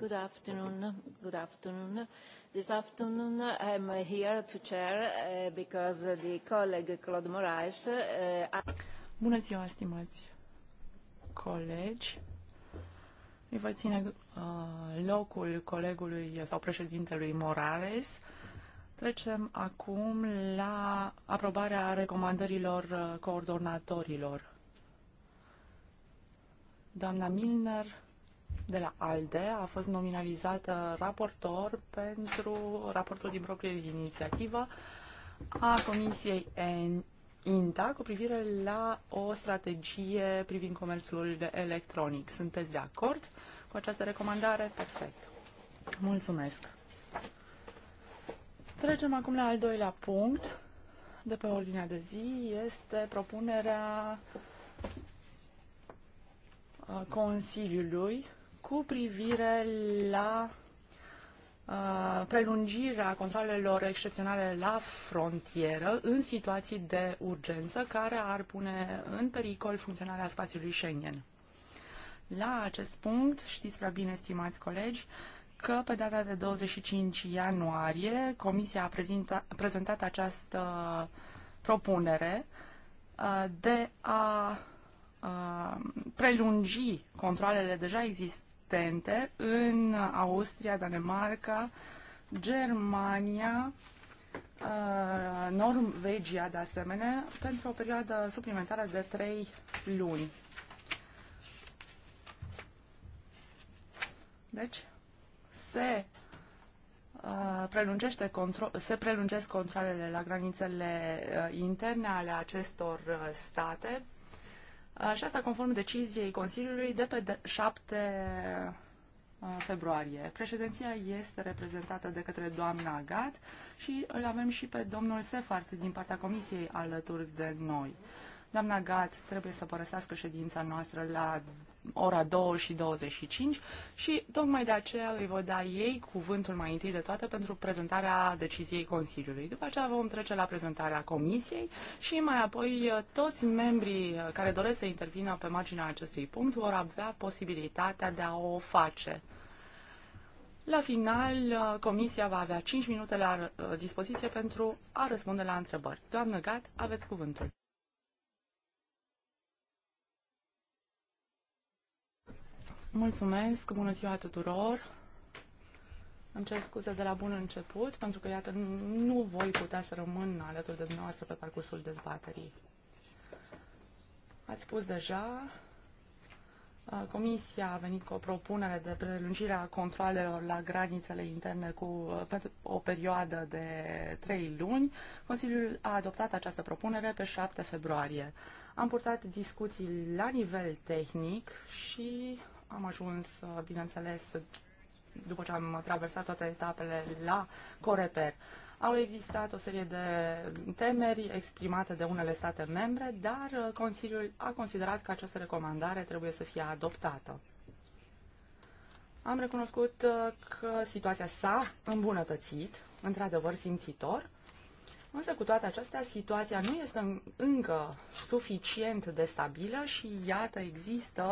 Good afternoon. Good afternoon. This afternoon I'm here to chair uh, because the colleague Claude Moraes. Uh, Bună ziua, stimați colegi. Îi voi ține uh, locul colegului sau președintelui Morales. Trecem acum la aprobarea recomandărilor uh, coordonatorilor. Doamna Milner, de la ALDE a fost nominalizată raportor pentru raportul din proprie inițiativă a Comisiei N INTA cu privire la o strategie privind comerțul electronic. Sunteți de acord cu această recomandare? Perfect. Mulțumesc. Trecem acum la al doilea punct de pe ordinea de zi. Este propunerea uh, Consiliului cu privire la uh, prelungirea controlelor excepționale la frontieră în situații de urgență care ar pune în pericol funcționarea spațiului Schengen. La acest punct, știți prea bine, stimați colegi, că pe data de 25 ianuarie Comisia a prezenta, prezentat această propunere uh, de a uh, prelungi controlele deja existente patente în Austria, Danemarca, Germania, uh, Norvegia, de asemenea, pentru o perioadă suplimentară de 3 luni. Deci, se uh, prelungește contro- se prelungesc controlele la granițele uh, interne ale acestor state și asta conform deciziei Consiliului de pe 7 uh, februarie. Președinția este reprezentată de către doamna Agat și îl avem și pe domnul Sefart din partea Comisiei alături de noi. Doamna Gat trebuie să părăsească ședința noastră la ora 2 și 25 și tocmai de aceea îi voi da ei cuvântul mai întâi de toate pentru prezentarea deciziei Consiliului. După aceea vom trece la prezentarea Comisiei și mai apoi uh, toți membrii uh, care doresc să intervină pe marginea acestui punct vor avea posibilitatea de a o face. La final, uh, Comisia va avea 5 minute la dispoziție pentru a răspunde la întrebări. Doamnă Gat, aveți cuvântul. Mulțumesc, bună ziua tuturor. Îmi cer scuze de la bun început, pentru că, iată, nu voi putea să rămân alături de dumneavoastră pe parcursul dezbaterii. Ați spus deja, Comisia a venit cu o propunere de prelungire a controalelor la granițele interne cu o perioadă de trei luni. Consiliul a adoptat această propunere pe 7 februarie. Am purtat discuții la nivel tehnic și am ajuns, uh, bineînțeles, după ce am traversat toate etapele la Coreper. Au existat o serie de temeri exprimate de unele state membre, dar uh, Consiliul a considerat că această recomandare trebuie să fie adoptată. Am recunoscut uh, că situația s-a îmbunătățit, într-adevăr simțitor, Însă, cu toate acestea, situația nu este încă suficient de stabilă și, iată, există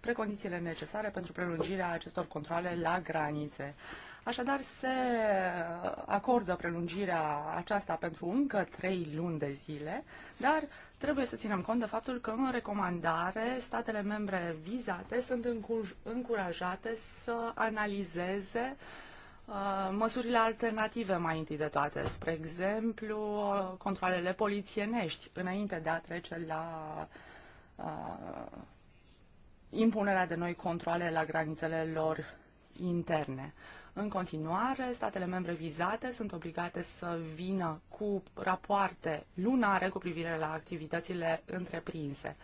precondițiile necesare pentru prelungirea acestor controle la granițe. Așadar, se acordă prelungirea aceasta pentru încă trei luni de zile, dar trebuie să ținem cont de faptul că în recomandare statele membre vizate sunt încurajate să analizeze uh, Uh, măsurile alternative mai întâi de toate, spre exemplu, controlele polițienești, înainte de a trece la uh, impunerea de noi controle la granițele lor interne. În continuare, statele membre vizate sunt obligate să vină cu rapoarte lunare cu privire la activitățile întreprinse.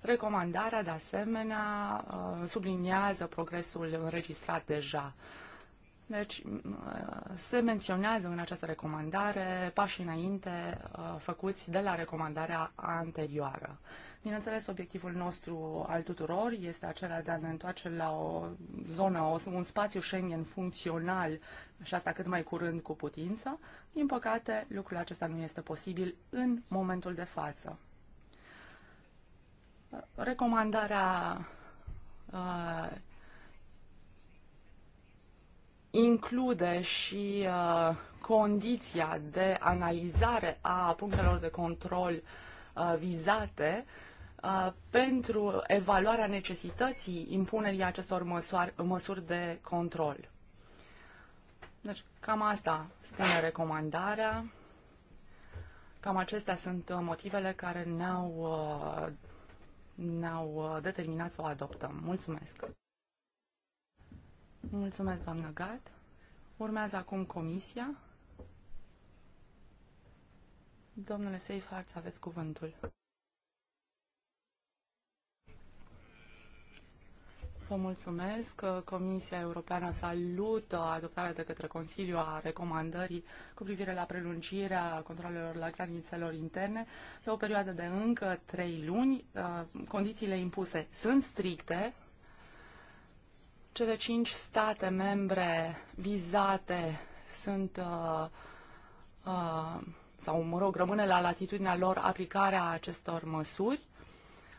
Recomandarea, de asemenea, uh, subliniază progresul înregistrat deja. Uh, deci se menționează în această recomandare pașii înainte uh, făcuți de la recomandarea anterioară. Bineînțeles, obiectivul nostru al tuturor este acela de a ne întoarce la o zonă, un spațiu Schengen funcțional și asta cât mai curând cu putință. Din păcate, lucrul acesta nu este posibil în momentul de față. Recomandarea uh, include și uh, condiția de analizare a punctelor de control uh, vizate uh, pentru evaluarea necesității impunerii acestor măsoar, măsuri de control. Deci, cam asta spune recomandarea. Cam acestea sunt uh, motivele care ne-au uh, ne, -au, ne uh, -au determinat să o adoptăm. Mulțumesc! Mulțumesc, doamnă Gat. Urmează acum comisia. Domnule Seifhardt, aveți cuvântul. Vă mulțumesc. Comisia Europeană salută adoptarea de către Consiliu a recomandării cu privire la prelungirea controlelor la granițelor interne pe o perioadă de încă trei luni. Condițiile impuse sunt stricte, cele cinci state membre vizate sunt uh, uh, sau, mă rog, rămâne la latitudinea lor aplicarea acestor măsuri.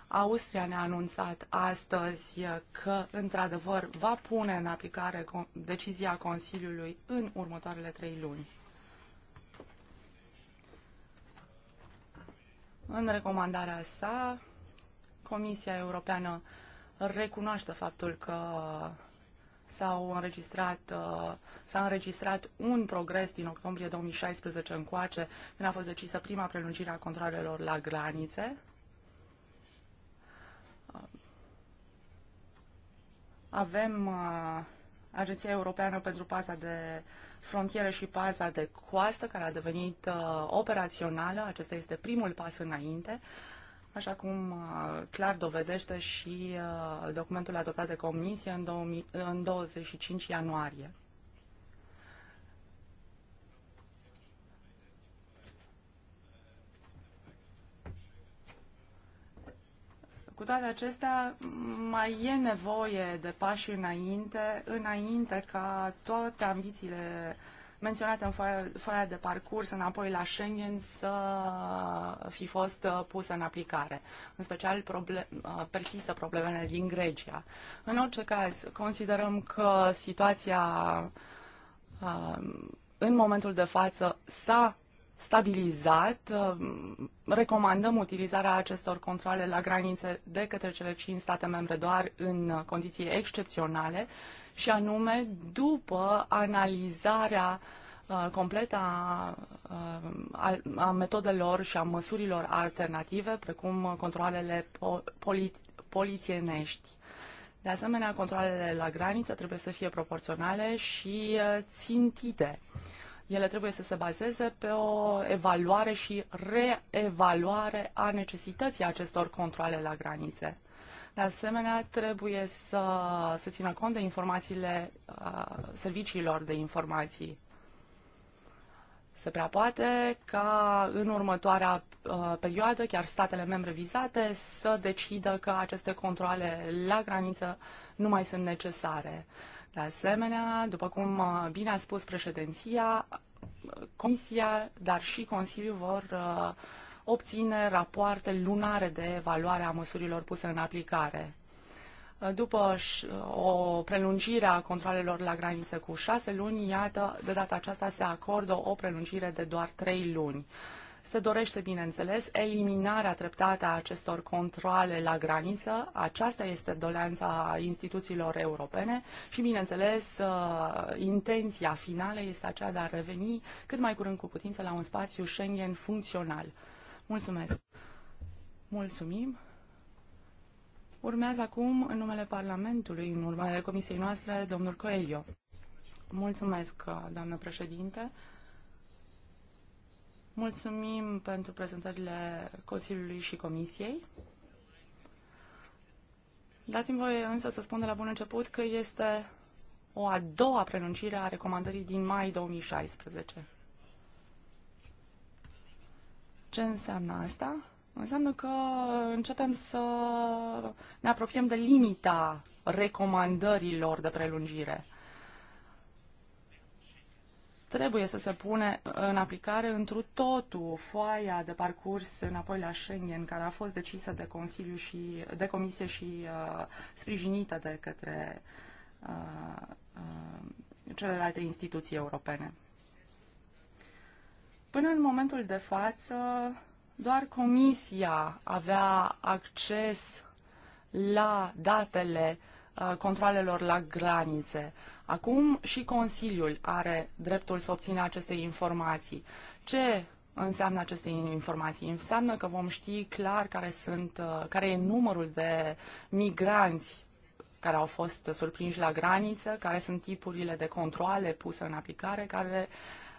Austria ne-a anunțat astăzi că, într-adevăr, va pune în aplicare decizia Consiliului în următoarele trei luni. În recomandarea sa, Comisia Europeană recunoaște faptul că s-au înregistrat, s-a înregistrat un progres din octombrie 2016 încoace, când a fost decisă prima prelungire a controlelor la granițe. Avem uh, Agenția Europeană pentru Paza de Frontiere și Paza de Coastă, care a devenit uh, operațională. Acesta este primul pas înainte așa cum uh, clar dovedește și uh, documentul adoptat de Comisie în, 25 ianuarie. Cu toate acestea, mai e nevoie de pași înainte, înainte ca toate ambițiile uh, menționate în foaia de parcurs înapoi la Schengen să fi fost uh, pusă în aplicare. În special problem, uh, persistă problemele din Grecia. În orice caz, considerăm că situația uh, în momentul de față s-a stabilizat, uh, recomandăm utilizarea acestor controle la granițe de către cele 5 state membre doar în uh, condiții excepționale și anume după analizarea uh, completă a, a, a metodelor și a măsurilor alternative, precum controlele poli, polițienești. De asemenea, controlele la graniță trebuie să fie proporționale și țintite. Uh, ele trebuie să se bazeze pe o evaluare și reevaluare a necesității acestor controle la granițe. De asemenea, trebuie să se țină cont de informațiile uh, serviciilor de informații. Se prea poate ca în următoarea uh, perioadă chiar statele membre vizate să decidă că aceste controle la graniță nu mai sunt necesare. Uh, de asemenea, după cum uh, bine a spus președinția, Comisia, dar și Consiliul vor uh, obține rapoarte lunare de evaluare a măsurilor puse în aplicare. Uh, după o prelungire a controlelor la graniță cu șase luni, iată, de data aceasta se acordă o prelungire de doar trei luni. Se dorește, bineînțeles, eliminarea treptată a acestor controle la graniță. Aceasta este doleanța instituțiilor europene și, bineînțeles, uh, intenția finală este aceea de a reveni cât mai curând cu putință la un spațiu Schengen funcțional. Mulțumesc! Mulțumim! Urmează acum, în numele Parlamentului, în urmele comisiei noastre, domnul Coelho. Mulțumesc, uh, doamnă președinte. Mulțumim pentru prezentările Consiliului și Comisiei. Dați-mi voie însă să spun de la bun început că este o a doua prelungire a recomandării din mai 2016. Ce înseamnă asta? Înseamnă că începem să ne apropiem de limita recomandărilor de prelungire trebuie să se pune în aplicare întru totul foaia de parcurs înapoi la Schengen, care a fost decisă de Consiliu și de Comisie și uh, sprijinită de către uh, uh, celelalte instituții europene. Până în momentul de față, doar Comisia avea acces la datele uh, controlelor la granițe. Acum și Consiliul are dreptul să obțină aceste informații. Ce înseamnă aceste informații? Înseamnă că vom ști clar care, sunt, uh, care e numărul de migranți care au fost surprinși la graniță, care sunt tipurile de controle puse în aplicare, care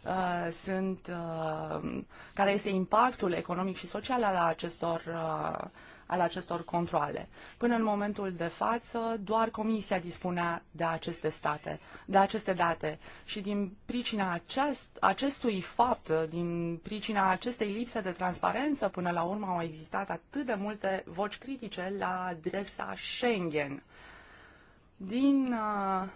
uh, sunt, uh, care este impactul economic și social al acestor uh, al acestor controle. Până în momentul de față, doar Comisia dispunea de aceste, state, de aceste date și din pricina acest, acestui fapt, din pricina acestei lipse de transparență, până la urmă au existat atât de multe voci critice la adresa Schengen. Din uh,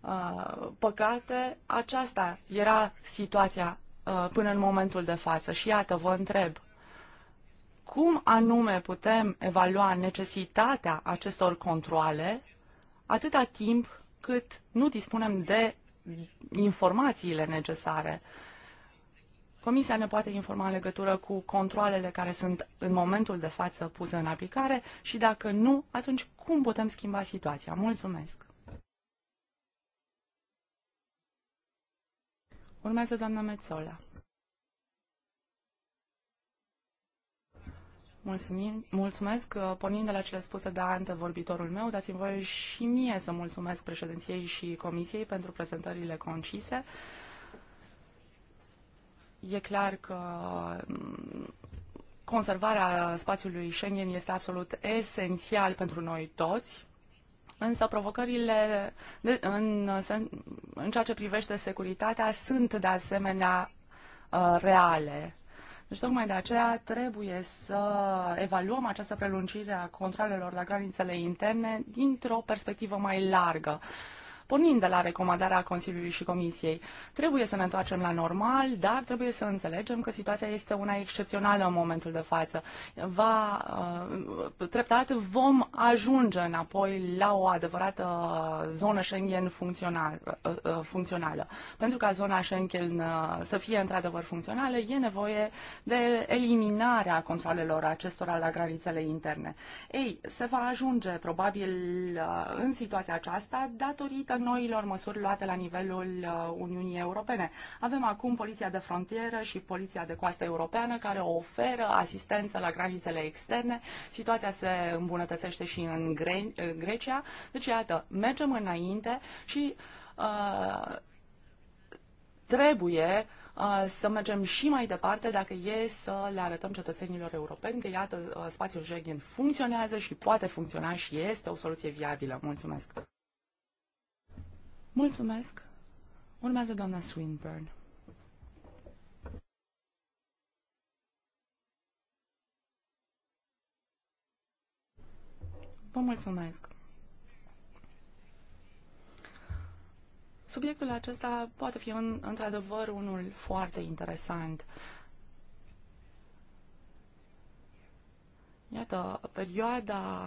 uh, păcate, aceasta era situația uh, până în momentul de față. Și iată, vă întreb, cum anume putem evalua necesitatea acestor controle atâta timp cât nu dispunem de informațiile necesare. Comisia ne poate informa în legătură cu controlele care sunt în momentul de față puse în aplicare și dacă nu, atunci cum putem schimba situația? Mulțumesc! Urmează doamna Mețola. mulțumesc. Uh, pornind de la cele spuse de antevorbitorul meu, dați-mi voie și mie să mulțumesc președinției și comisiei pentru prezentările concise. E clar că mm, conservarea spațiului Schengen este absolut esențial pentru noi toți, însă provocările de, în, în ceea ce privește securitatea sunt de asemenea uh, reale. Deci tocmai de aceea trebuie să evaluăm această prelungire a controlelor la granițele interne dintr-o perspectivă mai largă pornind de la recomandarea Consiliului și Comisiei. Trebuie să ne întoarcem la normal, dar trebuie să înțelegem că situația este una excepțională în momentul de față. Va, uh, treptat vom ajunge înapoi la o adevărată zonă Schengen funcțională, uh, uh, funcțională. Pentru ca zona Schengen să fie într-adevăr funcțională, e nevoie de eliminarea controlelor acestora la granițele interne. Ei, se va ajunge probabil în situația aceasta datorită noilor măsuri luate la nivelul uh, Uniunii Europene. Avem acum Poliția de Frontieră și Poliția de Coastă Europeană care oferă asistență la granițele externe. Situația se îmbunătățește și în, Gre- Grecia. Deci, iată, mergem înainte și uh, trebuie uh, să mergem și mai departe dacă e să le arătăm cetățenilor europeni că, iată, uh, spațiul Schengen funcționează și poate funcționa și este o soluție viabilă. Mulțumesc! Mulțumesc. Urmează doamna Swinburne. Vă mulțumesc. Subiectul acesta poate fi în, într-adevăr unul foarte interesant. Iată, perioada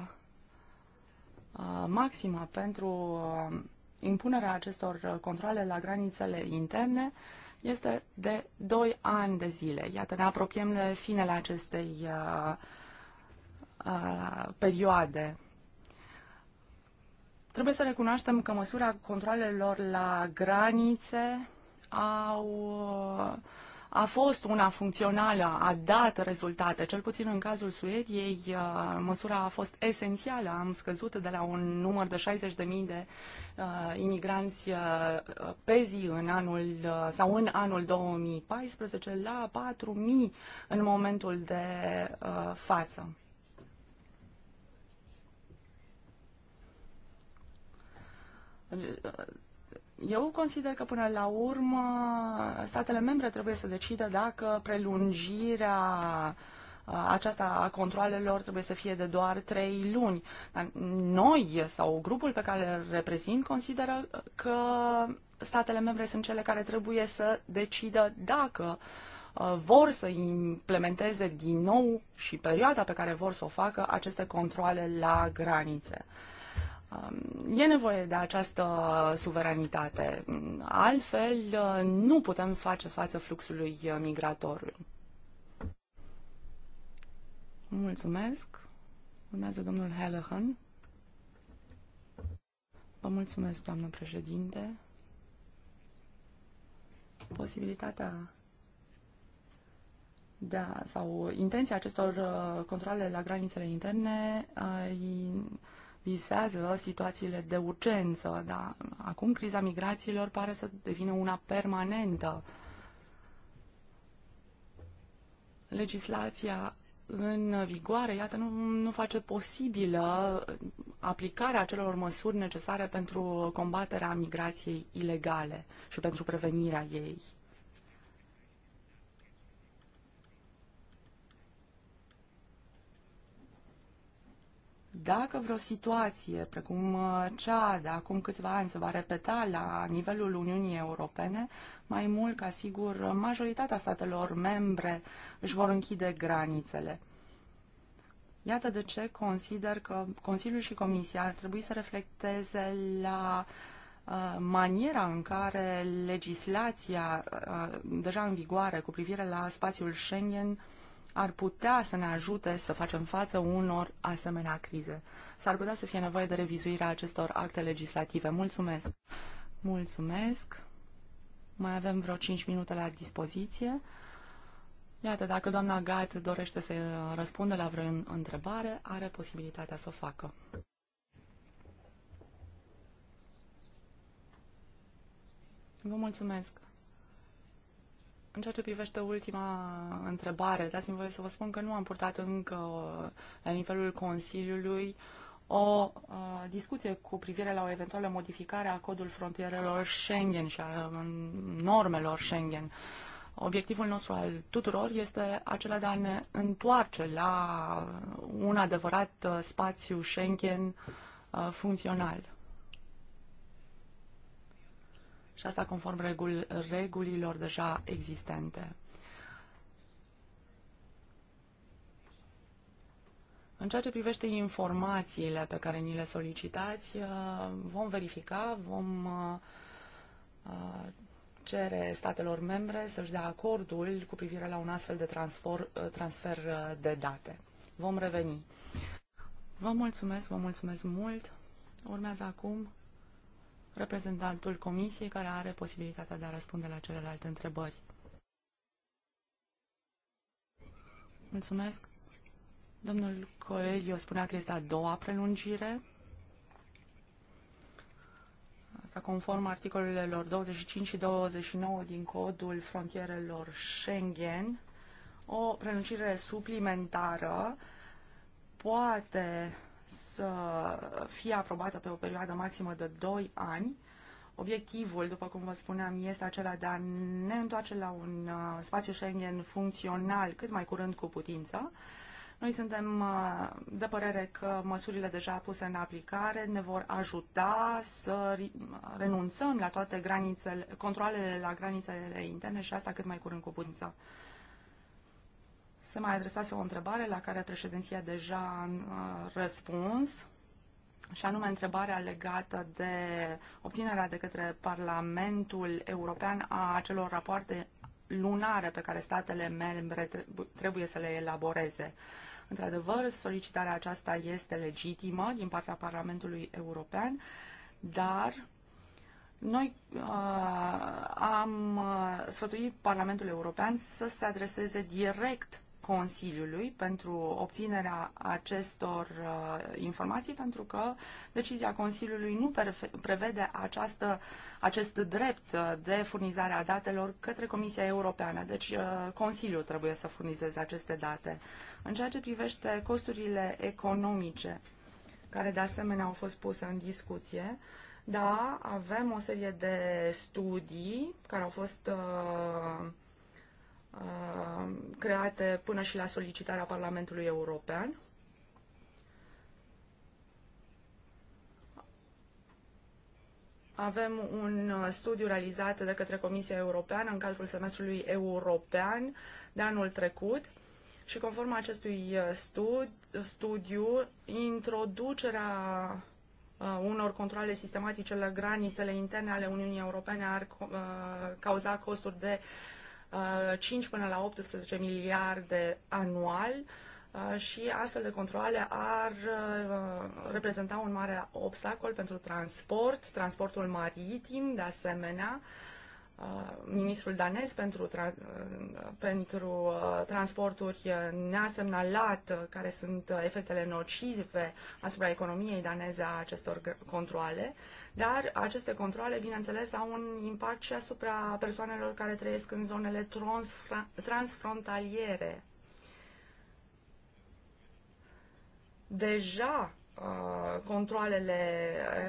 uh, maximă pentru uh, impunerea acestor controle la granițele interne este de 2 ani de zile. Iată, ne apropiem de finele acestei uh, uh, perioade. Trebuie să recunoaștem că măsura controlelor la granițe au uh, a fost una funcțională, a dat rezultate, cel puțin în cazul Suediei, uh, măsura a fost esențială. Am scăzut de la un număr de 60.000 de uh, imigranți uh, pe zi în anul uh, sau în anul 2014 la 4.000 în momentul de uh, față. Uh, eu consider că până la urmă statele membre trebuie să decidă dacă prelungirea aceasta a controalelor trebuie să fie de doar trei luni. Dar noi sau grupul pe care îl reprezint consideră că statele membre sunt cele care trebuie să decidă dacă vor să implementeze din nou și perioada pe care vor să o facă aceste controale la granițe. Um, e nevoie de această suveranitate. Altfel, nu putem face față fluxului migratorului. Mulțumesc. Urmează domnul Hellehan. Vă mulțumesc, doamnă președinte. Posibilitatea da, sau intenția acestor uh, controle la granițele interne uh, visează situațiile de urgență, dar acum criza migrațiilor pare să devină una permanentă. Legislația în vigoare, iată, nu, nu face posibilă aplicarea acelor măsuri necesare pentru combaterea migrației ilegale și pentru prevenirea ei. Dacă vreo situație precum uh, cea de acum câțiva ani se va repeta la nivelul Uniunii Europene, mai mult ca sigur majoritatea statelor membre își vor închide granițele. Iată de ce consider că Consiliul și Comisia ar trebui să reflecteze la uh, maniera în care legislația uh, deja în vigoare cu privire la spațiul Schengen ar putea să ne ajute să facem față unor asemenea crize. S-ar putea să fie nevoie de revizuirea acestor acte legislative. Mulțumesc! Mulțumesc! Mai avem vreo 5 minute la dispoziție. Iată, dacă doamna Gat dorește să răspundă la vreo întrebare, are posibilitatea să o facă. Vă mulțumesc! În ceea ce privește ultima întrebare, dați-mi voie să vă spun că nu am purtat încă uh, la nivelul Consiliului o uh, discuție cu privire la o eventuală modificare a codul frontierelor Schengen și a um, normelor Schengen. Obiectivul nostru al tuturor este acela de a ne întoarce la un adevărat uh, spațiu Schengen uh, funcțional și asta conform regul, regulilor deja existente. În ceea ce privește informațiile pe care ni le solicitați, uh, vom verifica, vom uh, uh, cere statelor membre să-și dea acordul cu privire la un astfel de transfer, transfer de date. Vom reveni. Vă mulțumesc, vă mulțumesc mult. Urmează acum reprezentantul comisiei care are posibilitatea de a răspunde la celelalte întrebări. Mulțumesc. Domnul Coelho spunea că este a doua prelungire. Asta conform articolelor 25 și 29 din codul frontierelor Schengen. O prelungire suplimentară poate să fie aprobată pe o perioadă maximă de 2 ani. Obiectivul, după cum vă spuneam, este acela de a ne întoarce la un uh, spațiu Schengen funcțional cât mai curând cu putință. Noi suntem uh, de părere că măsurile deja puse în aplicare ne vor ajuta să renunțăm la toate granițele, controlele la granițele interne și asta cât mai curând cu putință. Se mai adresase o întrebare la care președinția deja a uh, răspuns, și anume întrebarea legată de obținerea de către Parlamentul European a acelor rapoarte lunare pe care statele membre trebuie să le elaboreze. Într-adevăr, solicitarea aceasta este legitimă din partea Parlamentului European, dar noi uh, am uh, sfătuit Parlamentul European să se adreseze direct Consiliului pentru obținerea acestor uh, informații, pentru că decizia Consiliului nu prevede această, acest drept uh, de furnizare a datelor către Comisia Europeană. Deci uh, Consiliul trebuie să furnizeze aceste date. În ceea ce privește costurile economice, care de asemenea au fost puse în discuție, da, avem o serie de studii care au fost uh, Uh, create până și la solicitarea Parlamentului European. Avem un uh, studiu realizat de către Comisia Europeană în cadrul semestrului european de anul trecut și conform acestui uh, studiu, introducerea unor controle sistematice la granițele interne ale Uniunii Europene ar cauza costuri de 5 uh, până la 18 miliarde anual uh, și astfel de controle ar uh, reprezenta un mare obstacol pentru transport, transportul maritim, de asemenea, ministrul danez pentru, tra- pentru transporturi ne-a semnalat care sunt efectele nocive asupra economiei daneze a acestor controle. Dar aceste controle, bineînțeles, au un impact și asupra persoanelor care trăiesc în zonele transfrontaliere. Deja uh, controlele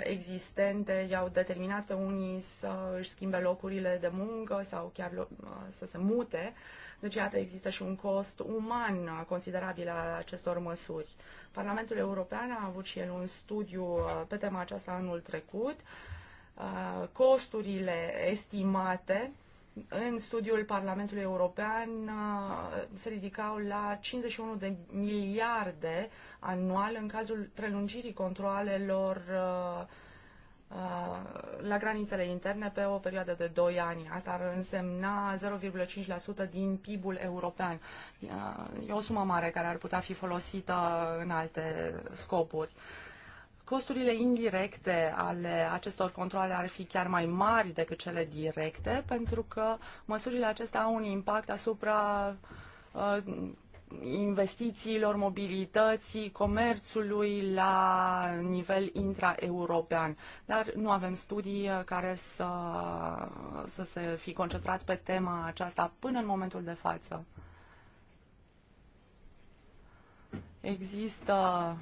existente i-au determinat pe unii să își schimbe locurile de muncă sau chiar uh, să se mute deci, iată, există și un cost uman considerabil al acestor măsuri. Parlamentul European a avut și el un studiu uh, pe tema aceasta anul trecut. Uh, costurile estimate în studiul Parlamentului European uh, se ridicau la 51 de miliarde anual în cazul prelungirii controalelor uh, Uh, la granițele interne pe o perioadă de 2 ani. Asta ar însemna 0,5% din PIB-ul european. Uh, e o sumă mare care ar putea fi folosită în alte scopuri. Costurile indirecte ale acestor controle ar fi chiar mai mari decât cele directe, pentru că măsurile acestea au un impact asupra uh, investițiilor, mobilității, comerțului la nivel intraeuropean. Dar nu avem studii uh, care să, să se fi concentrat pe tema aceasta până în momentul de față. Există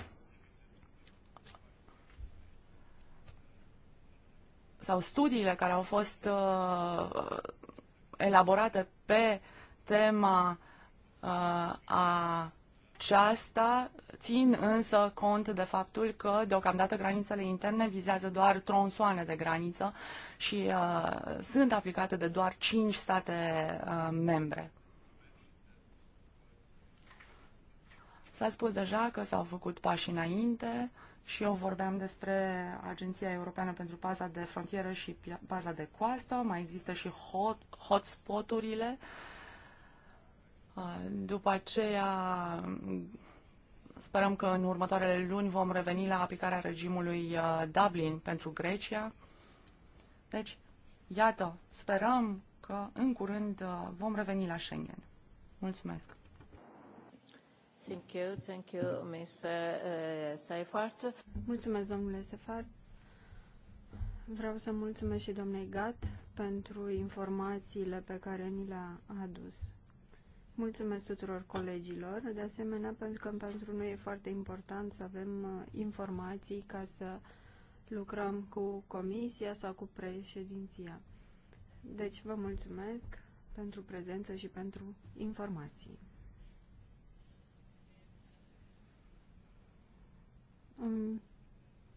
sau studiile care au fost uh, elaborate pe tema a uh, aceasta țin însă cont de faptul că deocamdată granițele interne vizează doar tronsoane de graniță și uh, sunt aplicate de doar 5 state uh, membre. S-a spus deja că s-au făcut pași înainte și eu vorbeam despre Agenția Europeană pentru Paza de Frontieră și Paza de Coastă. Mai există și hot, hotspot-urile uh, după aceea, sperăm că în următoarele luni vom reveni la aplicarea regimului uh, Dublin pentru Grecia. Deci, iată, sperăm că în curând uh, vom reveni la Schengen. Mulțumesc! Thank you, thank you, Ms. Uh, Seifert. Mulțumesc, domnule Seifert. Vreau să mulțumesc și domnei Gat pentru informațiile pe care ni le-a adus. Mulțumesc tuturor colegilor, de asemenea, pentru că pentru noi e foarte important să avem uh, informații ca să lucrăm cu comisia sau cu președinția. Deci vă mulțumesc pentru prezență și pentru informații. Un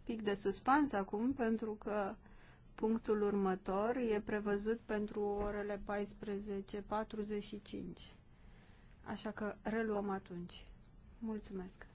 pic de suspans acum, pentru că punctul următor e prevăzut pentru orele 14.45. Așa că reluăm atunci. Mulțumesc!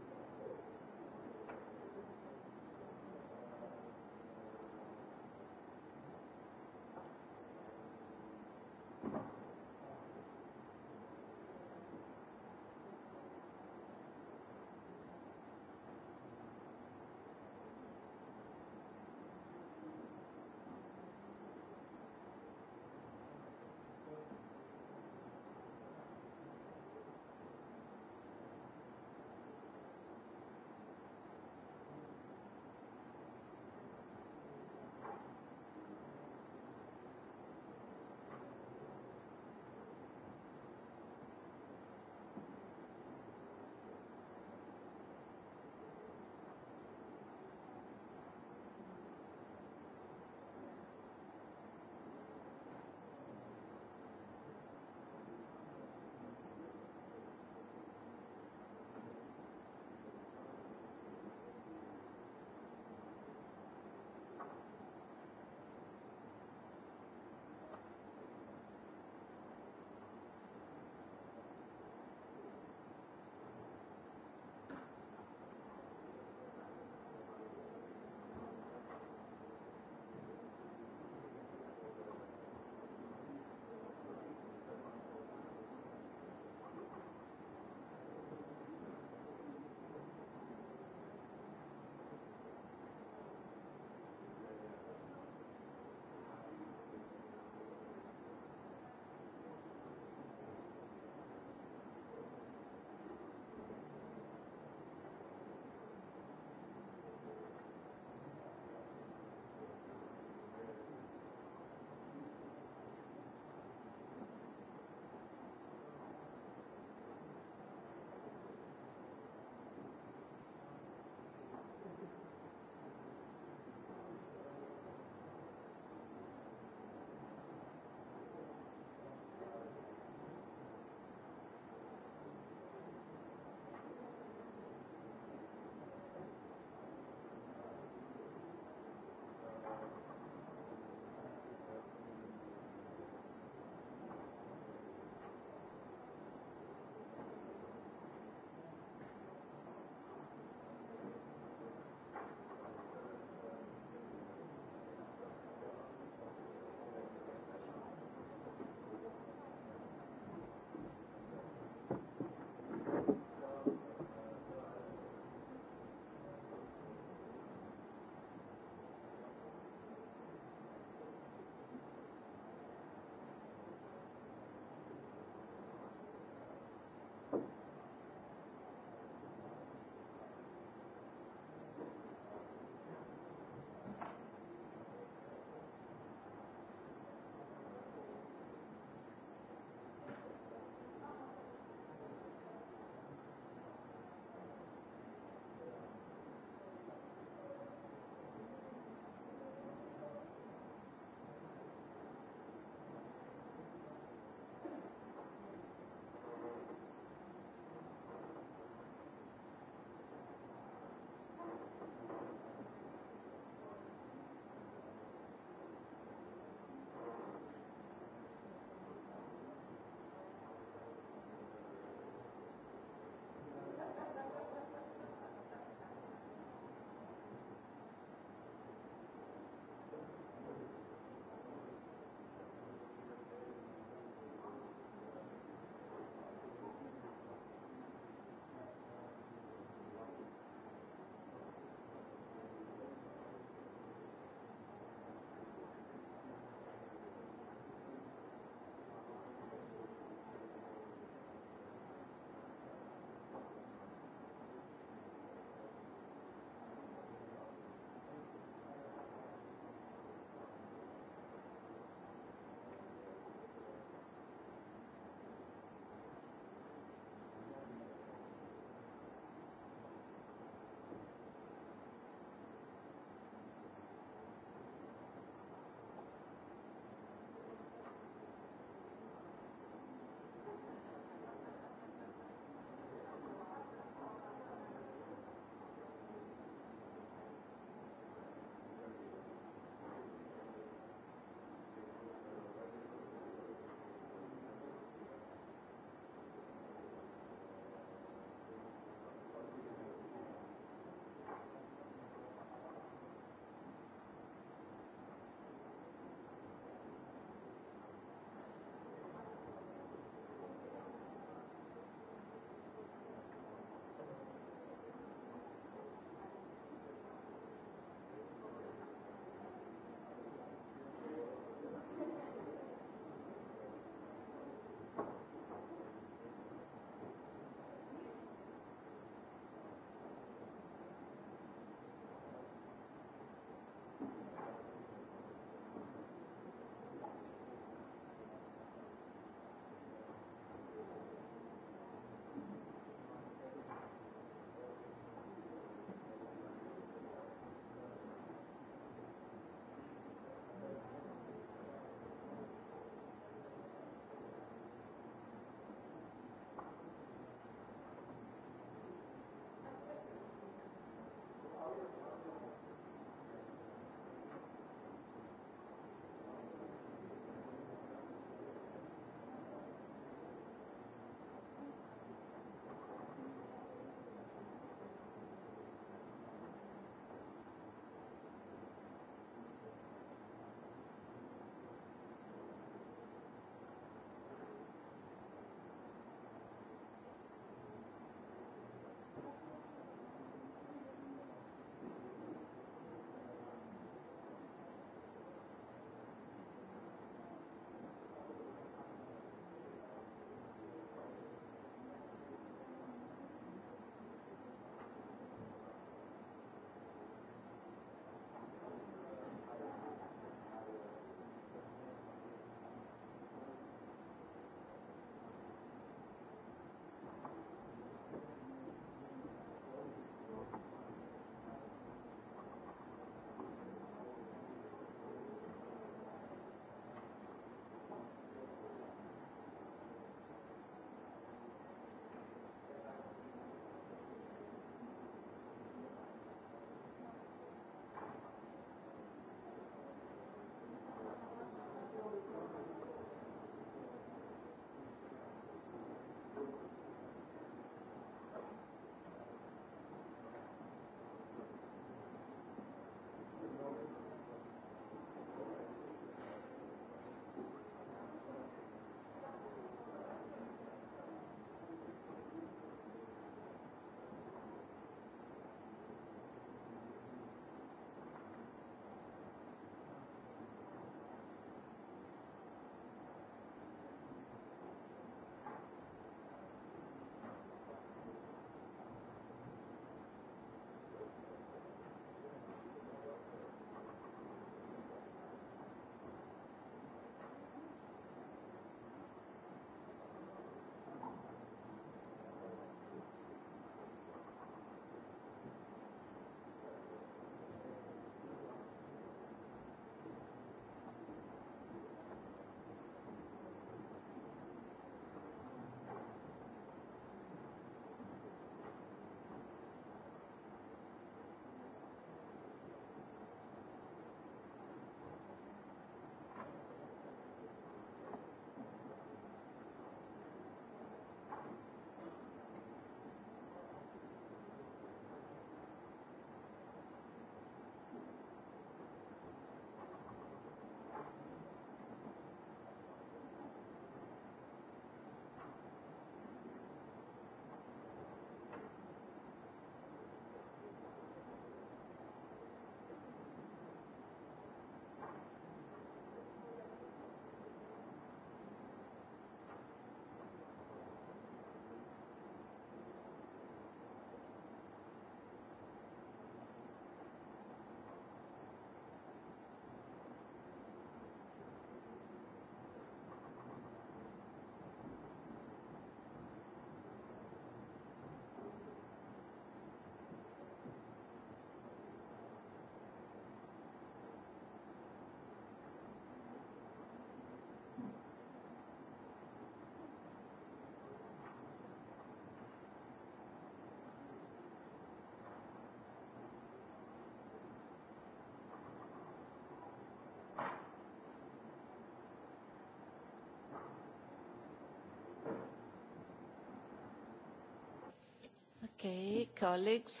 Okay, colleagues,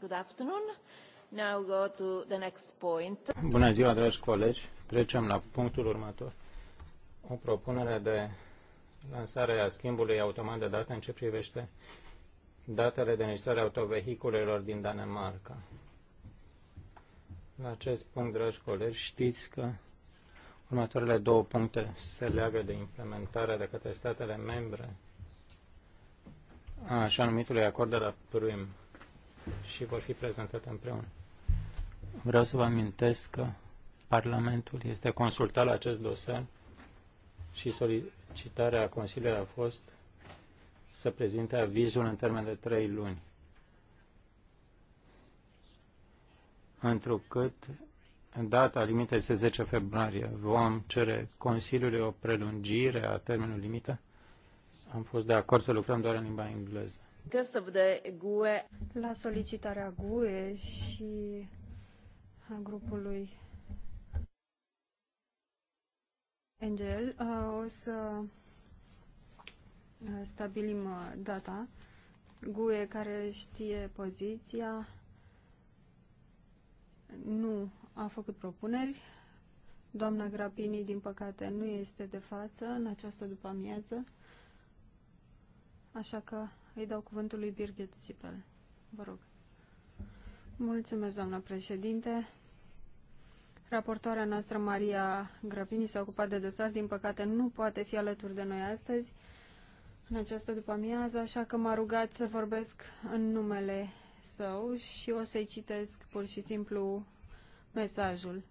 good afternoon. Now go to the next point. Bună ziua, dragi colegi. Trecem la punctul următor. O propunere de lansare a schimbului automat de date în ce privește datele de înregistrare autovehiculelor din Danemarca. La acest punct, dragi colegi, știți că următoarele două puncte se leagă de implementarea de către statele membre a așa numitului acord de la Prim și vor fi prezentate împreună. Vreau să vă amintesc că Parlamentul este consultat la acest dosar și solicitarea Consiliului a fost să prezinte avizul în termen de trei luni. Întrucât data limită este 10 februarie, vom cere Consiliului o prelungire a termenului limită am fost de acord să lucrăm doar în limba engleză. La solicitarea GUE și a grupului Angel, uh, o să uh, stabilim uh, data. GUE care știe poziția nu a făcut propuneri. Doamna Grapini, din păcate, nu este de față în această după-amiază așa că îi dau cuvântul lui Birgit Sipel. Vă rog. Mulțumesc, doamnă președinte. Raportoarea noastră, Maria Grăpini, s-a ocupat de dosar. Din păcate, nu poate fi alături de noi astăzi, în această după-amiază, așa că m-a rugat să vorbesc în numele său și o să-i citesc pur și simplu mesajul.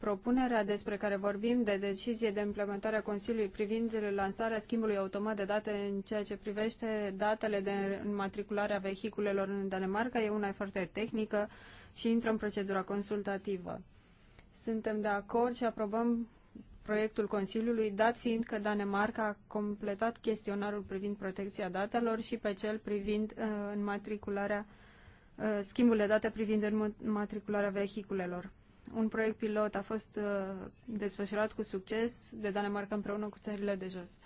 Propunerea despre care vorbim de decizie de implementare a Consiliului privind lansarea schimbului automat de date în ceea ce privește datele de înmatriculare a vehiculelor în Danemarca e una foarte tehnică și intră în procedura consultativă. Suntem de acord și aprobăm proiectul Consiliului, dat fiind că Danemarca a completat chestionarul privind protecția datelor și pe cel privind uh, înmatricularea, uh, schimbul de date privind înmatricularea vehiculelor. Un proiect pilot a fost uh, desfășurat cu succes de Danemarca împreună cu țările de jos.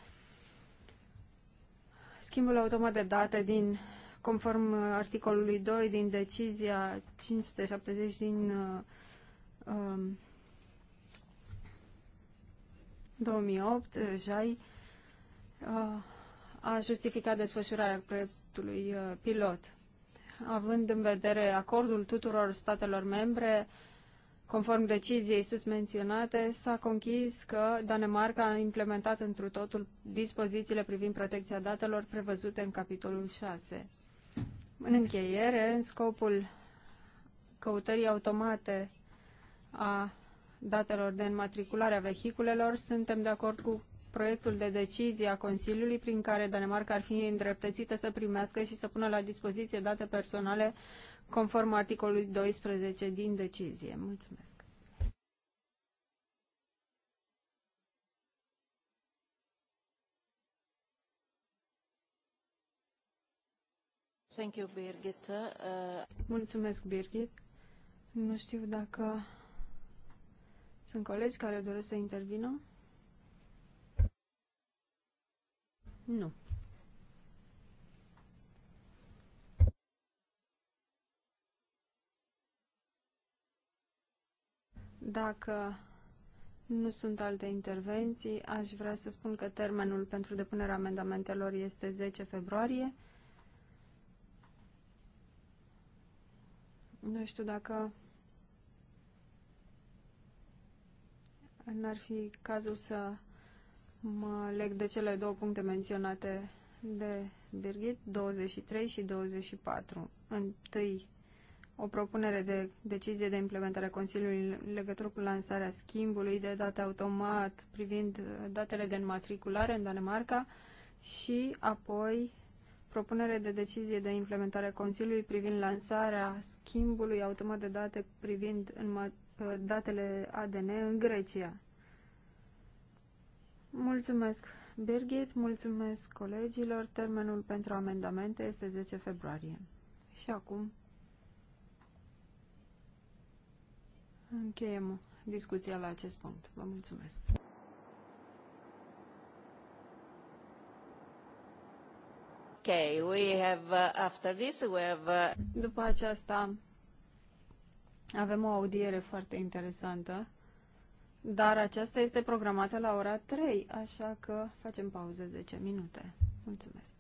Schimbul automat de date din conform uh, articolului 2 din decizia 570 din uh, 2008, um, uh, JAI, uh, a justificat desfășurarea proiectului pilot. Având în vedere acordul tuturor statelor membre, Conform deciziei sus menționate, s-a conchis că Danemarca a implementat întru totul dispozițiile privind protecția datelor prevăzute în capitolul 6. În încheiere, în scopul căutării automate a datelor de înmatriculare a vehiculelor, suntem de acord cu proiectul de decizie a Consiliului prin care Danemarca ar fi îndreptățită să primească și să pună la dispoziție date personale conform articolului 12 din decizie. Mulțumesc. Thank you, Birgit. Uh... Mulțumesc, Birgit. Nu știu dacă sunt colegi care doresc să intervină. Nu. Dacă nu sunt alte intervenții, aș vrea să spun că termenul pentru depunerea amendamentelor este 10 februarie. Nu știu dacă n-ar fi cazul să Mă leg de cele două puncte menționate de Birgit, 23 și 24. Întâi, o propunere de decizie de implementare a Consiliului în legătură cu lansarea schimbului de date automat privind datele de înmatriculare în Danemarca și apoi propunere de decizie de implementare a Consiliului privind lansarea schimbului automat de date privind datele ADN în Grecia. Mulțumesc, Birgit, mulțumesc colegilor. Termenul pentru amendamente este 10 februarie. Și acum încheiem discuția la acest punct. Vă mulțumesc. Okay, we have, uh, after this we have... Uh... După aceasta avem o audiere foarte interesantă dar aceasta este programată la ora 3, așa că facem pauză 10 minute. Mulțumesc!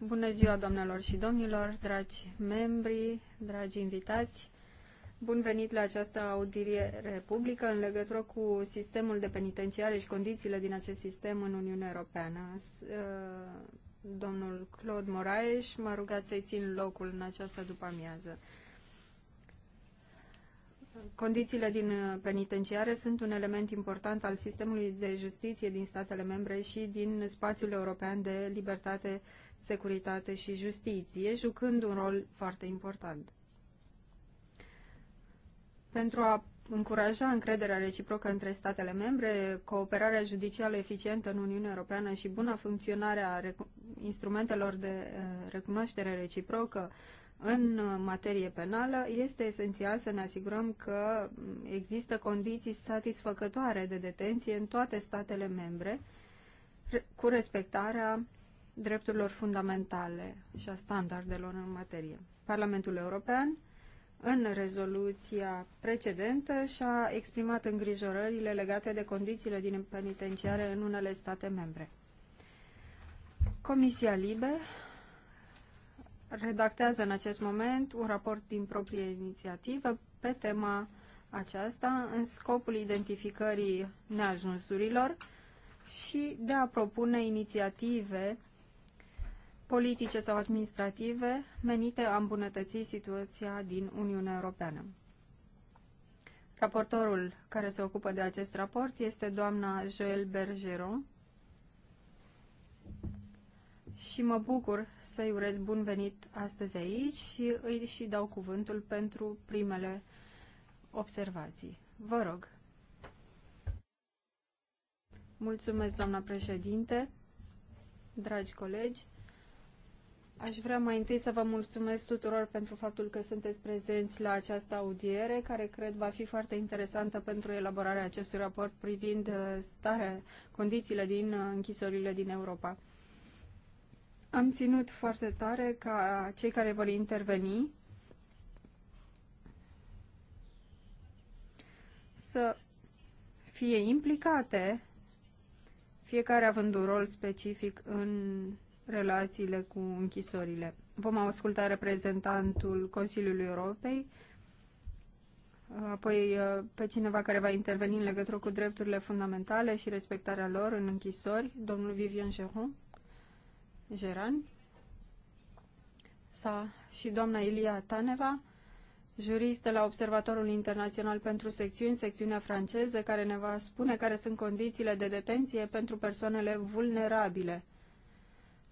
Bună ziua, doamnelor și domnilor, dragi membri, dragi invitați. Bun venit la această audiere publică în legătură cu sistemul de penitenciare și condițiile din acest sistem în Uniunea Europeană. Uh, domnul Claude Moraes m-a rugat să-i țin locul în această după-amiază. Condițiile din uh, penitenciare sunt un element important al sistemului de justiție din statele membre și din spațiul european de libertate, securitate și justiție, jucând un rol foarte important. Pentru a încuraja încrederea reciprocă între statele membre, cooperarea judicială eficientă în Uniunea Europeană și buna funcționare a instrumentelor de uh, recunoaștere reciprocă, în materie penală, este esențial să ne asigurăm că există condiții satisfăcătoare de detenție în toate statele membre, cu respectarea drepturilor fundamentale și a standardelor în materie. Parlamentul European, în rezoluția precedentă, și-a exprimat îngrijorările legate de condițiile din penitenciare în unele state membre. Comisia Libe redactează în acest moment un raport din proprie inițiativă pe tema aceasta în scopul identificării neajunsurilor și de a propune inițiative politice sau administrative menite a îmbunătăți situația din Uniunea Europeană. Raportorul care se ocupă de acest raport este doamna Joël Bergeron, și mă bucur să-i urez bun venit astăzi aici și îi și dau cuvântul pentru primele observații. Vă rog. Mulțumesc, doamna președinte, dragi colegi. Aș vrea mai întâi să vă mulțumesc tuturor pentru faptul că sunteți prezenți la această audiere, care cred va fi foarte interesantă pentru elaborarea acestui raport privind uh, starea, condițiile din uh, închisorile din Europa. Am ținut foarte tare ca cei care vor interveni să fie implicate, fiecare având un rol specific în relațiile cu închisorile. Vom asculta reprezentantul Consiliului Europei, apoi uh, pe cineva care va interveni în legătură cu drepturile fundamentale și respectarea lor în închisori, domnul Vivian Geron. Geran sa și doamna Ilia Taneva, jurist de la Observatorul Internațional pentru Secțiuni, secțiunea franceză, care ne va spune care sunt condițiile de detenție pentru persoanele vulnerabile,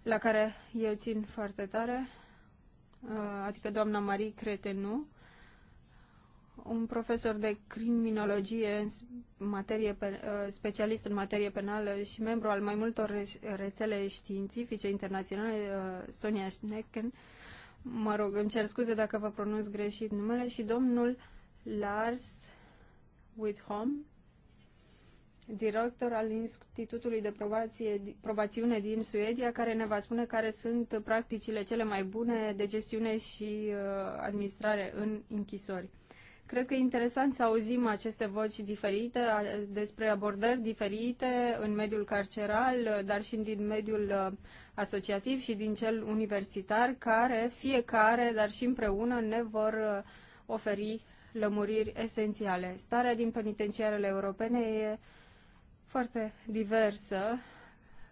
la care eu țin foarte tare, uh, adică doamna Marie Cretenu, un profesor de criminologie, în materie, uh, specialist în materie penală și membru al mai multor rețele științifice internaționale, uh, Sonia Schnecken, mă rog, îmi cer scuze dacă vă pronunț greșit numele, și domnul Lars Withholm, director al Institutului de Probație, Probațiune din Suedia, care ne va spune care sunt practicile cele mai bune de gestiune și uh, administrare în închisori. Cred că e interesant să auzim aceste voci diferite despre abordări diferite în mediul carceral, dar și din mediul uh, asociativ și din cel universitar, care fiecare, dar și împreună, ne vor uh, oferi lămuriri esențiale. Starea din penitenciarele europene e foarte diversă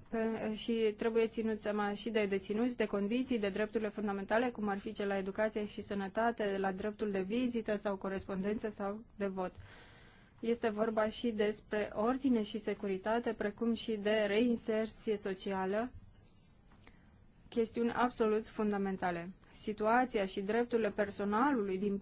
pe, și trebuie ținut seama și de deținuți, de condiții, de drepturile fundamentale, cum ar fi cele la educație și sănătate, la dreptul de vizită sau corespondență sau de vot. Este vorba și despre ordine și securitate, precum și de reinserție socială, chestiuni absolut fundamentale situația și drepturile personalului din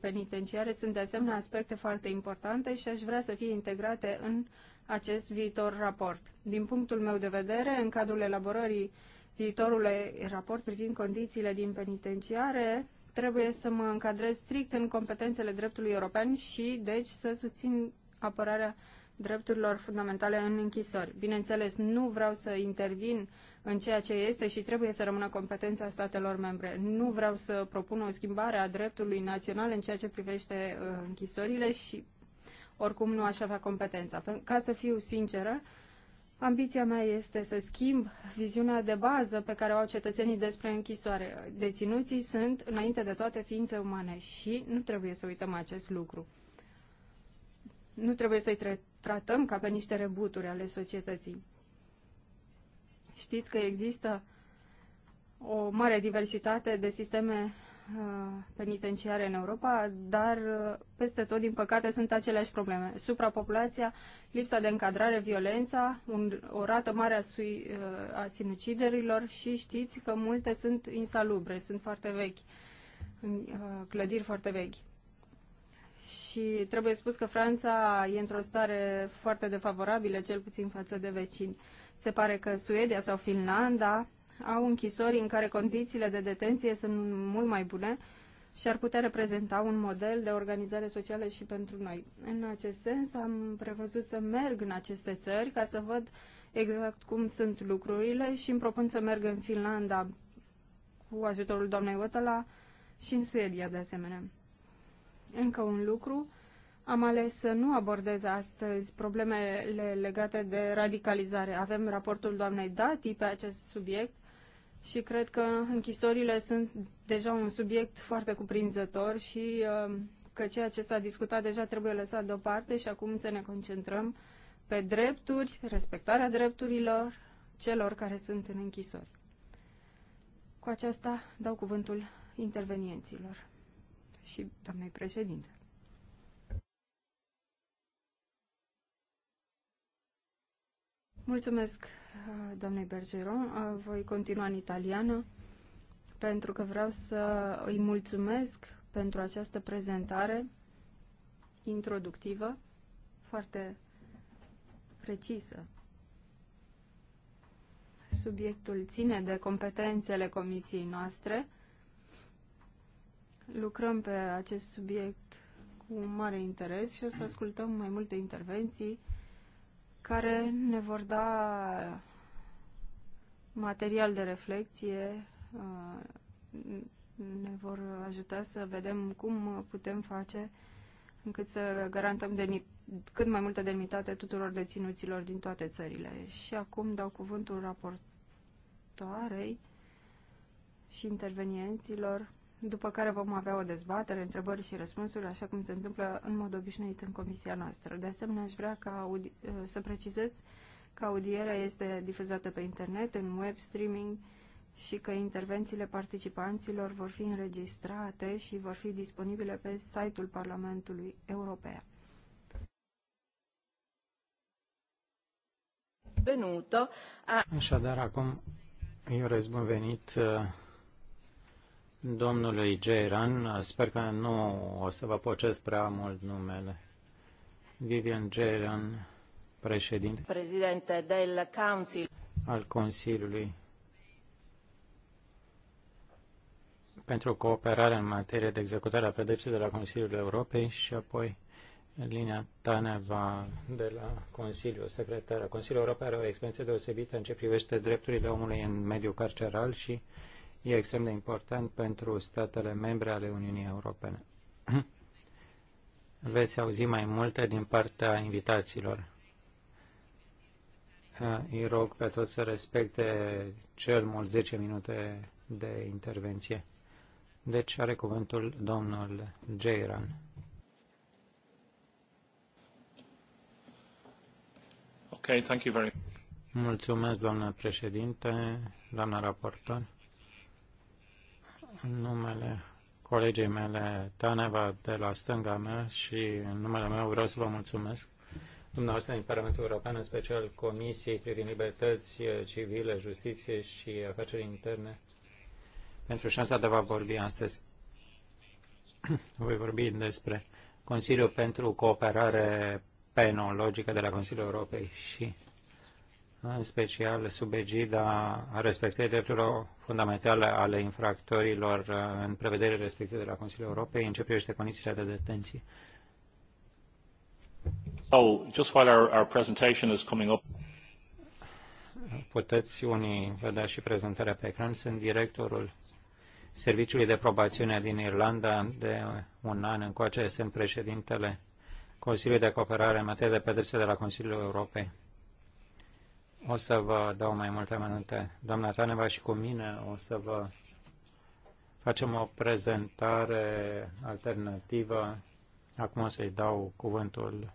penitenciare sunt de asemenea aspecte foarte importante și aș vrea să fie integrate în acest viitor raport. Din punctul meu de vedere, în cadrul elaborării viitorului raport privind condițiile din penitenciare, trebuie să mă încadrez strict în competențele dreptului european și, deci, să susțin apărarea drepturilor fundamentale în închisori. Bineînțeles, nu vreau să intervin în ceea ce este și trebuie să rămână competența statelor membre. Nu vreau să propun o schimbare a dreptului național în ceea ce privește uh, închisorile și oricum nu aș avea competența. Ca să fiu sinceră, Ambiția mea este să schimb viziunea de bază pe care o au cetățenii despre închisoare. Deținuții sunt, înainte de toate, ființe umane și nu trebuie să uităm acest lucru nu trebuie să-i tra tratăm ca pe niște rebuturi ale societății. Știți că există o mare diversitate de sisteme uh, penitenciare în Europa, dar uh, peste tot, din păcate, sunt aceleași probleme. Suprapopulația, lipsa de încadrare, violența, un, o rată mare a, sui, uh, a sinuciderilor și știți că multe sunt insalubre, sunt foarte vechi, clădiri foarte vechi și trebuie spus că Franța e într-o stare foarte defavorabilă, cel puțin față de vecini. Se pare că Suedia sau Finlanda au închisori în care condițiile de detenție sunt mult mai bune și ar putea reprezenta un model de organizare socială și pentru noi. În acest sens, am prevăzut să merg în aceste țări ca să văd exact cum sunt lucrurile și îmi propun să merg în Finlanda cu ajutorul doamnei Otala și în Suedia de asemenea. Încă un lucru, am ales să nu abordez astăzi problemele legate de radicalizare. Avem raportul doamnei Dati pe acest subiect și cred că închisorile sunt deja un subiect foarte cuprinzător și uh, că ceea ce s-a discutat deja trebuie lăsat deoparte și acum să ne concentrăm pe drepturi, respectarea drepturilor celor care sunt în închisori. Cu aceasta dau cuvântul intervenienților și doamnei președinte. Mulțumesc, uh, doamnei Bergeron. Uh, voi continua în italiană pentru că vreau să îi mulțumesc pentru această prezentare introductivă, foarte precisă. Subiectul ține de competențele comisiei noastre Lucrăm pe acest subiect cu mare interes și o să ascultăm mai multe intervenții care ne vor da material de reflexie, uh, ne vor ajuta să vedem cum putem face încât să garantăm de cât mai multă demnitate tuturor deținuților din toate țările. Și acum dau cuvântul raportoarei și intervenienților după care vom avea o dezbatere, întrebări și răspunsuri, așa cum se întâmplă în mod obișnuit în comisia noastră. De asemenea, aș vrea ca să precizez că audierea este difuzată pe internet, în web streaming și că intervențiile participanților vor fi înregistrate și vor fi disponibile pe site-ul Parlamentului European. Așadar, acum îi urez bun venit uh, domnului Jairan. Sper că nu o să vă pocesc prea mult numele. Vivian Jairan, președinte. Președinte del Council. Al Consiliului. pentru cooperare în materie de executare a pedepsei de la Consiliul Europei și apoi linia Taneva de la Consiliul Secretar. Consiliul Europei are o experiență deosebită în ce privește drepturile omului în mediul carceral și uh, e extrem de important pentru statele membre ale Uniunii Europene. Veți auzi mai multe din partea invitaților. Îi rog pe toți să respecte cel mult 10 minute de intervenție. Deci are cuvântul domnul Jairan. Okay, thank you very much. Mulțumesc, doamnă președinte, doamnă raportor în numele colegii mele, Taneva, de la stânga mea și în numele meu vreau să vă mulțumesc dumneavoastră din Parlamentul European, în special Comisiei privind libertăți eh, civile, justiție și afaceri interne, pentru șansa de a vorbi astăzi. Voi vorbi despre Consiliul pentru Cooperare Penologică de la Consiliul Europei și în special sub egida respectării drepturilor fundamentale ale infractorilor uh, în prevederile respective de la Consiliul Europei în ce privește condițiile de detenție. So, just while our, our presentation is coming up... Puteți unii vedea și prezentarea pe ecran. Sunt directorul Serviciului de Probațiune din Irlanda de un an încoace. Sunt președintele Consiliului de Cooperare în materie de pedepse de la Consiliul Europei. O să vă dau mai multe amănunte. Doamna Taneva și cu mine o să vă facem o prezentare alternativă. Acum o să-i dau cuvântul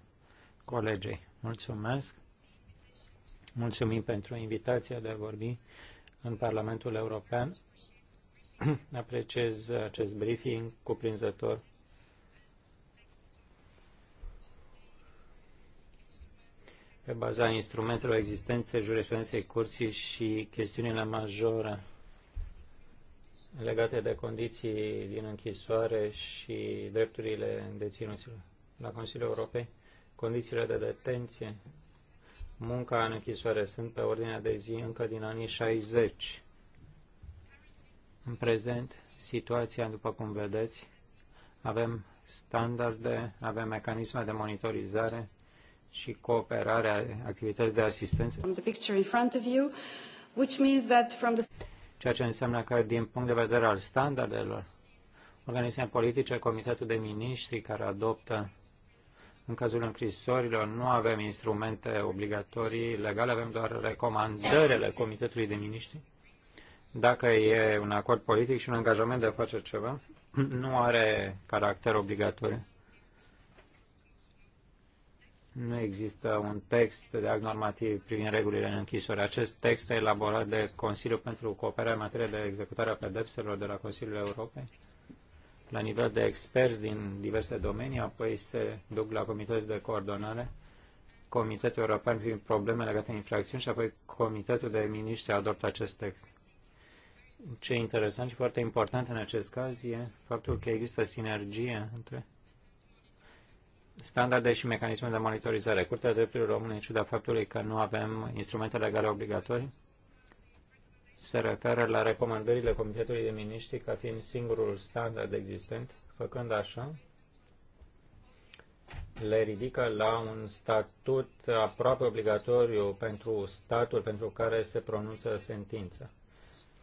colegei. Mulțumesc. Mulțumim pentru invitația de a vorbi în Parlamentul European. Apreciez acest briefing cuprinzător pe baza instrumentelor existențe, jurisprudenței curții și chestiunile majore legate de condiții din închisoare și drepturile deținuților. La Consiliul Europei, condițiile de detenție, munca în închisoare sunt pe ordinea de zi încă din anii 60. În prezent, situația, după cum vedeți, avem standarde, avem mecanisme de monitorizare și cooperarea, activități de asistență. The the. picture in front of you, which means that from Ceea ce înseamnă că, din punct de vedere al standardelor, organizația politice, Comitetul de Miniștri care adoptă în cazul încrisorilor nu avem instrumente obligatorii legale, avem doar recomandările Comitetului de Miniștri. Dacă e un acord politic și un angajament de a face ceva, nu are caracter obligatoriu nu există un text de act normativ privind regulile în închisori. Acest text este elaborat de Consiliul pentru Cooperare în materie de executare a pedepselor de la Consiliul Europei la nivel de experți din diverse domenii, apoi se duc la Comitetul de Coordonare, Comitetul European privind probleme legate de infracțiuni și apoi Comitetul de Miniștri adoptă acest text. Ce e interesant și foarte important în acest caz e faptul că există sinergie între standarde și mecanisme de monitorizare. Curtea Drepturilor Omului, în ciuda faptului că nu avem instrumente legale obligatorii, se referă la recomandările Comitetului de Miniștri ca fiind singurul standard existent, făcând așa, le ridică la un statut aproape obligatoriu pentru statul pentru care se pronunță sentința.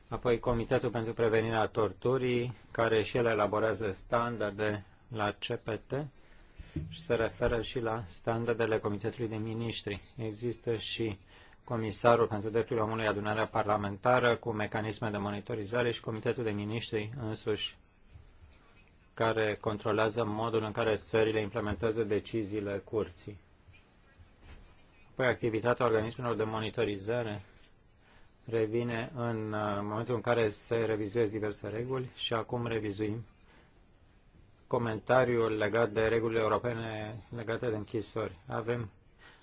Apoi Comitetul pentru Prevenirea Torturii, care și el elaborează standarde la CPT, și se referă și la standardele Comitetului de Ministri. Există și Comisarul pentru Drepturile Omului, adunarea parlamentară cu mecanisme de monitorizare și Comitetul de Ministri însuși care controlează modul în care țările implementează deciziile curții. Apoi activitatea organismelor de monitorizare revine în uh, momentul în care se revizuiesc diverse reguli și acum revizuim comentariul legat de regulile europene legate de închisori. Avem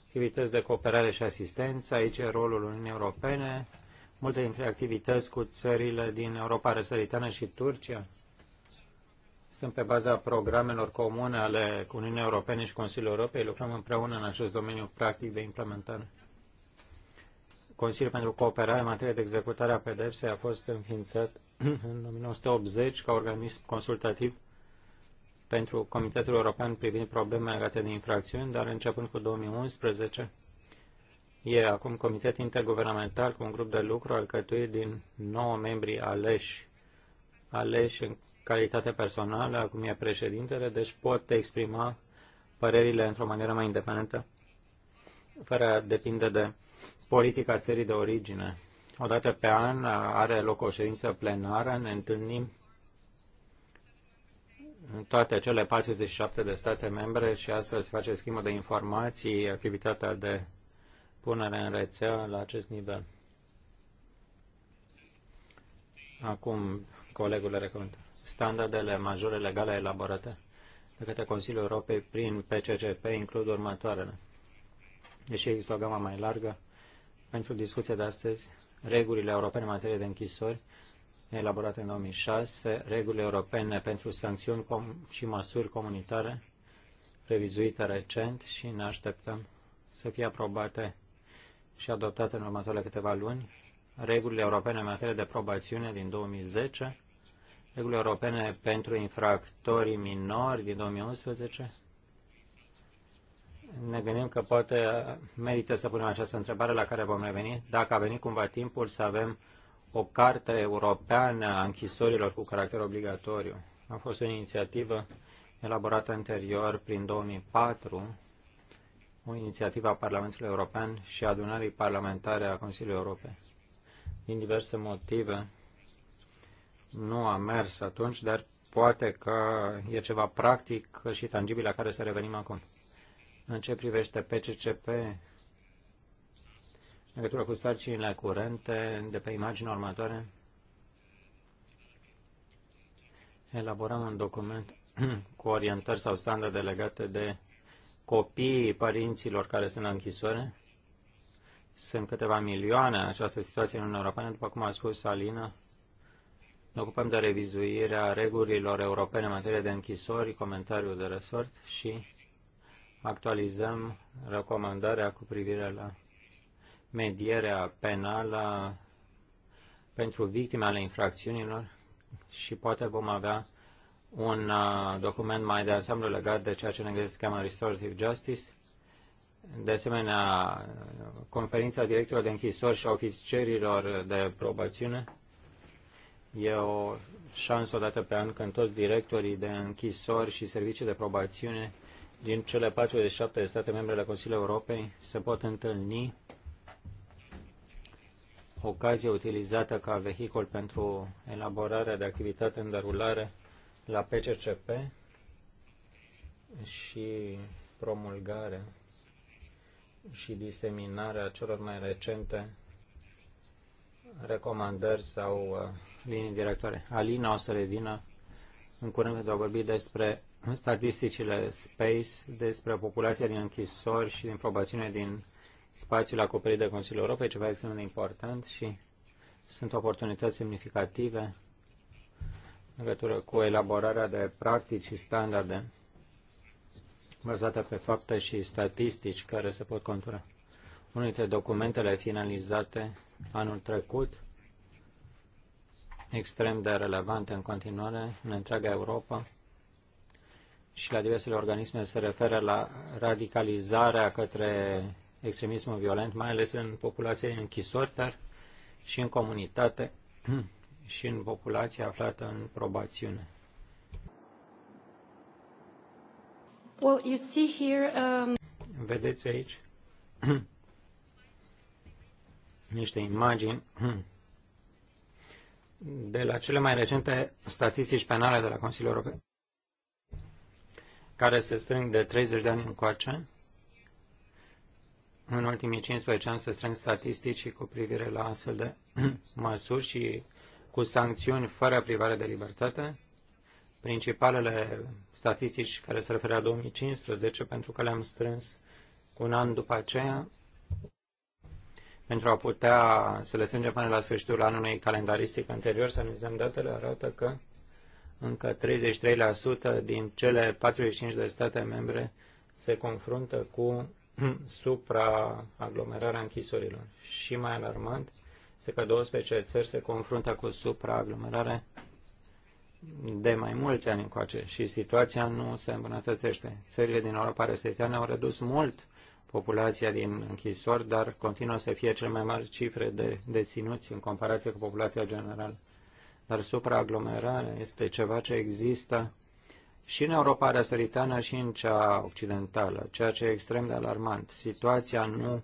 activități de cooperare și asistență, aici e rolul Uniunii Europene, multe dintre activități cu țările din Europa răsăritană și Turcia sunt pe baza programelor comune ale Uniunii Europene și Consiliului Europei. Lucrăm împreună în acest domeniu practic de implementare. Consiliul pentru Cooperare în materie de executare a pedepsei a fost înființat în 1980 ca organism consultativ pentru Comitetul European privind probleme legate de infracțiuni, dar începând cu 2011, e acum comitet interguvernamental cu un grup de lucru alcătuit din 9 membri aleși aleși în calitate personală, acum e președintele, deci pot exprima părerile într-o manieră mai independentă, fără a depinde de politica țării de origine. Odată pe an are loc o ședință plenară, ne întâlnim în toate cele 47 de state membre și astfel se face schimbă de informații, activitatea de punere în rețea la acest nivel. Acum, colegul recomandă. Standardele majore legale elaborate de către Consiliul Europei prin PCCP includ următoarele. Deși există o gamă mai largă, pentru discuția de astăzi, regulile europene în materie de închisori elaborate în 2006, reguli europene pentru sancțiuni și măsuri comunitare, revizuite recent și ne așteptăm să fie aprobate și adoptate în următoarele câteva luni, regulile europene în materie de probațiune din 2010, regulile europene pentru infractorii minori din 2011. Ne gândim că poate merită să punem această întrebare la care vom reveni, dacă a venit cumva timpul să avem o carte europeană a închisorilor cu caracter obligatoriu. A fost o inițiativă elaborată anterior prin 2004, o inițiativă a Parlamentului European și adunării parlamentare a Consiliului Europei. Din diverse motive, nu a mers atunci, dar poate că e ceva practic și tangibil la care să revenim acum. În ce privește PCCP, în legătură cu sarcinile curente de pe imaginea următoare. Elaborăm un document cu orientări sau standarde legate de copiii părinților care sunt la închisoare. Sunt câteva milioane în această situație în Uniunea Europeană, după cum a spus Alina. Ne ocupăm de revizuirea regulilor europene în materie de închisori, comentariul de resort și actualizăm recomandarea cu privire la medierea penală pentru victime ale infracțiunilor și poate vom avea un uh, document mai de ansamblu legat de ceea ce în engleză se cheamă Restorative Justice. De asemenea, conferința directorilor de închisori și a de probațiune e o șansă odată pe an când toți directorii de închisori și servicii de probațiune din cele 47 de state membre ale Consiliului Europei se pot întâlni ocazie utilizată ca vehicul pentru elaborarea de activitate în derulare la PCCP și promulgare și diseminarea celor mai recente recomandări sau uh, linii directoare. Alina o să revină în curând pentru a vorbi despre statisticile SPACE, despre populația din închisori și din probațiune din spațiul acoperit de Consiliul Europei, ceva extrem de important și sunt oportunități semnificative în legătură cu elaborarea de practici și standarde bazate pe fapte și statistici care se pot contura. Unul dintre documentele finalizate anul trecut, extrem de relevante în continuare în întreaga Europa și la diversele organisme, se referă la radicalizarea către extremismul violent, mai ales în populația din închisori, dar și în comunitate și în populația aflată în probațiune. Well, you see here, um... Vedeți aici niște imagini de la cele mai recente statistici penale de la Consiliul European, care se strâng de 30 de ani încoace în ultimii 15 ani să strâng statistici cu privire la astfel de măsuri și cu sancțiuni fără privare de libertate. Principalele statistici care se referă la 2015, pentru că le-am strâns un an după aceea, pentru a putea să le strângem până la sfârșitul anului calendaristic anterior, să analizăm datele, arată că încă 33% din cele 45 de state membre se confruntă cu supraaglomerarea închisorilor. Și mai alarmant este că 12 țări se confruntă cu supraaglomerare de mai mulți ani încoace și situația nu se îmbunătățește. Țările din Europa Răsăritană au redus mult populația din închisori, dar continuă să fie cele mai mari cifre de deținuți în comparație cu populația generală. Dar supraaglomerarea este ceva ce există și în Europa răsăritană și în cea occidentală, ceea ce e extrem de alarmant. Situația nu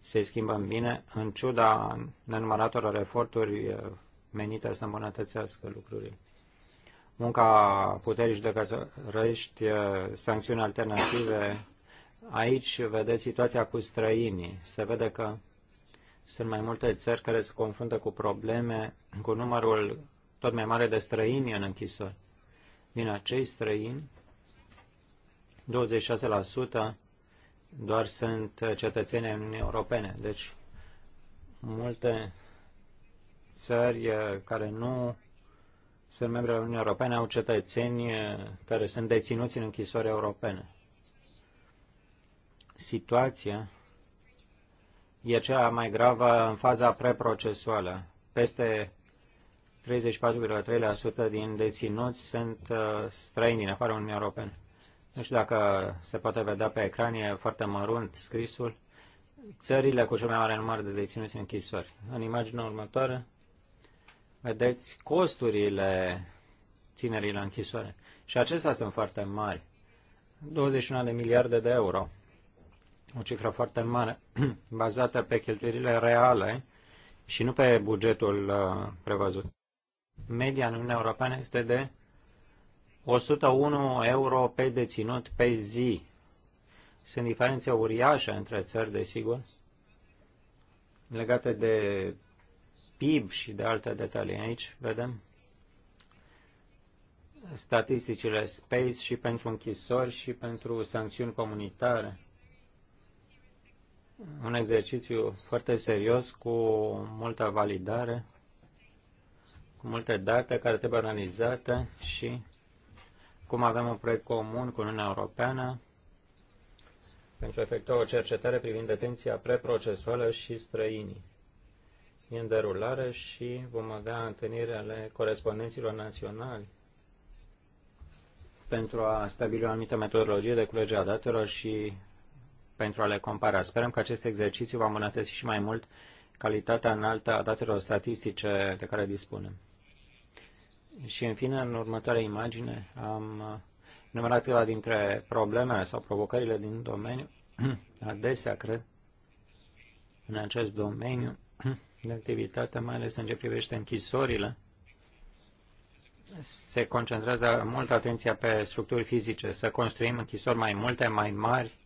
se schimbă în bine, în ciuda nenumăratorilor eforturi menite să îmbunătățească lucrurile. Munca puterii judecătorești, sancțiuni alternative, aici vedeți situația cu străinii. Se vede că sunt mai multe țări care se confruntă cu probleme cu numărul tot mai mare de străini în închisori din acei străini, 26% doar sunt cetățeni Uniunii Europene. Deci, multe țări eh, care nu sunt membre ale Uniunii Europene au cetățeni eh, care sunt deținuți în închisori europene. Situația e cea mai gravă în faza preprocesuală. Peste 34,3% din deținuți sunt uh, străini din afara Uniunii Europene. Nu știu dacă se poate vedea pe ecran, e foarte mărunt scrisul. Țările cu cel mai mare număr de deținuți în închisori. În imaginea următoare, vedeți costurile ținerii la închisoare. Și acestea sunt foarte mari. 21 de miliarde de euro. O cifră foarte mare, bazată pe cheltuielile reale și nu pe bugetul uh, prevăzut. Media în Uniunea Europeană este de 101 euro pe deținut pe zi. Sunt diferențe uriașe între țări, desigur, legate de PIB și de alte detalii. Aici vedem statisticile SPACE și pentru închisori și pentru sancțiuni comunitare. Un exercițiu foarte serios cu multă validare cu multe date care trebuie analizate și cum avem un proiect comun cu Uniunea Europeană pentru a efectua o cercetare privind detenția preprocesuală și străinii. E în derulare și vom avea întâlnire ale corespondenților naționali pentru a stabili o anumită metodologie de culegere a datelor și pentru a le compara. Sperăm că acest exercițiu va îmbunătăți și mai mult calitatea înaltă a datelor statistice de care dispunem. Și în fine, în următoarea imagine, am uh, numărat câteva dintre problemele sau provocările din domeniu. Adesea, cred, în acest domeniu de activitate, mai ales în ce privește închisorile, se concentrează mult atenția pe structuri fizice, să construim închisori mai multe, mai mari,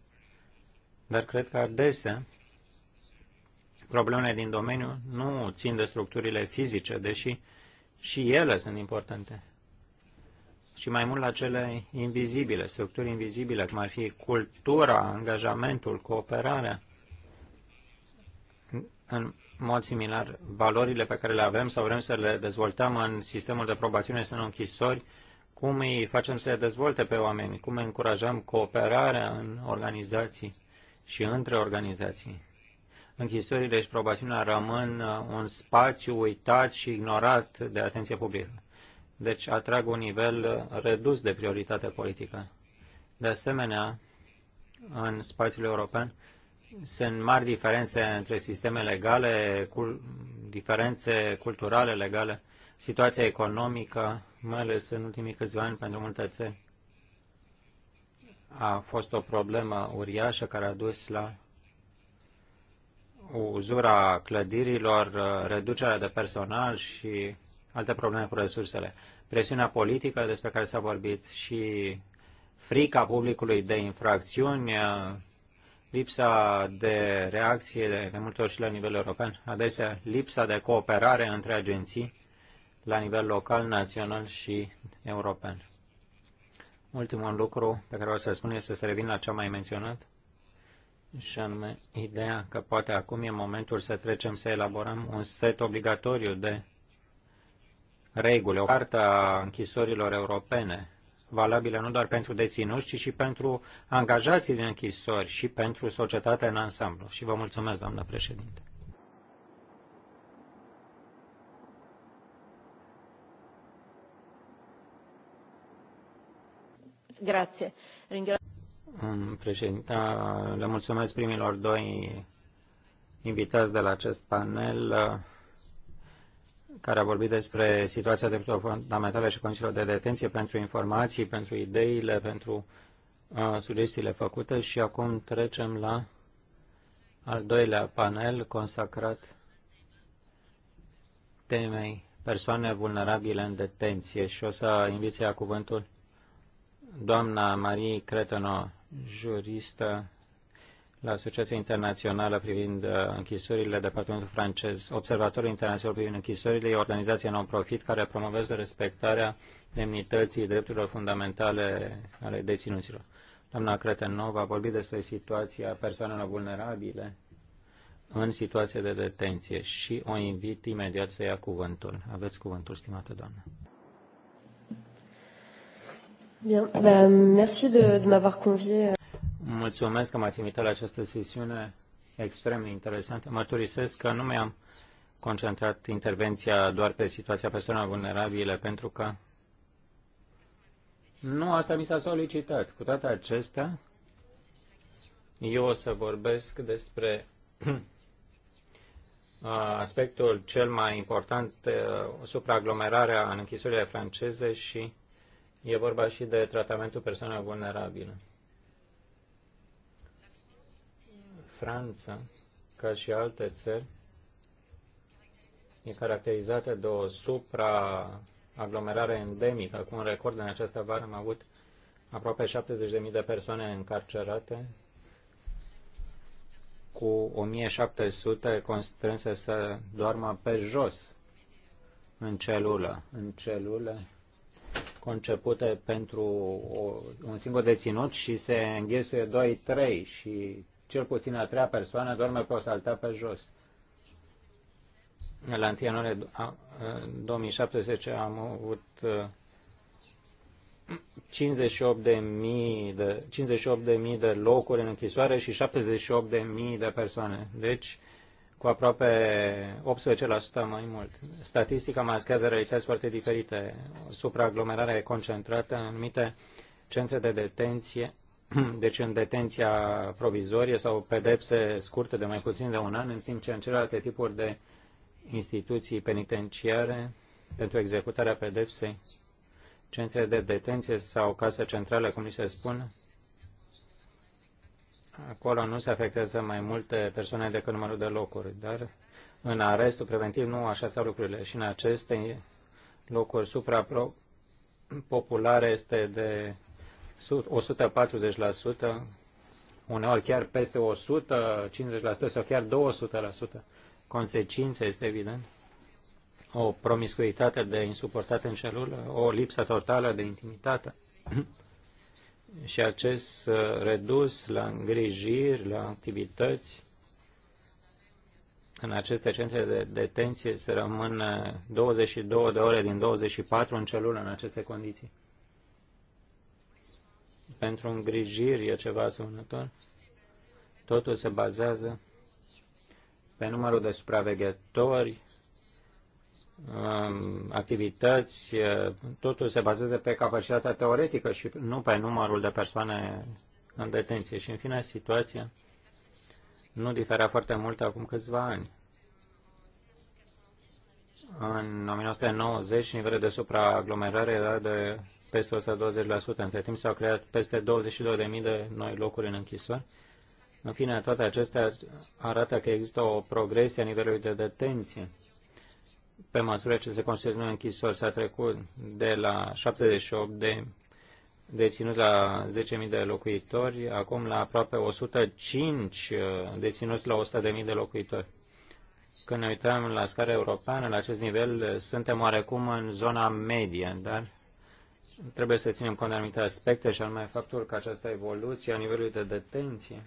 dar cred că adesea problemele din domeniu nu țin de structurile fizice, deși și ele sunt importante. Și mai mult la cele invizibile, structuri invizibile, cum ar fi cultura, angajamentul, cooperarea. În mod similar, valorile pe care le avem sau vrem să le dezvoltăm în sistemul de probațiune sunt închisori, cum îi facem să se dezvolte pe oameni, cum încurajăm cooperarea în organizații și între organizații închisorile și probațiunea rămân uh, un spațiu uitat și ignorat de atenție publică. Deci atrag un nivel uh, redus de prioritate politică. De asemenea, în spațiul european sunt mari diferențe între sisteme legale, cul- diferențe culturale legale, situația economică, mai ales în ultimii câțiva ani pentru multe țări a fost o problemă uriașă care a dus la uzura clădirilor, uh, reducerea de personal și alte probleme cu resursele. Presiunea politică despre care s-a vorbit și frica publicului de infracțiuni, uh, lipsa de reacție de, de multe ori și la nivel european, adesea lipsa de cooperare între agenții la nivel local, național și european. Ultimul lucru pe care o să spun este să revin la cea mai menționat, și anume ideea că poate acum e momentul să trecem să elaborăm un set obligatoriu de reguli, o carte a închisorilor europene, valabilă nu doar pentru deținuți, ci și pentru angajații din închisori și pentru societatea în ansamblu. Și vă mulțumesc, doamnă președinte. Grazie. Ringrazio președinte. Le mulțumesc primilor doi invitați de la acest panel care a vorbit despre situația drepturilor fundamentale și condițiilor de detenție pentru informații, pentru ideile, pentru sugestiile făcute și acum trecem la al doilea panel consacrat temei persoane vulnerabile în detenție și o să invit să ia cuvântul doamna Marie Cretono juristă la Asociația Internațională privind uh, închisorile, Departamentul francez, Observatorul Internațional privind închisorile, e o organizație non-profit care promovează respectarea demnității drepturilor fundamentale ale deținuților. Doamna Cretenov a vorbit despre situația persoanelor vulnerabile în situație de detenție și o invit imediat să ia cuvântul. Aveți cuvântul, stimată doamnă. Bien, merci de, de m'avoir convié. Euh. Mulțumesc că m-ați invitat la această sesiune extrem de interesantă. Mărturisesc că nu mi-am concentrat intervenția doar pe situația persoanelor vulnerabile, pentru că nu asta mi s-a solicitat. Cu toate acestea, eu o să vorbesc despre aspectul cel mai important, supraaglomerarea în închisurile franceze și E vorba și de tratamentul persoanelor vulnerabile. Franța, ca și alte țări, e caracterizată de o supraaglomerare endemică. Cu un record în această vară am avut aproape 70.000 de persoane încarcerate, cu 1700 constrânse să doarmă pe jos în celulă. În celulă concepute pentru o, un singur deținut și se înghesuie 2-3 și cel puțin a treia persoană doarme pe o saltea pe jos. La 1 ianuarie 2017 am avut 58.000 de, 58 de locuri în închisoare și 78.000 de persoane. Deci, cu aproape 18% mai mult. Statistica maschează realități foarte diferite. Supraaglomerare concentrată în anumite centre de detenție, deci în detenția provizorie sau pedepse scurte de mai puțin de un an, în timp ce în celelalte tipuri de instituții penitenciare pentru executarea pedepsei, centre de detenție sau casă centrală cum ni se spune, Acolo nu se afectează mai multe persoane decât numărul de locuri, dar în arestul preventiv nu așa stau lucrurile și în aceste locuri suprapopulare este de 140%, uneori chiar peste 150% sau chiar 200%. Consecința este evident o promiscuitate de insuportat în celulă, o lipsă totală de intimitate și acest uh, redus la îngrijiri, la activități. În aceste centre de detenție se rămân 22 de ore din 24 în celulă în aceste condiții. Pentru îngrijiri e ceva asemănător. Totul se bazează pe numărul de supraveghetori, Um, activități, uh, totul se bazează pe capacitatea teoretică și nu pe numărul de persoane în detenție. Și, în fine, situația nu diferea foarte mult acum câțiva ani. În 1990, nivelul de supraaglomerare era de peste 120%. Între timp s-au creat peste 22.000 de noi locuri în închisori. În fine, toate acestea arată că există o progresie a nivelului de detenție pe măsură ce se noi închisori. S-a trecut de la 78 de deținuți la 10.000 de locuitori, acum la aproape 105 uh, deținuți la 100.000 de locuitori. Când ne uităm la scară europeană, la acest nivel, uh, suntem oarecum în zona medie, dar trebuie să ținem cont de anumite aspecte și anume faptul că această evoluție a nivelului de detenție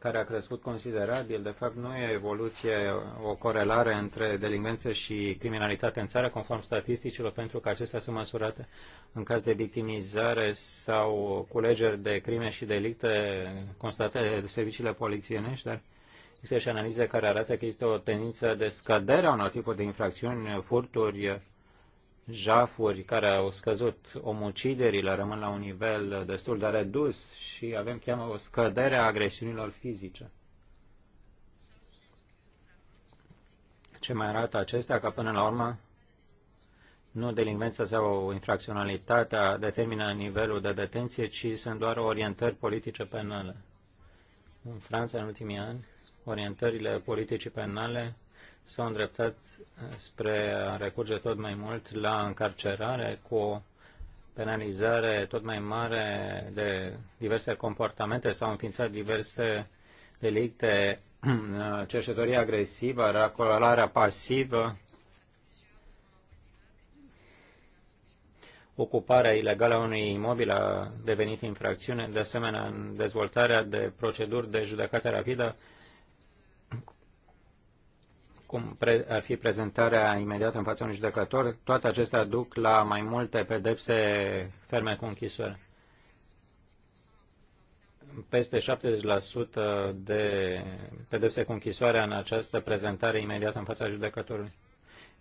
care a crescut considerabil. De fapt, nu e evoluție, o corelare între delinvență și criminalitate în țară, conform statisticilor, pentru că acestea sunt măsurate în caz de victimizare sau culegeri de crime și delicte constatate de serviciile polițienești, dar există și analize care arată că este o tendință de scădere a unor tipuri de infracțiuni, furturi, jafuri care au scăzut, omuciderile rămân la un nivel destul de redus și avem chiar o scădere a agresiunilor fizice. Ce mai arată acestea? Că până la urmă nu delinvența sau infracționalitatea determină nivelul de detenție, ci sunt doar orientări politice penale. În Franța, în ultimii ani, orientările politicii penale s-au îndreptat eh, spre a recurge tot mai mult la încarcerare cu o penalizare tot mai mare de diverse comportamente, s-au înființat diverse delicte, eh, cercetorie agresivă, racolarea pasivă, ocuparea ilegală a unui imobil a devenit infracțiune, de asemenea în dezvoltarea de proceduri de judecată rapidă cum ar fi prezentarea imediată în fața unui judecător, toate acestea duc la mai multe pedepse ferme cu închisoare. Peste 70% de pedepse cu închisoare în această prezentare imediată în fața judecătorului.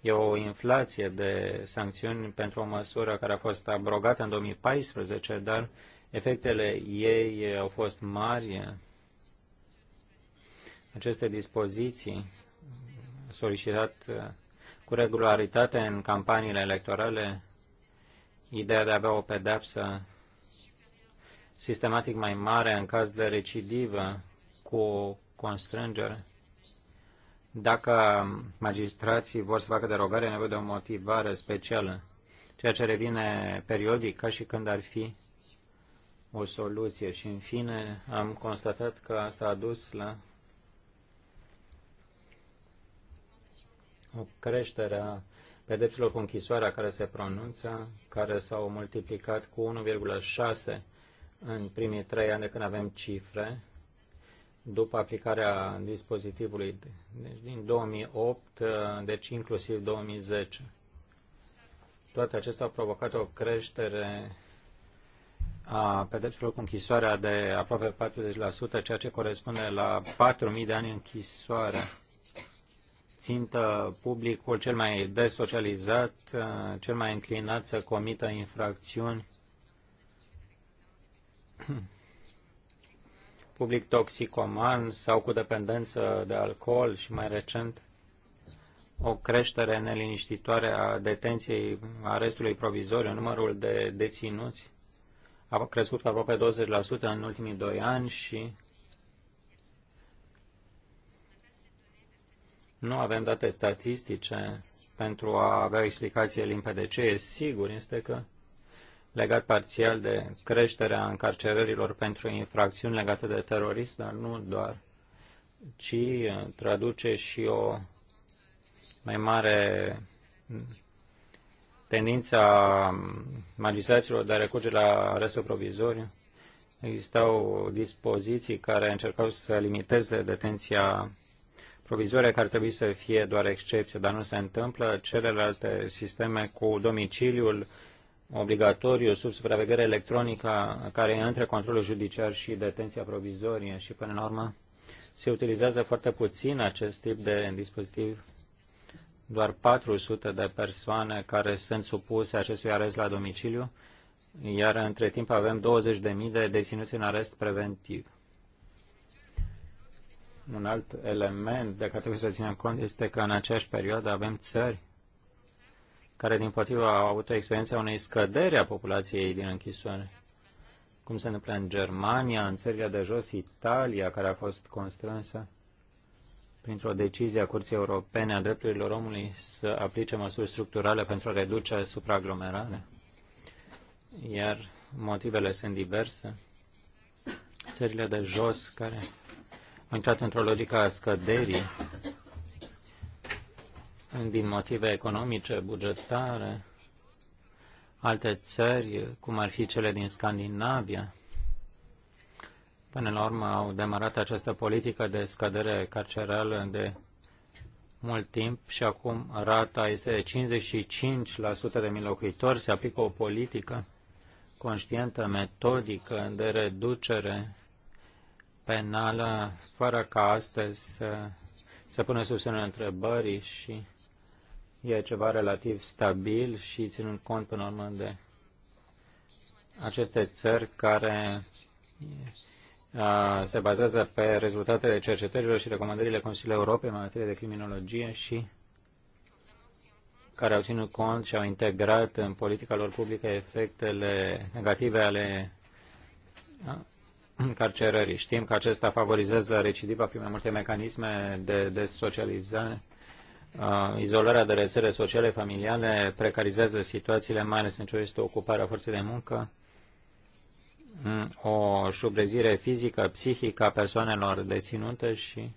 E o inflație de sancțiuni pentru o măsură care a fost abrogată în 2014, dar efectele ei au fost mari. Aceste dispoziții solicitat uh, cu regularitate în campaniile electorale ideea de a avea o pedepsă sistematic mai mare în caz de recidivă cu o constrângere. Dacă magistrații vor să facă derogare, e nevoie de o motivare specială, ceea ce revine periodic ca și când ar fi o soluție. Și în fine am constatat că asta a dus la o creștere a pedepsilor cu închisoarea care se pronunță, care s-au multiplicat cu 1,6 în primii trei ani de când avem cifre, după aplicarea dispozitivului, deci din 2008, uh, deci inclusiv 2010. Toate acestea au provocat o creștere a pedepsilor cu închisoarea de aproape 40%, ceea ce corespunde la 4.000 de ani închisoare țintă publicul cel mai desocializat, uh, cel mai înclinat să comită infracțiuni, public toxicoman sau cu dependență de alcool și mai recent o creștere neliniștitoare a detenției arestului provizoriu, numărul de deținuți a crescut cu aproape 20% în ultimii doi ani și Nu avem date statistice pentru a avea o explicație limpede. Ce e sigur este că legat parțial de creșterea încarcerărilor pentru infracțiuni legate de terorism, dar nu doar, ci uh, traduce și o mai mare tendința magistraților de a recurge la arestul provizoriu. Existau dispoziții care încercau să limiteze detenția provizorie care ar trebui să fie doar excepție, dar nu se întâmplă. Celelalte sisteme cu domiciliul obligatoriu sub supraveghere electronică care e între controlul judiciar și detenția provizorie și până la urmă se utilizează foarte puțin acest tip de dispozitiv doar 400 de persoane care sunt supuse acestui arest la domiciliu, iar între timp avem 20.000 de deținuți în arest preventiv. Un alt element de care trebuie să ținem cont este că în aceeași perioadă avem țări care, din potriva, au avut o experiență a unei scăderi a populației din închisoare. Cum se întâmplă în Germania, în țările de jos, Italia, care a fost constrânsă printr-o decizie a Curții Europene a Drepturilor Omului să aplice măsuri structurale pentru a reduce supraaglomerarea. Iar motivele sunt diverse. Țările de jos care a intrat într-o logică a scăderii din motive economice, bugetare, alte țări, cum ar fi cele din Scandinavia, până la urmă au demarat această politică de scădere carcerală de mult timp și acum rata este de 55% de mii locuitori. Se aplică o politică conștientă, metodică de reducere penală, fără ca astăzi să se pună sub semnul întrebării și e ceva relativ stabil și ținând cont până urmă de aceste țări care se bazează pe rezultatele cercetărilor și recomandările Consiliului Europei în materie de criminologie și care au ținut cont și au integrat în politica lor publică efectele negative ale încarcerării. Știm că acesta favorizează recidiva prin mai multe mecanisme de, de socializare. Uh, izolarea de rețele sociale familiale precarizează situațiile, mai ales în ce este ocuparea forței de muncă, mm, o șubrezire fizică, psihică a persoanelor deținute și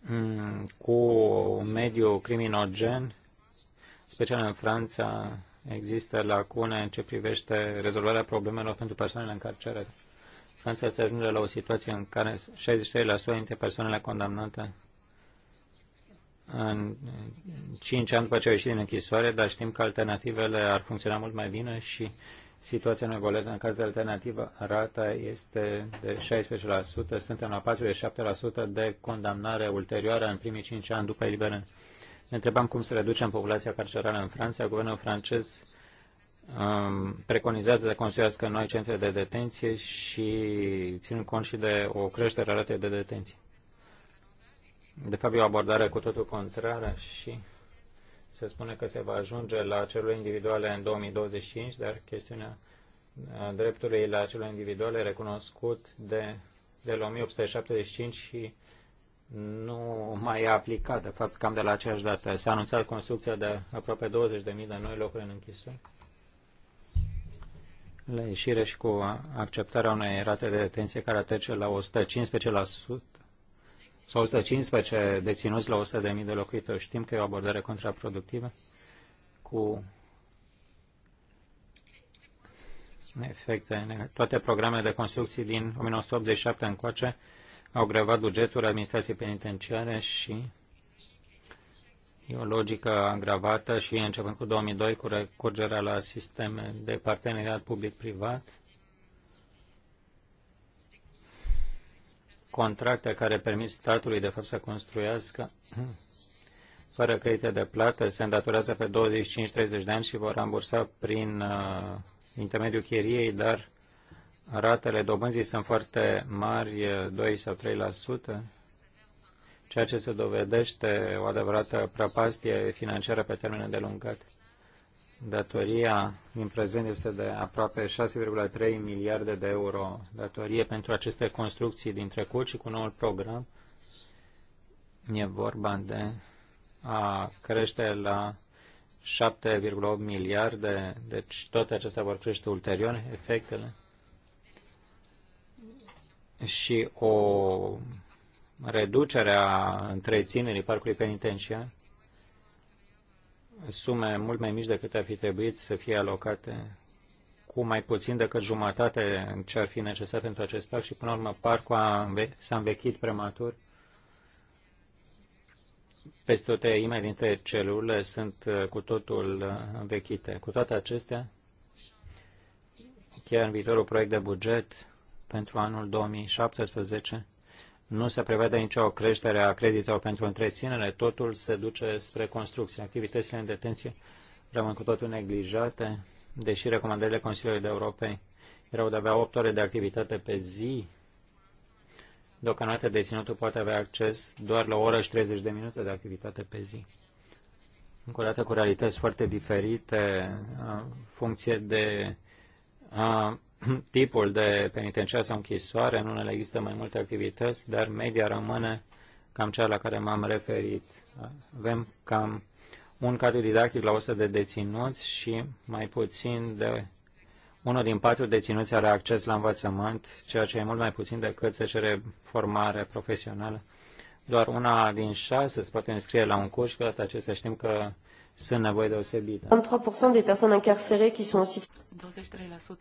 mm, cu un mediu criminogen special în Franța, există lacune în ce privește rezolvarea problemelor pentru persoanele încarcerate. Franța se ajunge la o situație în care 63% dintre persoanele condamnate în 5 ani după ce au ieșit din închisoare, dar știm că alternativele ar funcționa mult mai bine și situația în evoluează. În caz de alternativă, rata este de 16%, suntem la 47% de condamnare ulterioară în primii 5 ani după eliberare. Ne întrebam cum să reducem populația carcerală în Franța. Guvernul francez um, preconizează să construiască noi centre de detenție și ținând cont și de o creștere a ratei de detenție. De fapt, e o abordare cu totul contrară și se spune că se va ajunge la celule individuale în 2025, dar chestiunea uh, dreptului la celule individuale recunoscut de, de la 1875 și nu mai e aplicat, de fapt, cam de la aceeași dată. S-a anunțat construcția de aproape 20.000 de noi locuri în închisori. La ieșire și cu acceptarea unei rate de detenție care trece la 115% sau 115 deținuți la 100.000 de locuitori. Știm că e o abordare contraproductivă cu efecte. Toate programele de construcții din 1987 încoace au grevat bugetul administrației penitenciare și e o logică agravată și începând cu 2002 cu recurgerea la sisteme de parteneriat public-privat, contracte care permit statului de fapt să construiască fără credite de plată, se îndatorează pe 25-30 de ani și vor rambursa prin uh, intermediul chiriei, dar ratele dobânzii sunt foarte mari, 2 sau 3%, ceea ce se dovedește o adevărată prăpastie financiară pe termen îndelungat. Datoria din prezent este de aproape 6,3 miliarde de euro datorie pentru aceste construcții din trecut și cu noul program e vorba de a crește la 7,8 miliarde, deci toate acestea vor crește ulterior efectele și o reducere a întreținerii parcului penitenciar, sume mult mai mici decât ar fi trebuit să fie alocate cu mai puțin decât jumătate ce ar fi necesar pentru acest parc și până la urmă parcul s-a învechit prematur. Peste o treime dintre celule sunt uh, cu totul uh, învechite. Cu toate acestea, chiar în viitorul proiect de buget, pentru anul 2017 nu se prevede nicio creștere a creditelor pentru întreținere, totul se duce spre construcție. Activitățile în detenție rămân cu totul neglijate, deși recomandările Consiliului de Europei erau de avea 8 ore de activitate pe zi. Deocamdată deținutul poate avea acces doar la o oră și 30 de minute de activitate pe zi. Încă o dată cu realități foarte diferite, în funcție de tipul de penitenciar sau închisoare, în unele există mai multe activități, dar media rămâne cam cea la care m-am referit. Avem cam un cadru didactic la 100 de deținuți și mai puțin de unul din patru deținuți are acces la învățământ, ceea ce e mult mai puțin decât se cere formare profesională. Doar una din șase se poate înscrie la un curs și cu toate acestea știm că sunt nevoie deosebită. 23% de persoane care sunt în situație.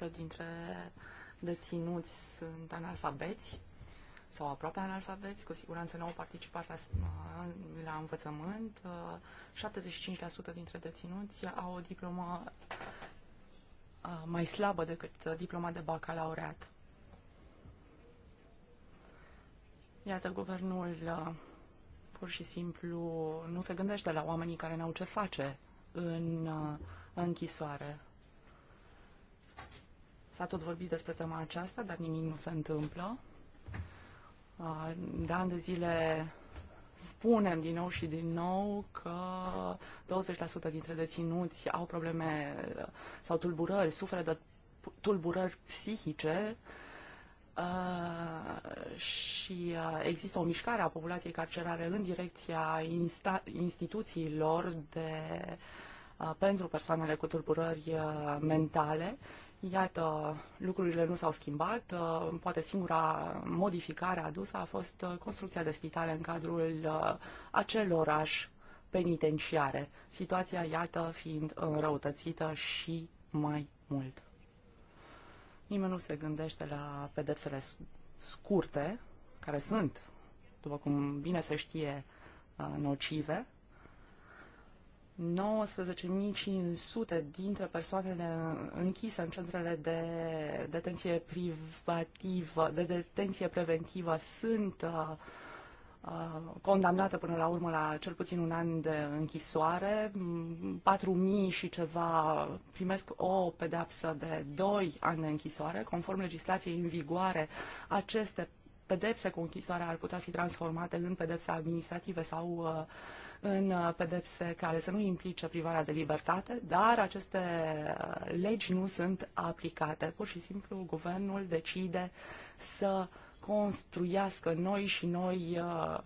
23% dintre deținuți sunt analfabeți sau aproape analfabeți, cu siguranță nu au participat la, la învățământ. 75% dintre deținuți au o diplomă mai slabă decât diploma de bacalaureat. Iată, guvernul pur și simplu nu se gândește la oamenii care n-au ce face în uh, închisoare. S-a tot vorbit despre tema aceasta, dar nimic nu se întâmplă. Uh, de ani de zile spunem din nou și din nou că 20% dintre deținuți au probleme uh, sau tulburări, suferă de tulburări psihice, uh, și există o mișcare a populației carcerare în direcția instituțiilor de, pentru persoanele cu tulburări mentale. Iată, lucrurile nu s-au schimbat. Poate singura modificare adusă a fost construcția de spitale în cadrul acelorași penitenciare. Situația, iată, fiind înrăutățită și mai mult. Nimeni nu se gândește la pedepsele scurte, care sunt, după cum bine se știe, uh, nocive. 19.500 dintre persoanele închise în centrele de detenție privativă, de detenție preventivă sunt uh, Uh, condamnată până la urmă la cel puțin un an de închisoare. 4.000 mm, și ceva primesc o pedapsă de 2 ani de închisoare. Conform legislației în vigoare, aceste pedepse cu închisoare ar putea fi transformate în pedepse administrative sau uh, în uh, pedepse care să nu implice privarea de libertate, dar aceste legi nu sunt aplicate. Pur și simplu, guvernul decide să uh, construiască noi și noi uh,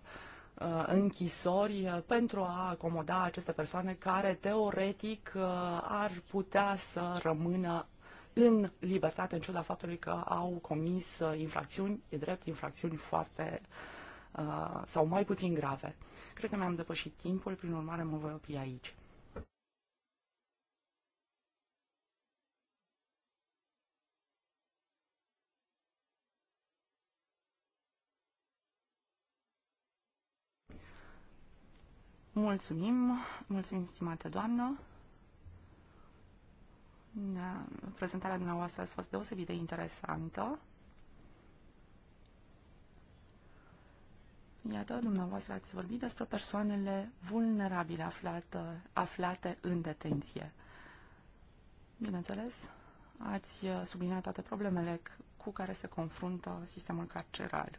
uh, închisori uh, pentru a acomoda aceste persoane care teoretic ar putea să rămână în libertate în ciuda faptului că au comis infracțiuni, e drept, infracțiuni foarte sau mai puțin grave. Cred că mi-am depășit timpul, prin urmare mă voi opri aici. Mulțumim, mulțumim, stimată doamnă. Da, prezentarea dumneavoastră a fost deosebit de interesantă. Iată, dumneavoastră ați vorbit despre persoanele vulnerabile aflate, aflate în detenție. Bineînțeles, ați subliniat toate problemele cu care se confruntă sistemul carceral.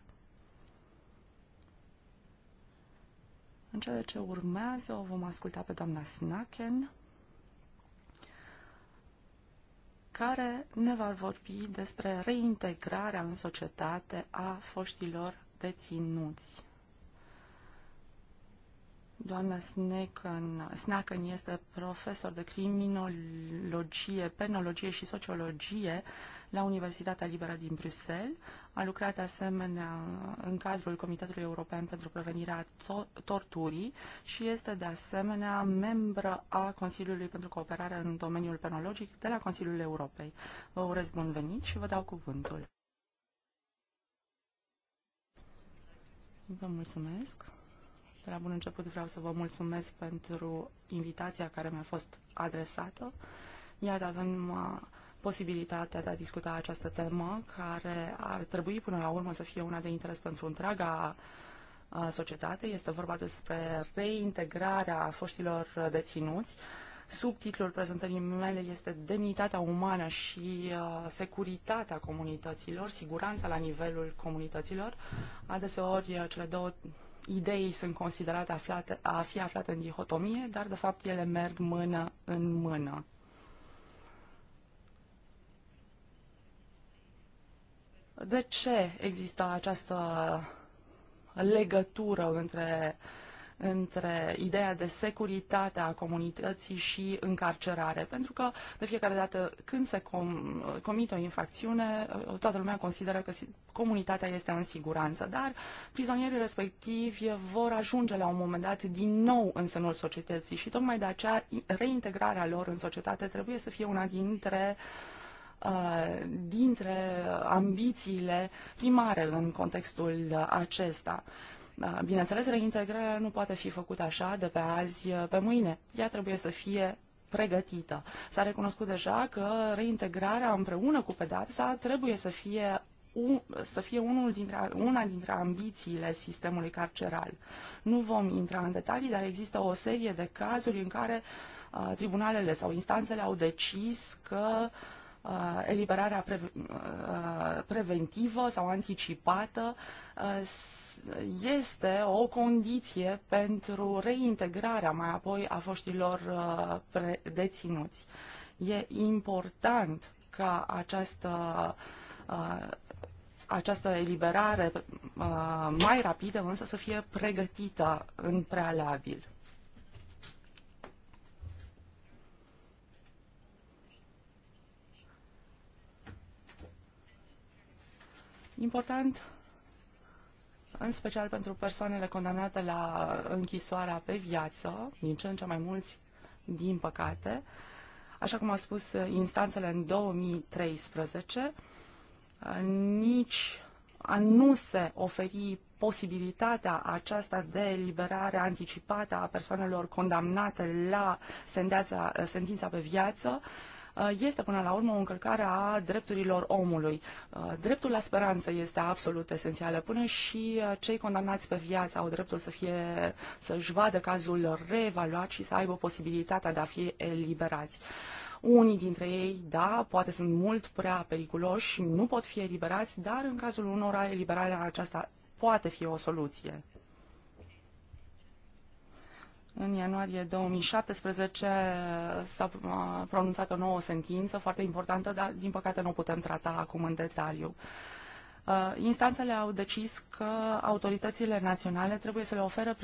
În cele ce urmează o vom asculta pe doamna Snaken, care ne va vorbi despre reintegrarea în societate a foștilor deținuți Doamna Snacken, Snacken este profesor de criminologie, penologie și sociologie la Universitatea Liberă din Bruxelles. A lucrat de asemenea în cadrul Comitetului European pentru Prevenirea Torturii și este de asemenea membră a Consiliului pentru Cooperare în domeniul penologic de la Consiliul Europei. Vă urez bun venit și vă dau cuvântul. Vă mulțumesc. De la bun început vreau să vă mulțumesc pentru invitația care mi-a fost adresată. Iată, avem uh, posibilitatea de a discuta această temă, care ar trebui până la urmă să fie una de interes pentru întreaga uh, societate. Este vorba despre reintegrarea foștilor deținuți. Subtitlul prezentării mele este Demnitatea umană și uh, securitatea comunităților, siguranța la nivelul comunităților. Adeseori uh, cele două idei sunt considerate aflate, a fi aflate în dihotomie, dar de fapt ele merg mână în mână. De ce există această legătură între uh, între ideea de securitate a comunității și încarcerare, pentru că de fiecare dată când se com- comite o infracțiune, toată lumea consideră că comunitatea este în siguranță, dar prizonierii respectivi vor ajunge la un moment dat din nou în sânul societății și tocmai de aceea reintegrarea lor în societate trebuie să fie una dintre uh, dintre ambițiile primare în contextul acesta. Da, bineînțeles, reintegrarea nu poate fi făcută așa de pe azi uh, pe mâine. Ea trebuie să fie pregătită. S-a recunoscut deja că reintegrarea împreună cu pedapsa trebuie să fie să fie unul dintre, una dintre ambițiile sistemului carceral. Nu vom intra în detalii, dar există o serie de cazuri în care uh, tribunalele sau instanțele au decis că uh, eliberarea pre, uh, preventivă sau anticipată uh, este o condiție pentru reintegrarea mai apoi a foștilor uh, deținuți. E important ca această, uh, această eliberare uh, mai rapidă însă să fie pregătită în prealabil. Important în special pentru persoanele condamnate la închisoarea pe viață, din ce în ce mai mulți, din păcate, așa cum a spus instanțele în 2013, nici a nu se oferi posibilitatea aceasta de eliberare anticipată a persoanelor condamnate la sentința, pe viață uh, Uh, este până la urmă o încălcare a drepturilor omului. Uh, dreptul la speranță este absolut esențial. Până și uh, cei condamnați pe viață au dreptul să fie, să-și vadă cazul lor reevaluat și să aibă posibilitatea de a fi eliberați. Unii dintre ei, da, poate sunt mult prea periculoși și nu pot fi eliberați, dar în cazul unora eliberarea aceasta poate fi o soluție. În ianuarie 2017 s-a pronunțat o nouă sentință foarte importantă, dar din păcate nu o putem trata acum în detaliu. Uh, instanțele au decis că autoritățile naționale trebuie să le ofere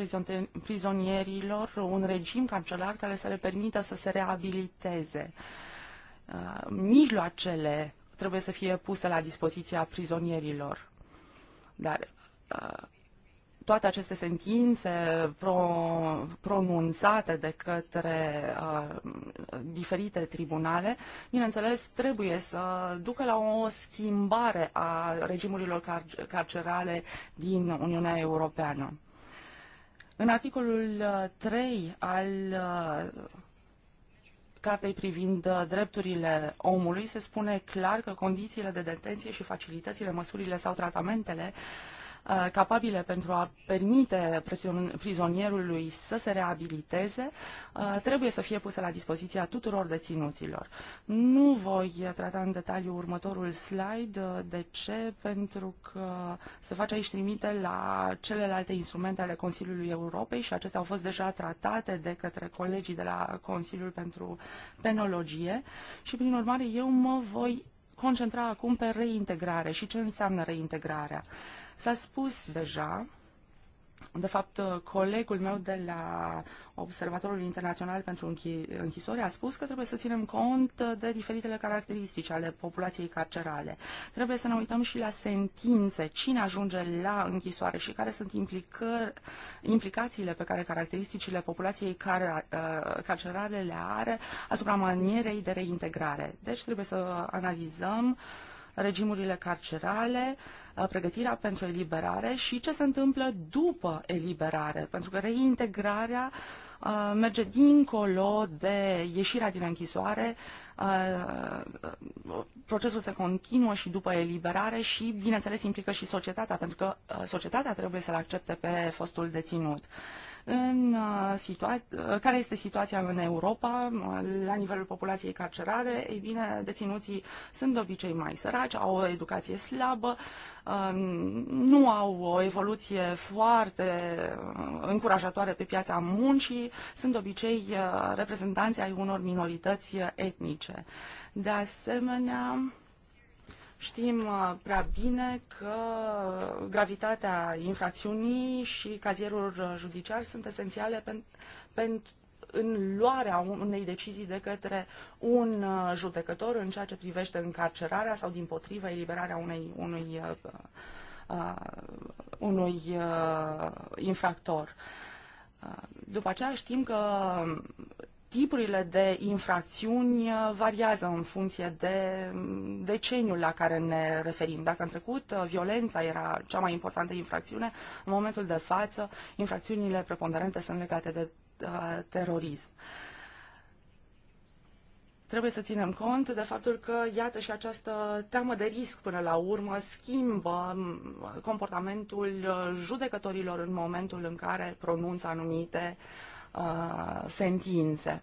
prizonierilor un regim cancelar care să le permită să se reabiliteze. Uh, mijloacele trebuie să fie puse la dispoziția prizonierilor. Dar uh, toate aceste sentințe pro, pronunțate de către uh, diferite tribunale, bineînțeles, trebuie să ducă la o schimbare a regimurilor car- carcerale din Uniunea Europeană. În articolul 3 uh, al uh, Cartei privind uh, drepturile omului se spune clar că condițiile de detenție și facilitățile, măsurile sau tratamentele uh, Uh, capabile pentru a permite prizonierului să se reabiliteze uh, trebuie să fie puse la dispoziția tuturor deținuților. Nu voi trata în detaliu următorul slide. Uh, de ce? Pentru că se face aici trimite la celelalte instrumente ale Consiliului Europei și acestea au fost deja tratate de către colegii de la Consiliul pentru Penologie și, prin urmare, eu mă voi concentra acum pe reintegrare și ce înseamnă reintegrarea. Uh, S-a spus deja, de fapt, colegul meu de la Observatorul Internațional pentru Închisori a spus că trebuie să ținem cont de diferitele caracteristici ale populației carcerale. Trebuie să ne uităm și la sentințe, cine ajunge la închisoare și care sunt implică, implicațiile pe care caracteristicile populației car, uh, carcerale le are asupra manierei de reintegrare. Deci trebuie să analizăm regimurile carcerale, uh, Uh, pregătirea pentru eliberare și ce se întâmplă după eliberare, pentru că reintegrarea uh, merge dincolo de ieșirea din închisoare, uh, procesul se continuă și după eliberare și, bineînțeles, implică și societatea, pentru că societatea trebuie să-l accepte pe fostul deținut în uh, situa- uh, care este situația în Europa uh, la nivelul populației carcerare. Ei bine, deținuții sunt de obicei mai săraci, au o educație slabă, um, nu au o evoluție foarte încurajatoare pe piața muncii, sunt de obicei reprezentanții ai unor minorități etnice. De asemenea, Știm uh, prea bine că gravitatea infracțiunii și cazierul uh, judiciar sunt esențiale pentru în luarea unei decizii de către un uh, judecător în ceea ce privește încarcerarea sau, din potrivă, eliberarea unei, unui, uh, unui uh, infractor. După aceea știm că tipurile de infracțiuni uh, variază în funcție de mm, deceniul la care ne referim. Dacă în trecut uh, violența era cea mai importantă infracțiune, în momentul de față infracțiunile preponderente sunt legate de uh, terorism. Trebuie să ținem cont de faptul că, iată, și această teamă de risc până la urmă schimbă mm, comportamentul uh, judecătorilor în momentul în care pronunță anumite uh, uh, sentințe.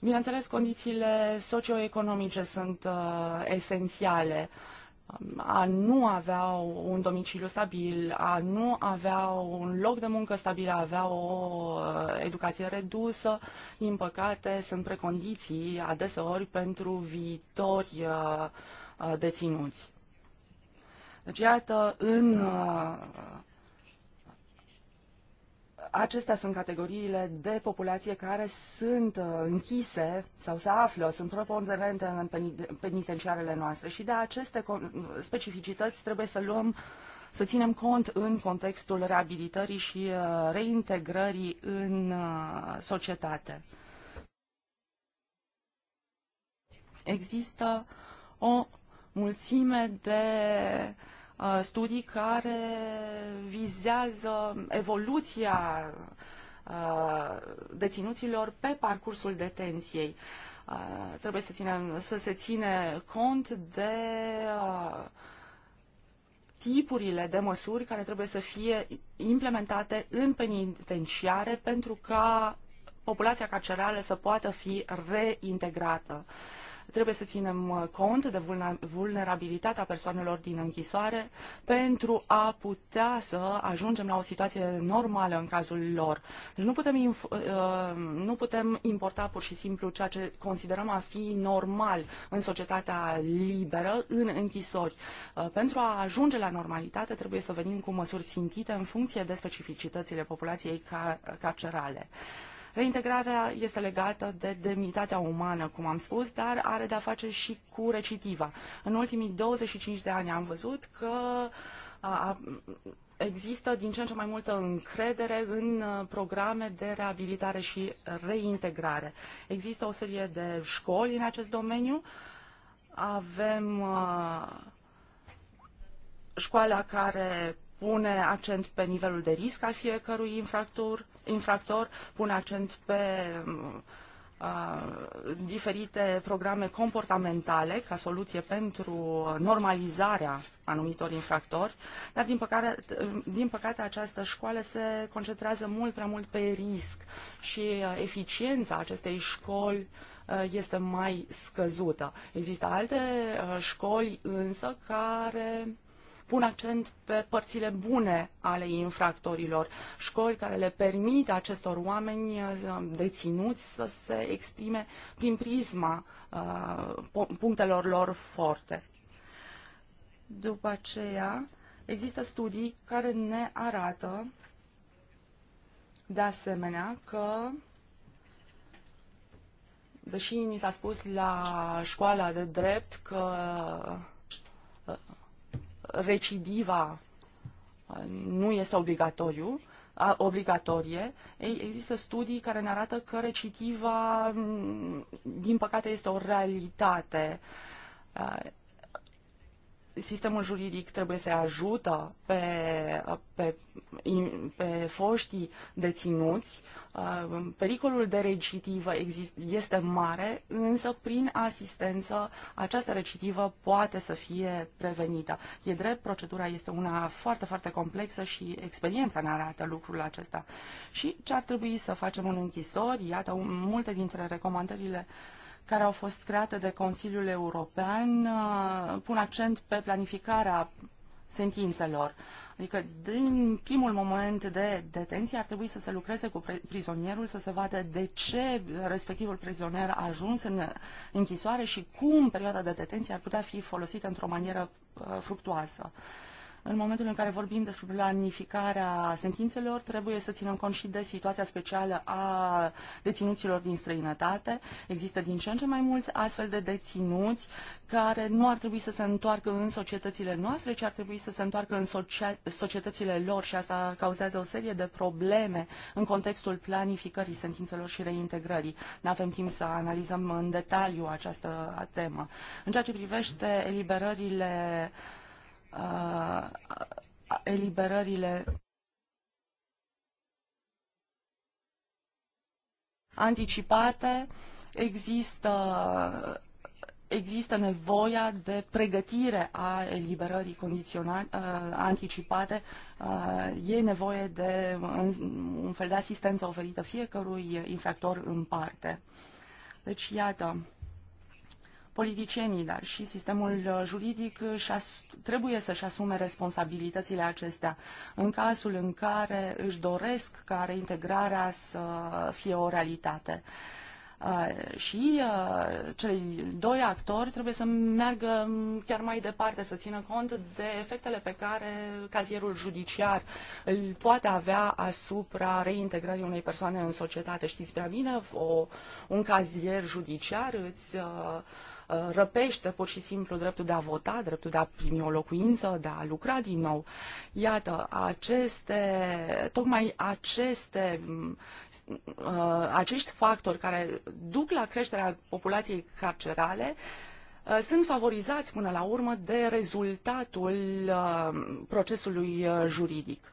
Bineînțeles, condițiile socioeconomice sunt uh, esențiale. A nu avea un domiciliu stabil, a nu avea un loc de muncă stabil, a avea o uh, educație redusă, din păcate, sunt precondiții adeseori pentru viitori uh, uh deținuți. Deci, iată, în uh, acestea sunt categoriile de populație care sunt uh, închise sau se află, sunt preponderente în penitenciarele noastre și de aceste specificități trebuie să luăm să ținem cont în contextul reabilitării și uh, reintegrării în uh, societate. Există o mulțime de uh, Uh, studii care vizează evoluția uh, deținuților pe parcursul detenției. Uh, trebuie să, ținem, să se ține cont de tipurile de măsuri care trebuie să fie implementate în penitenciare pentru ca populația carcerală să poată fi reintegrată. Uh, Trebuie să ținem uh, cont de vulnerabilitatea persoanelor din închisoare pentru a putea să ajungem la o situație normală în cazul lor. Deci nu putem, uh, nu putem importa pur și simplu ceea ce considerăm a fi normal în societatea liberă, în închisori. Uh, pentru a ajunge la normalitate trebuie să venim cu măsuri țintite în funcție de specificitățile populației carcerale. Reintegrarea este legată de demnitatea umană, cum am spus, dar are de-a face și cu recitiva. În ultimii 25 de ani am văzut că a, există din ce în ce mai multă încredere în uh, programe de reabilitare și reintegrare. Există o serie de școli în acest domeniu. Avem a, uh, școala care pune accent pe nivelul de risc al fiecărui infractor, infractor pune accent pe uh, diferite programe comportamentale ca soluție pentru normalizarea anumitor infractori, dar din păcate, din păcate această școală se concentrează mult prea mult pe risc și eficiența acestei școli este mai scăzută. Există alte școli însă care pun accent pe părțile bune ale infractorilor, școli care le permit acestor oameni uh, deținuți să se exprime prin prisma uh, punctelor lor forte. După aceea, există studii care ne arată de asemenea că deși mi s-a spus la școala de drept că recidiva nu este obligatoriu, obligatorie, există studii care ne arată că recidiva, din păcate, este o realitate sistemul juridic trebuie să ajută pe, pe, pe foștii deținuți. Uh, pericolul de recidivă exist, este mare, însă prin asistență această recidivă poate să fie prevenită. E drept, procedura este una foarte, foarte complexă și experiența ne arată lucrul acesta. Și ce ar trebui să facem în închisori? Iată, multe dintre recomandările uh, care au fost create de Consiliul European uh, pun accent pe planificarea sentințelor. Adică din primul moment de detenție ar trebui să se lucreze cu prizonierul, să se vadă de ce respectivul prizonier a ajuns în închisoare și cum perioada de detenție ar putea fi folosită într-o manieră uh, fructuoasă. Uh, în momentul în care vorbim despre planificarea sentințelor, trebuie să ținem cont și de situația specială a deținuților din străinătate. Există din ce în ce mai mulți astfel de deținuți care nu ar trebui să se întoarcă în societățile noastre, ci ar trebui să se întoarcă în societățile lor și asta cauzează o serie de probleme în contextul planificării sentințelor și reintegrării. Nu avem timp să analizăm în detaliu această temă. În ceea ce privește eliberările uh, eliberările anticipate, există, există nevoia de pregătire a eliberării condiționate, anticipate, e nevoie de un fel de asistență oferită fiecărui infractor în parte. Deci, iată, politicienii, dar și sistemul uh, juridic uh, trebuie să-și asume responsabilitățile acestea în cazul în care își doresc ca reintegrarea să fie o realitate. Uh, și cei doi actori trebuie să meargă um, chiar mai departe, să țină cont de efectele pe care cazierul judiciar îl poate avea asupra reintegrării unei persoane în societate. Știți prea bine, o, un cazier judiciar îți uh, răpește pur și simplu dreptul de a vota, dreptul de a primi o locuință, de a lucra din nou. Iată, aceste, tocmai aceste, uh, acești factori care duc la creșterea populației carcerale uh, sunt favorizați până la urmă de rezultatul uh, procesului juridic.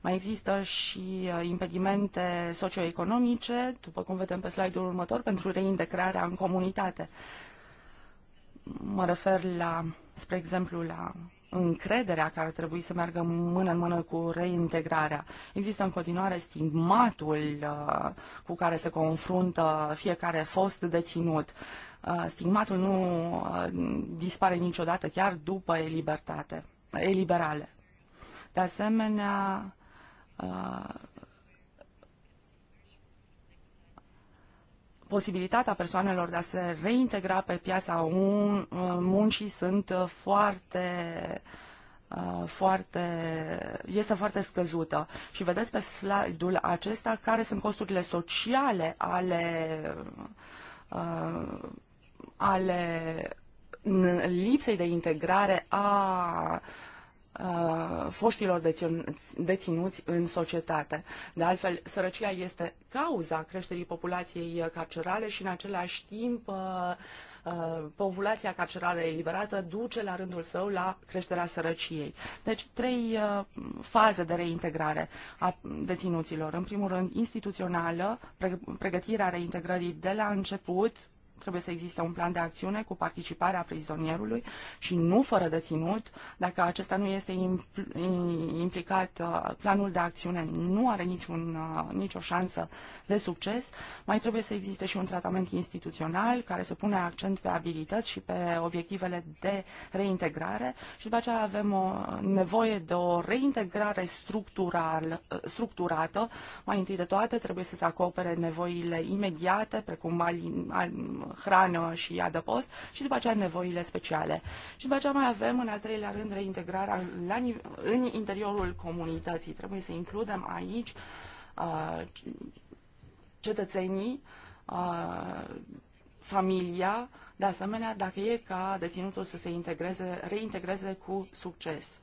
Mai există și impedimente socioeconomice, după cum vedem pe slide-ul următor, pentru reintegrarea în comunitate mă refer la, spre exemplu, la încrederea care ar trebui să meargă mână în mână cu reintegrarea. Există în continuare stigmatul uh, cu care se confruntă fiecare fost deținut. Uh, stigmatul nu uh, dispare niciodată, chiar după elibertate, eliberale. De asemenea, uh, posibilitatea persoanelor de a se reintegra pe piața uh, muncii sunt uh, foarte uh, foarte, este foarte scăzută. Și vedeți pe slide-ul acesta care sunt costurile sociale ale, ale lipsei de integrare a uh, foștilor deținuți, în societate. De altfel, sărăcia este cauza creșterii populației carcerale și în același timp uh, uh, populația carcerală eliberată duce la rândul său la creșterea sărăciei. Deci trei uh, faze de reintegrare a deținuților. În primul rând, instituțională, pregătirea reintegrării de la început, trebuie să existe un plan de acțiune cu participarea prizonierului și nu fără ținut. Dacă acesta nu este impl- implicat, uh, planul de acțiune nu are niciun, uh, nicio șansă de succes. Mai trebuie să existe și un tratament instituțional care să pune accent pe abilități și pe obiectivele de reintegrare și după aceea avem o nevoie de o reintegrare structural, uh, structurată. Mai întâi de toate trebuie să se acopere nevoile imediate, precum al, al, hrană și adăpost și după aceea nevoile speciale. Și după aceea mai avem în al treilea rând reintegrarea la, în interiorul comunității. Trebuie să includem aici uh, cetățenii, uh, familia, de asemenea, dacă e ca deținutul să se integreze, reintegreze cu succes.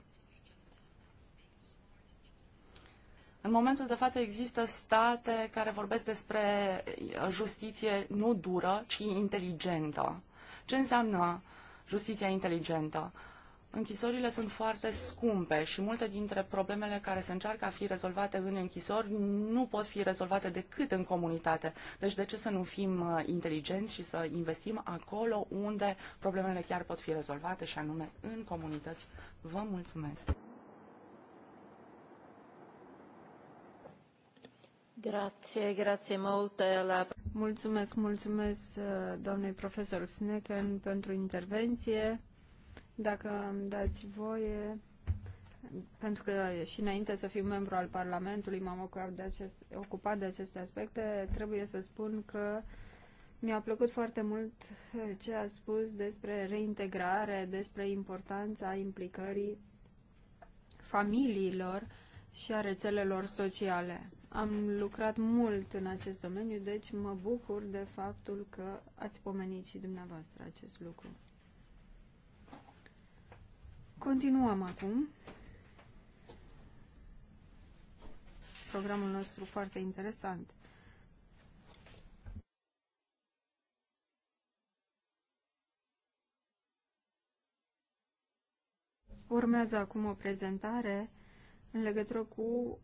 În momentul de față există state care vorbesc despre uh, justiție nu dură, ci inteligentă. Ce înseamnă justiția inteligentă? Închisorile sunt foarte scumpe și multe dintre problemele care se încearcă a fi rezolvate în închisori nu pot fi rezolvate decât în comunitate. Deci de ce să nu fim uh, inteligenți și să investim acolo unde problemele chiar pot fi rezolvate și anume în comunități? Vă mulțumesc! Mulțumesc, mulțumesc uh, doamnei profesor Snecken pentru intervenție. Dacă îmi dați voie, pentru că și înainte să fiu membru al Parlamentului m-am ocupat de, ocupat de aceste aspecte, trebuie să spun că mi-a plăcut foarte mult uh, ce a spus despre reintegrare, despre importanța implicării familiilor și a rețelelor sociale. Am lucrat mult în acest domeniu, deci mă bucur de faptul că ați pomenit și dumneavoastră acest lucru. Continuăm acum. Programul nostru foarte interesant. Urmează acum o prezentare în legătură cu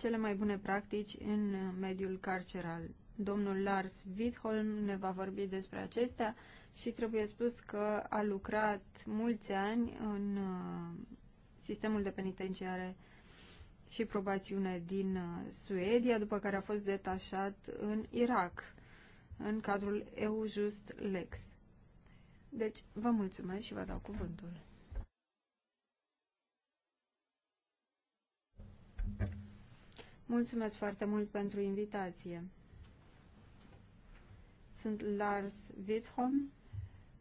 cele mai bune practici în mediul carceral. Domnul Lars Witholm ne va vorbi despre acestea și trebuie spus că a lucrat mulți ani în uh, sistemul de penitenciare și probațiune din uh, Suedia, după care a fost detașat în Irak, în cadrul EU Just Lex. Deci, vă mulțumesc și vă dau cuvântul. Mulțumesc foarte mult pentru invitație. Sunt Lars Witholm,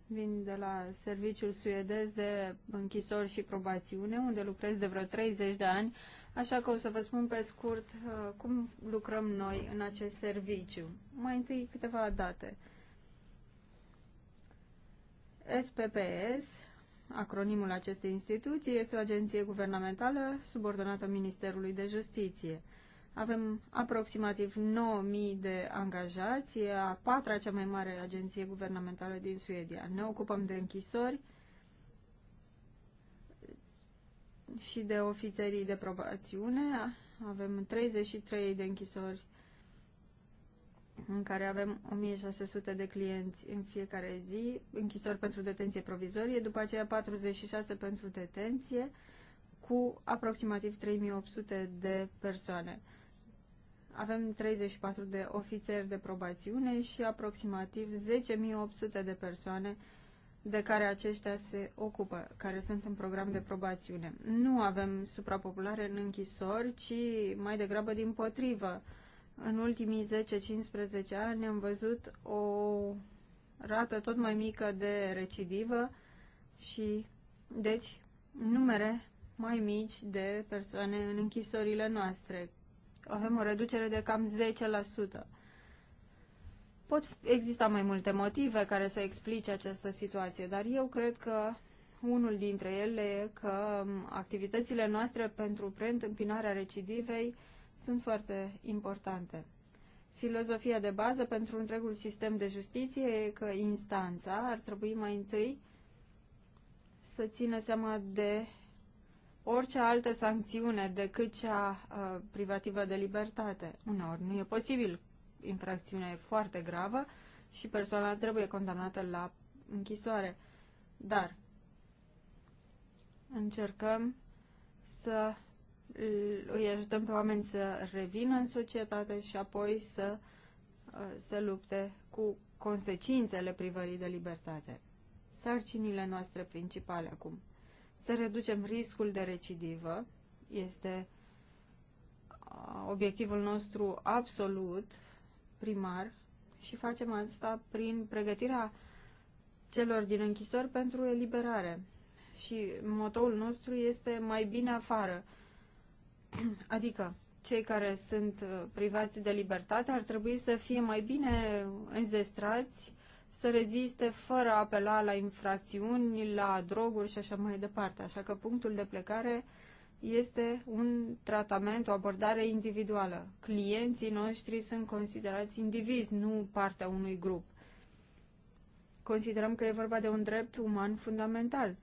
vin de la Serviciul Suedez de Închisori și Probațiune, unde lucrez de vreo 30 de ani, așa că o să vă spun pe scurt uh, cum lucrăm noi în acest serviciu. Mai întâi câteva date. SPPS, acronimul acestei instituții, este o agenție guvernamentală subordonată Ministerului de Justiție. Avem aproximativ 9.000 de angajați, e a patra cea mai mare agenție guvernamentală din Suedia. Ne ocupăm de închisori și de ofițerii de probațiune. Avem 33 de închisori în care avem 1600 de clienți în fiecare zi, închisori pentru detenție provizorie, după aceea 46 pentru detenție, cu aproximativ 3800 de persoane. Avem 34 de ofițeri de probațiune și aproximativ 10.800 de persoane de care aceștia se ocupă, care sunt în program de probațiune. Nu avem suprapopulare în închisori, ci mai degrabă din potrivă. În ultimii 10-15 ani am văzut o rată tot mai mică de recidivă și, deci, numere mai mici de persoane în închisorile noastre, avem o reducere de cam 10%. Pot exista mai multe motive care să explice această situație, dar eu cred că unul dintre ele e că um, activitățile noastre pentru preîntâmpinarea recidivei sunt foarte importante. Filozofia de bază pentru întregul sistem de justiție e că instanța ar trebui mai întâi să țină seama de orice altă sancțiune decât cea uh, privativă de libertate. Uneori nu e posibil, infracțiunea e foarte gravă și persoana trebuie condamnată la închisoare. Dar încercăm să îi ajutăm pe oameni să revină în societate și apoi să uh, se lupte cu consecințele privării de libertate. Sarcinile noastre principale acum să reducem riscul de recidivă. Este obiectivul nostru absolut, primar, și facem asta prin pregătirea celor din închisori pentru eliberare. Și motoul nostru este mai bine afară. Adică, cei care sunt uh, privați de libertate ar trebui să fie mai bine înzestrați să reziste fără a apela la infracțiuni, la droguri și așa mai departe. Așa că punctul de plecare este un tratament, o abordare individuală. Clienții noștri sunt considerați indivizi, nu partea unui grup. Considerăm că e vorba de un drept uman fundamental.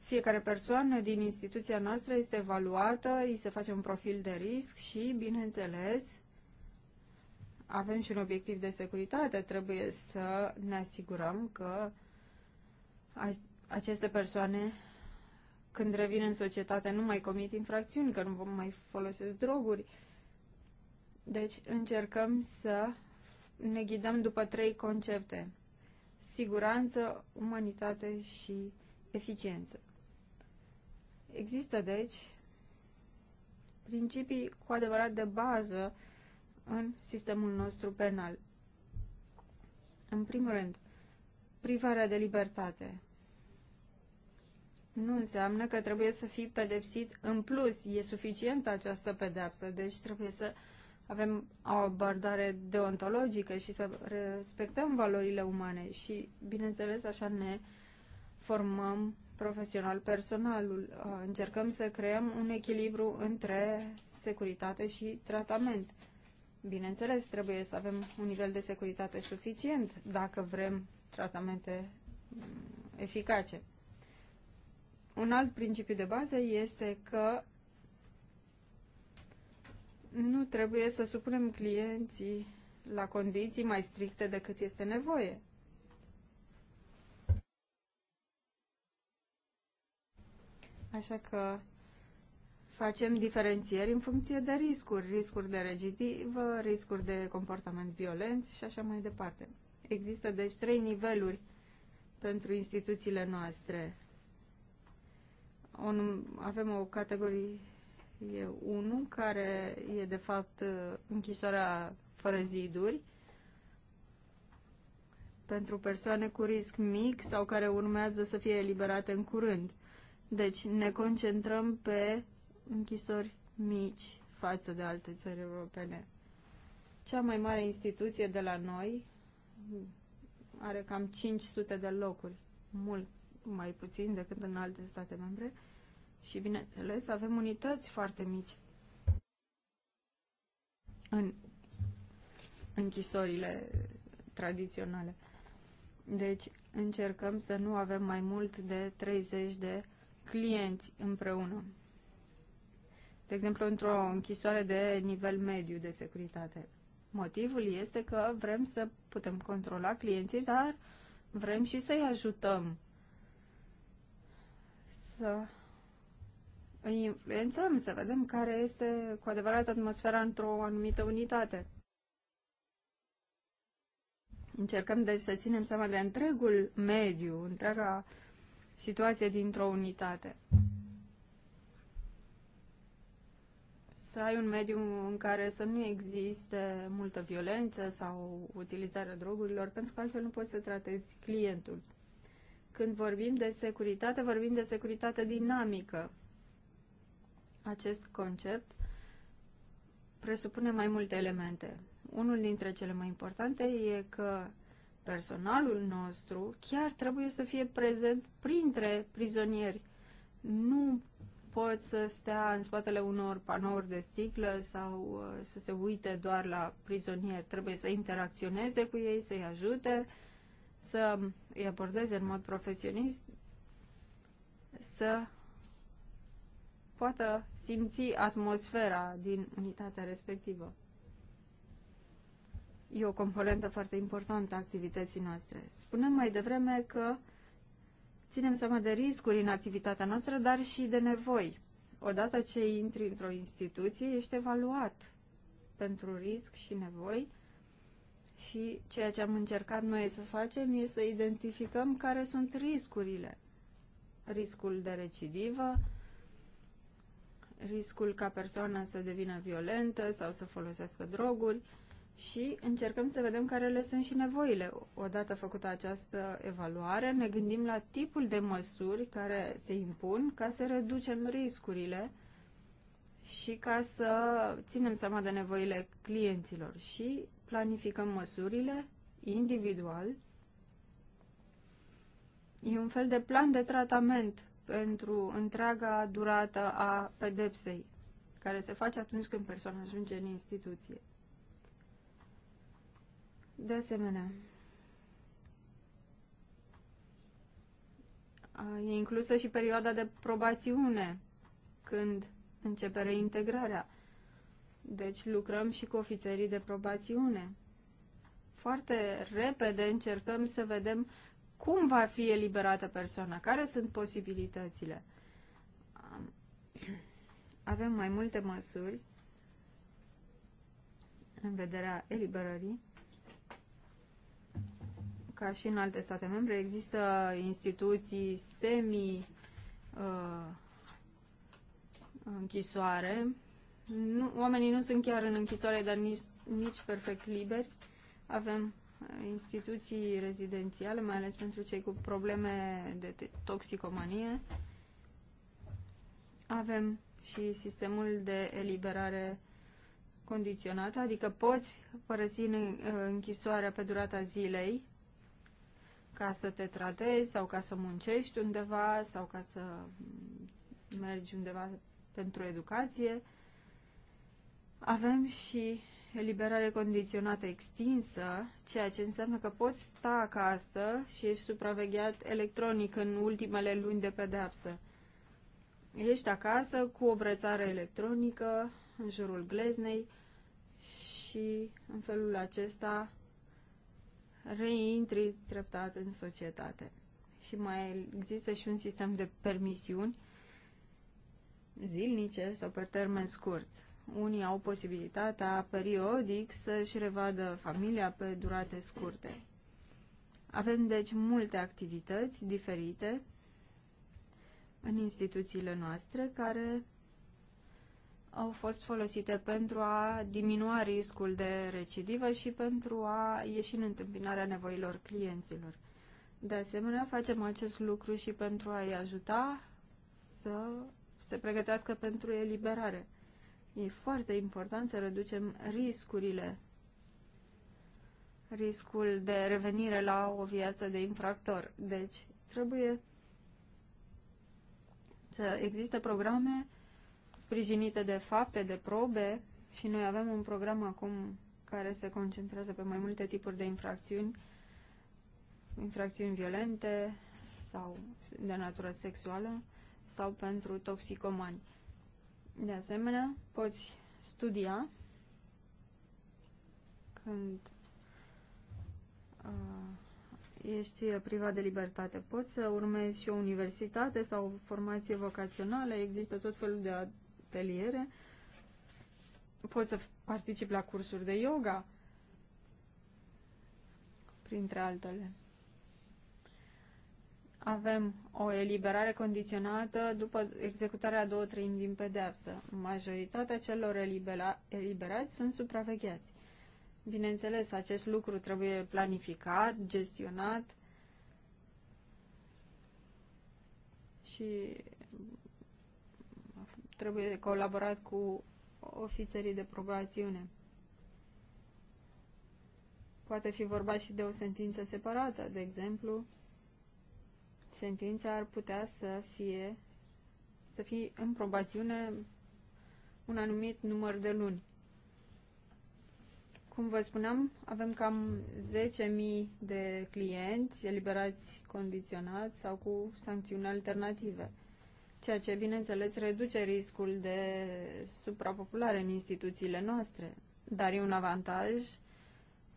Fiecare persoană din instituția noastră este evaluată, îi se face un profil de risc și, bineînțeles, avem și un obiectiv de securitate, trebuie să ne asigurăm că aceste persoane, când revin în societate, nu mai comit infracțiuni, că nu mai folosesc droguri. Deci încercăm să ne ghidăm după trei concepte. Siguranță, umanitate și eficiență. Există, deci, principii cu adevărat de bază în sistemul nostru penal. În primul rând, privarea de libertate. Nu înseamnă că trebuie să fii pedepsit în plus. E suficientă această pedeapsă, deci trebuie să avem o abordare deontologică și să respectăm valorile umane și, bineînțeles, așa ne formăm profesional personalul. Încercăm să creăm un echilibru între securitate și tratament. Bineînțeles, trebuie să avem un nivel de securitate suficient dacă vrem tratamente mm, eficace. Un alt principiu de bază este că nu trebuie să supunem clienții la condiții mai stricte decât este nevoie. Așa că facem diferențieri în funcție de riscuri, riscuri de recidivă, riscuri de comportament violent și așa mai departe. Există deci trei niveluri pentru instituțiile noastre. O, avem o categorie 1 care e de fapt închisoarea fără ziduri pentru persoane cu risc mic sau care urmează să fie eliberate în curând. Deci ne concentrăm pe închisori mici față de alte țări europene. Cea mai mare instituție de la noi are cam 500 de locuri, mult mai puțin decât în alte state membre și, bineînțeles, avem unități foarte mici în închisorile tradiționale. Deci încercăm să nu avem mai mult de 30 de clienți împreună de exemplu, într-o închisoare de nivel mediu de securitate. Motivul este că vrem să putem controla clienții, dar vrem și să-i ajutăm să îi influențăm, să vedem care este cu adevărat atmosfera într-o anumită unitate. Încercăm deci să ținem seama de întregul mediu, întreaga situație dintr-o unitate. să ai un mediu în care să nu existe multă violență sau utilizarea drogurilor, pentru că altfel nu poți să tratezi clientul. Când vorbim de securitate, vorbim de securitate dinamică. Acest concept presupune mai multe elemente. Unul dintre cele mai importante e că personalul nostru chiar trebuie să fie prezent printre prizonieri. Nu pot să stea în spatele unor panouri de sticlă sau uh, să se uite doar la prizonieri. Trebuie să interacționeze cu ei, să-i ajute, să îi abordeze în mod profesionist, să poată simți atmosfera din unitatea respectivă. E o componentă foarte importantă a activității noastre. Spunem mai devreme că ținem seama de riscuri în activitatea noastră, dar și de nevoi. Odată ce intri într-o instituție, ești evaluat pentru risc și nevoi și ceea ce am încercat noi să facem este să identificăm care sunt riscurile. Riscul de recidivă, riscul ca persoana să devină violentă sau să folosească droguri, și încercăm să vedem care le sunt și nevoile. Odată făcută această evaluare, ne gândim la tipul de măsuri care se impun ca să reducem riscurile și ca să ținem seama de nevoile clienților și planificăm măsurile individual. E un fel de plan de tratament pentru întreaga durată a pedepsei care se face atunci când persoana ajunge în instituție. De asemenea, e inclusă și perioada de probațiune când începe reintegrarea. Deci lucrăm și cu ofițerii de probațiune. Foarte repede încercăm să vedem cum va fi eliberată persoana, care sunt posibilitățile. Avem mai multe măsuri în vederea eliberării ca și în alte state membre, există instituții semi uh, închisoare. Nu, oamenii nu sunt chiar în închisoare, dar nici, nici perfect liberi. Avem uh, instituții rezidențiale, mai ales pentru cei cu probleme de toxicomanie. Avem și sistemul de eliberare condiționată, adică poți părăsi uh, închisoarea pe durata zilei, ca să te tratezi sau ca să muncești undeva sau ca să mergi undeva pentru educație. Avem și eliberare condiționată extinsă, ceea ce înseamnă că poți sta acasă și ești supravegheat electronic în ultimele luni de pedeapsă. Ești acasă cu o brățară electronică în jurul gleznei și în felul acesta reintri treptat în societate. Și mai există și un sistem de permisiuni zilnice sau pe termen scurt. Unii au posibilitatea periodic să-și revadă familia pe durate scurte. Avem deci multe activități diferite în instituțiile noastre care au fost folosite pentru a diminua riscul de recidivă și pentru a ieși în întâmpinarea nevoilor clienților. De asemenea, facem acest lucru și pentru a-i ajuta să se pregătească pentru eliberare. E foarte important să reducem riscurile, riscul de revenire la o viață de infractor. Deci, trebuie să existe programe sprijinite de fapte, de probe și noi avem un program acum care se concentrează pe mai multe tipuri de infracțiuni, infracțiuni violente sau de natură sexuală sau pentru toxicomani. De asemenea, poți studia când uh, ești privat de libertate. Poți să urmezi și o universitate sau o formație vocațională, există tot felul de ateliere, pot să particip la cursuri de yoga, printre altele. Avem o eliberare condiționată după executarea două treimi din pedeapsă. Majoritatea celor elibera- eliberați sunt supravegheați. Bineînțeles, acest lucru trebuie planificat, gestionat și trebuie colaborat cu ofițerii de probațiune. Poate fi vorba și de o sentință separată, de exemplu, sentința ar putea să fie să fie în probațiune un anumit număr de luni. Cum vă spuneam, avem cam 10.000 de clienți eliberați condiționat sau cu sancțiuni alternative – ceea ce, bineînțeles, reduce riscul de suprapopulare în instituțiile noastre, dar e un avantaj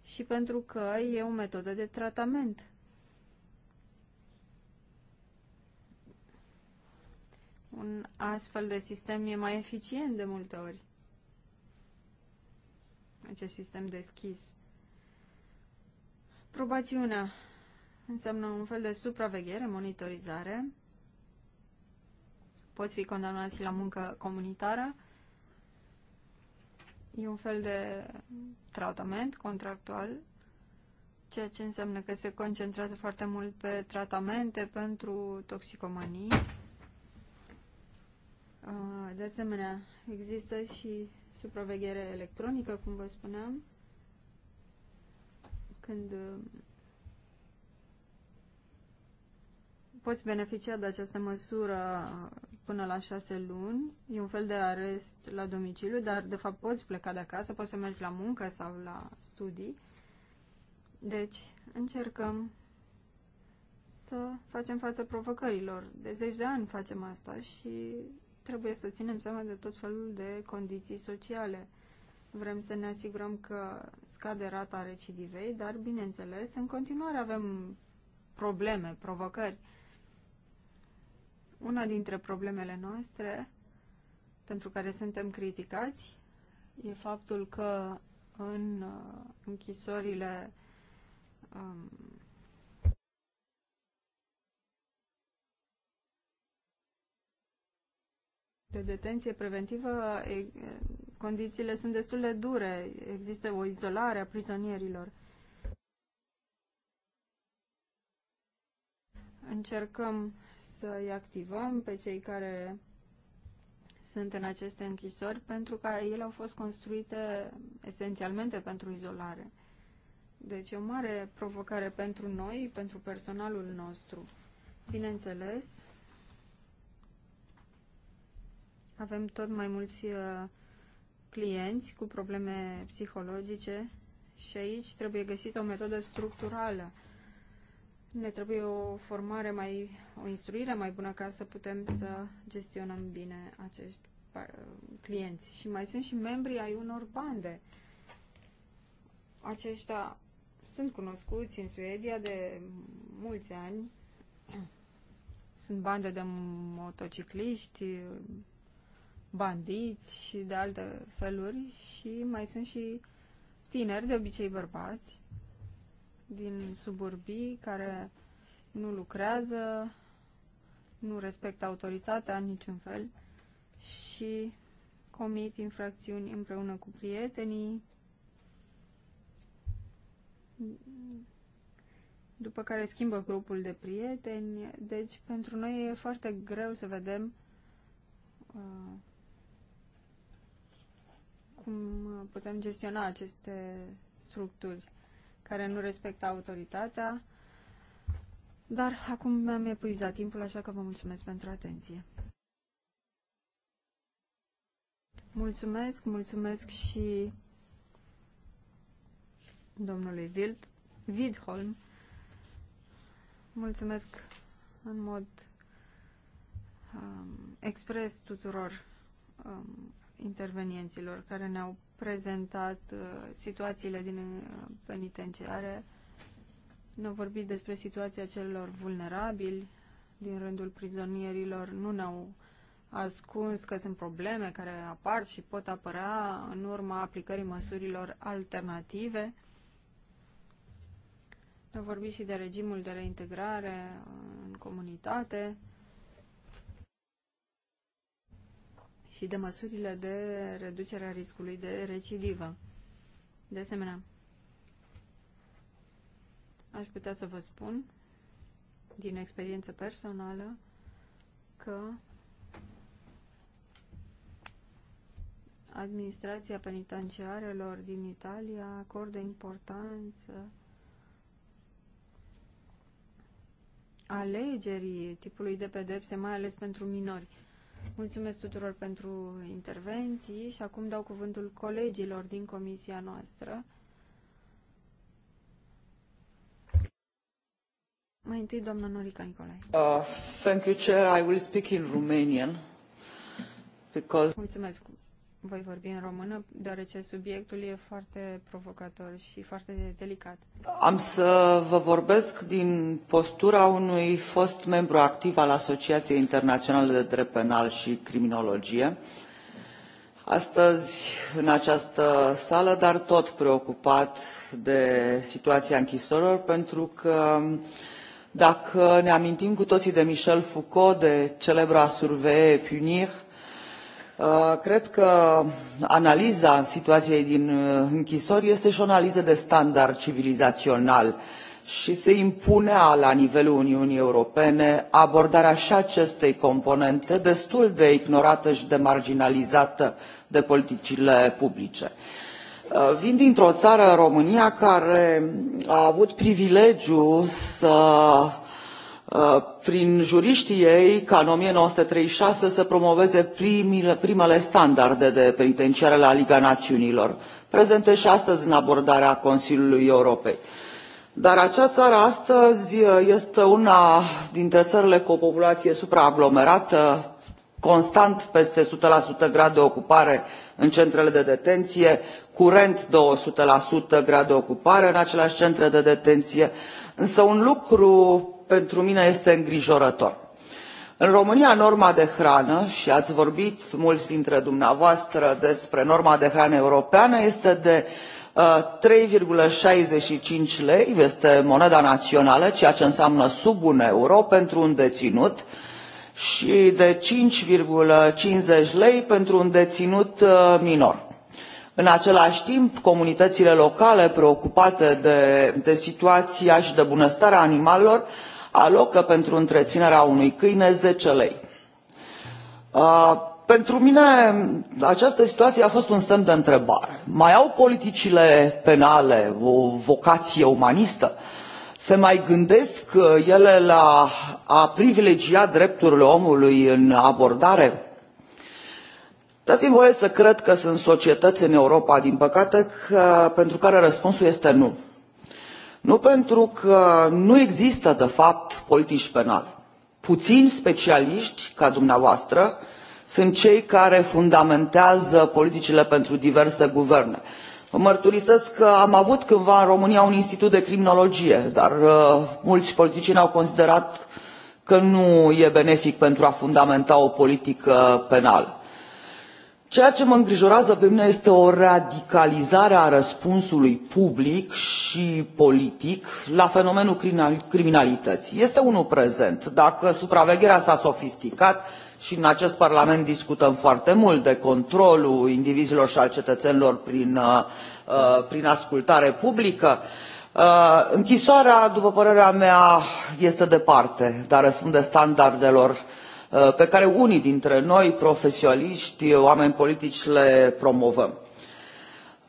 și pentru că e o metodă de tratament. Un astfel de sistem e mai eficient de multe ori. Acest sistem deschis. Probațiunea înseamnă un fel de supraveghere, monitorizare, poți fi condamnat și la muncă comunitară. E un fel de tratament contractual, ceea ce înseamnă că se concentrează foarte mult pe tratamente pentru toxicomanii. De asemenea, există și supraveghere electronică, cum vă spuneam, când poți beneficia de această măsură până la șase luni. E un fel de arest la domiciliu, dar de fapt poți pleca de acasă, poți să mergi la muncă sau la studii. Deci încercăm să facem față provocărilor. De zeci de ani facem asta și trebuie să ținem seama de tot felul de condiții sociale. Vrem să ne asigurăm că scade rata recidivei, dar, bineînțeles, în continuare avem probleme, provocări. Una dintre problemele noastre pentru care suntem criticați e faptul că în uh, închisorile um, de detenție preventivă, e, condițiile sunt destul de dure. Există o izolare a prizonierilor. Încercăm să-i activăm pe cei care sunt în aceste închisori, pentru că ele au fost construite esențialmente pentru izolare. Deci e o mare provocare pentru noi, pentru personalul nostru. Bineînțeles, avem tot mai mulți uh, clienți cu probleme psihologice și aici trebuie găsit o metodă structurală ne trebuie o formare mai, o instruire mai bună ca să putem să gestionăm bine acești clienți. Și mai sunt și membri ai unor bande. Aceștia sunt cunoscuți în Suedia de mulți ani. Sunt bande de motocicliști, bandiți și de alte feluri și mai sunt și tineri, de obicei bărbați, din suburbii care nu lucrează, nu respectă autoritatea în niciun fel și comit infracțiuni împreună cu prietenii, după care schimbă grupul de prieteni. Deci, pentru noi e foarte greu să vedem uh, cum putem gestiona aceste structuri care nu respectă autoritatea. Dar acum mi-am epuizat timpul, așa că vă mulțumesc pentru atenție. Mulțumesc, mulțumesc și domnului Wild, Widholm. Mulțumesc în mod um, expres tuturor um, intervenienților care ne-au prezentat uh, situațiile din uh, penitenciare, ne-au vorbit despre situația celor vulnerabili din rândul prizonierilor, nu ne-au ascuns că sunt probleme care apar și pot apărea în urma aplicării măsurilor alternative. Ne-au vorbit și de regimul de reintegrare în comunitate, și de măsurile de reducere a riscului de recidivă. De asemenea, aș putea să vă spun din experiență personală că administrația penitenciarelor din Italia acordă importanță alegerii tipului de pedepse, mai ales pentru minori. Mulțumesc tuturor pentru intervenții și acum dau cuvântul colegilor din comisia noastră. Mai întâi, doamna Norica Nicolae. Uh, thank you, Chair. I will speak in Romanian because... Mulțumesc voi vorbi în română, deoarece subiectul e foarte provocator și foarte delicat. Am să vă vorbesc din postura unui fost membru activ al Asociației Internaționale de Drept Penal și Criminologie, astăzi în această sală, dar tot preocupat de situația închisorilor, pentru că dacă ne amintim cu toții de Michel Foucault, de celebra surveie et Punir, Uh, cred că analiza situației din uh, închisori este și o analiză de standard civilizațional și se impunea la nivelul uniunii europene abordarea și acestei componente destul de ignorată și de marginalizată de politicile publice. Uh, vin dintr-o țară, România, care a avut privilegiul să Uh, prin juriștii ei ca în 1936 să promoveze primele standarde de penitenciare la Liga Națiunilor, prezente și astăzi în abordarea Consiliului Europei. Dar acea țară astăzi uh, este una dintre țările cu o populație supraaglomerată, constant peste 100% grad de ocupare în centrele de detenție, curent 200% grad de ocupare în aceleași centre de detenție. Însă un lucru pentru mine este îngrijorător. În România, norma de hrană, și ați vorbit mulți dintre dumneavoastră despre norma de hrană europeană, este de 3,65 uh, lei, este moneda națională, ceea ce înseamnă sub un euro pentru un deținut și de 5,50 lei pentru un deținut uh, minor. În același timp, comunitățile locale preocupate de, de situația și de bunăstarea animalelor alocă pentru întreținerea unui câine zece lei. Pentru mine această situație a fost un semn de întrebare. Mai au politicile penale o vocație umanistă? Se mai gândesc uh, ele la a privilegia drepturile omului în abordare? Dați-mi voie să cred că sunt societăți în Europa, din păcate, că, pentru care răspunsul este nu nu pentru că nu există, de fapt, politici penale. Puțini specialiști, ca dumneavoastră, sunt cei care fundamentează politicile pentru diverse guverne. Vă mărturisesc că am avut cândva în România un institut de criminologie, dar uh, mulți politicieni au considerat că nu e benefic pentru a fundamenta o politică penală ceea ce mă îngrijorează pe mine este o radicalizare a răspunsului public și politic la fenomenul criminalității. este unul prezent dacă supravegherea s a sofisticat și în acest parlament discutăm foarte mult de controlul indivizilor și al cetățenilor prin, uh, uh, prin ascultare publică uh, închisoarea după părerea mea este departe de a răspunde standardelor Uh, pe care unii dintre noi profesioniști oameni politici le promovăm.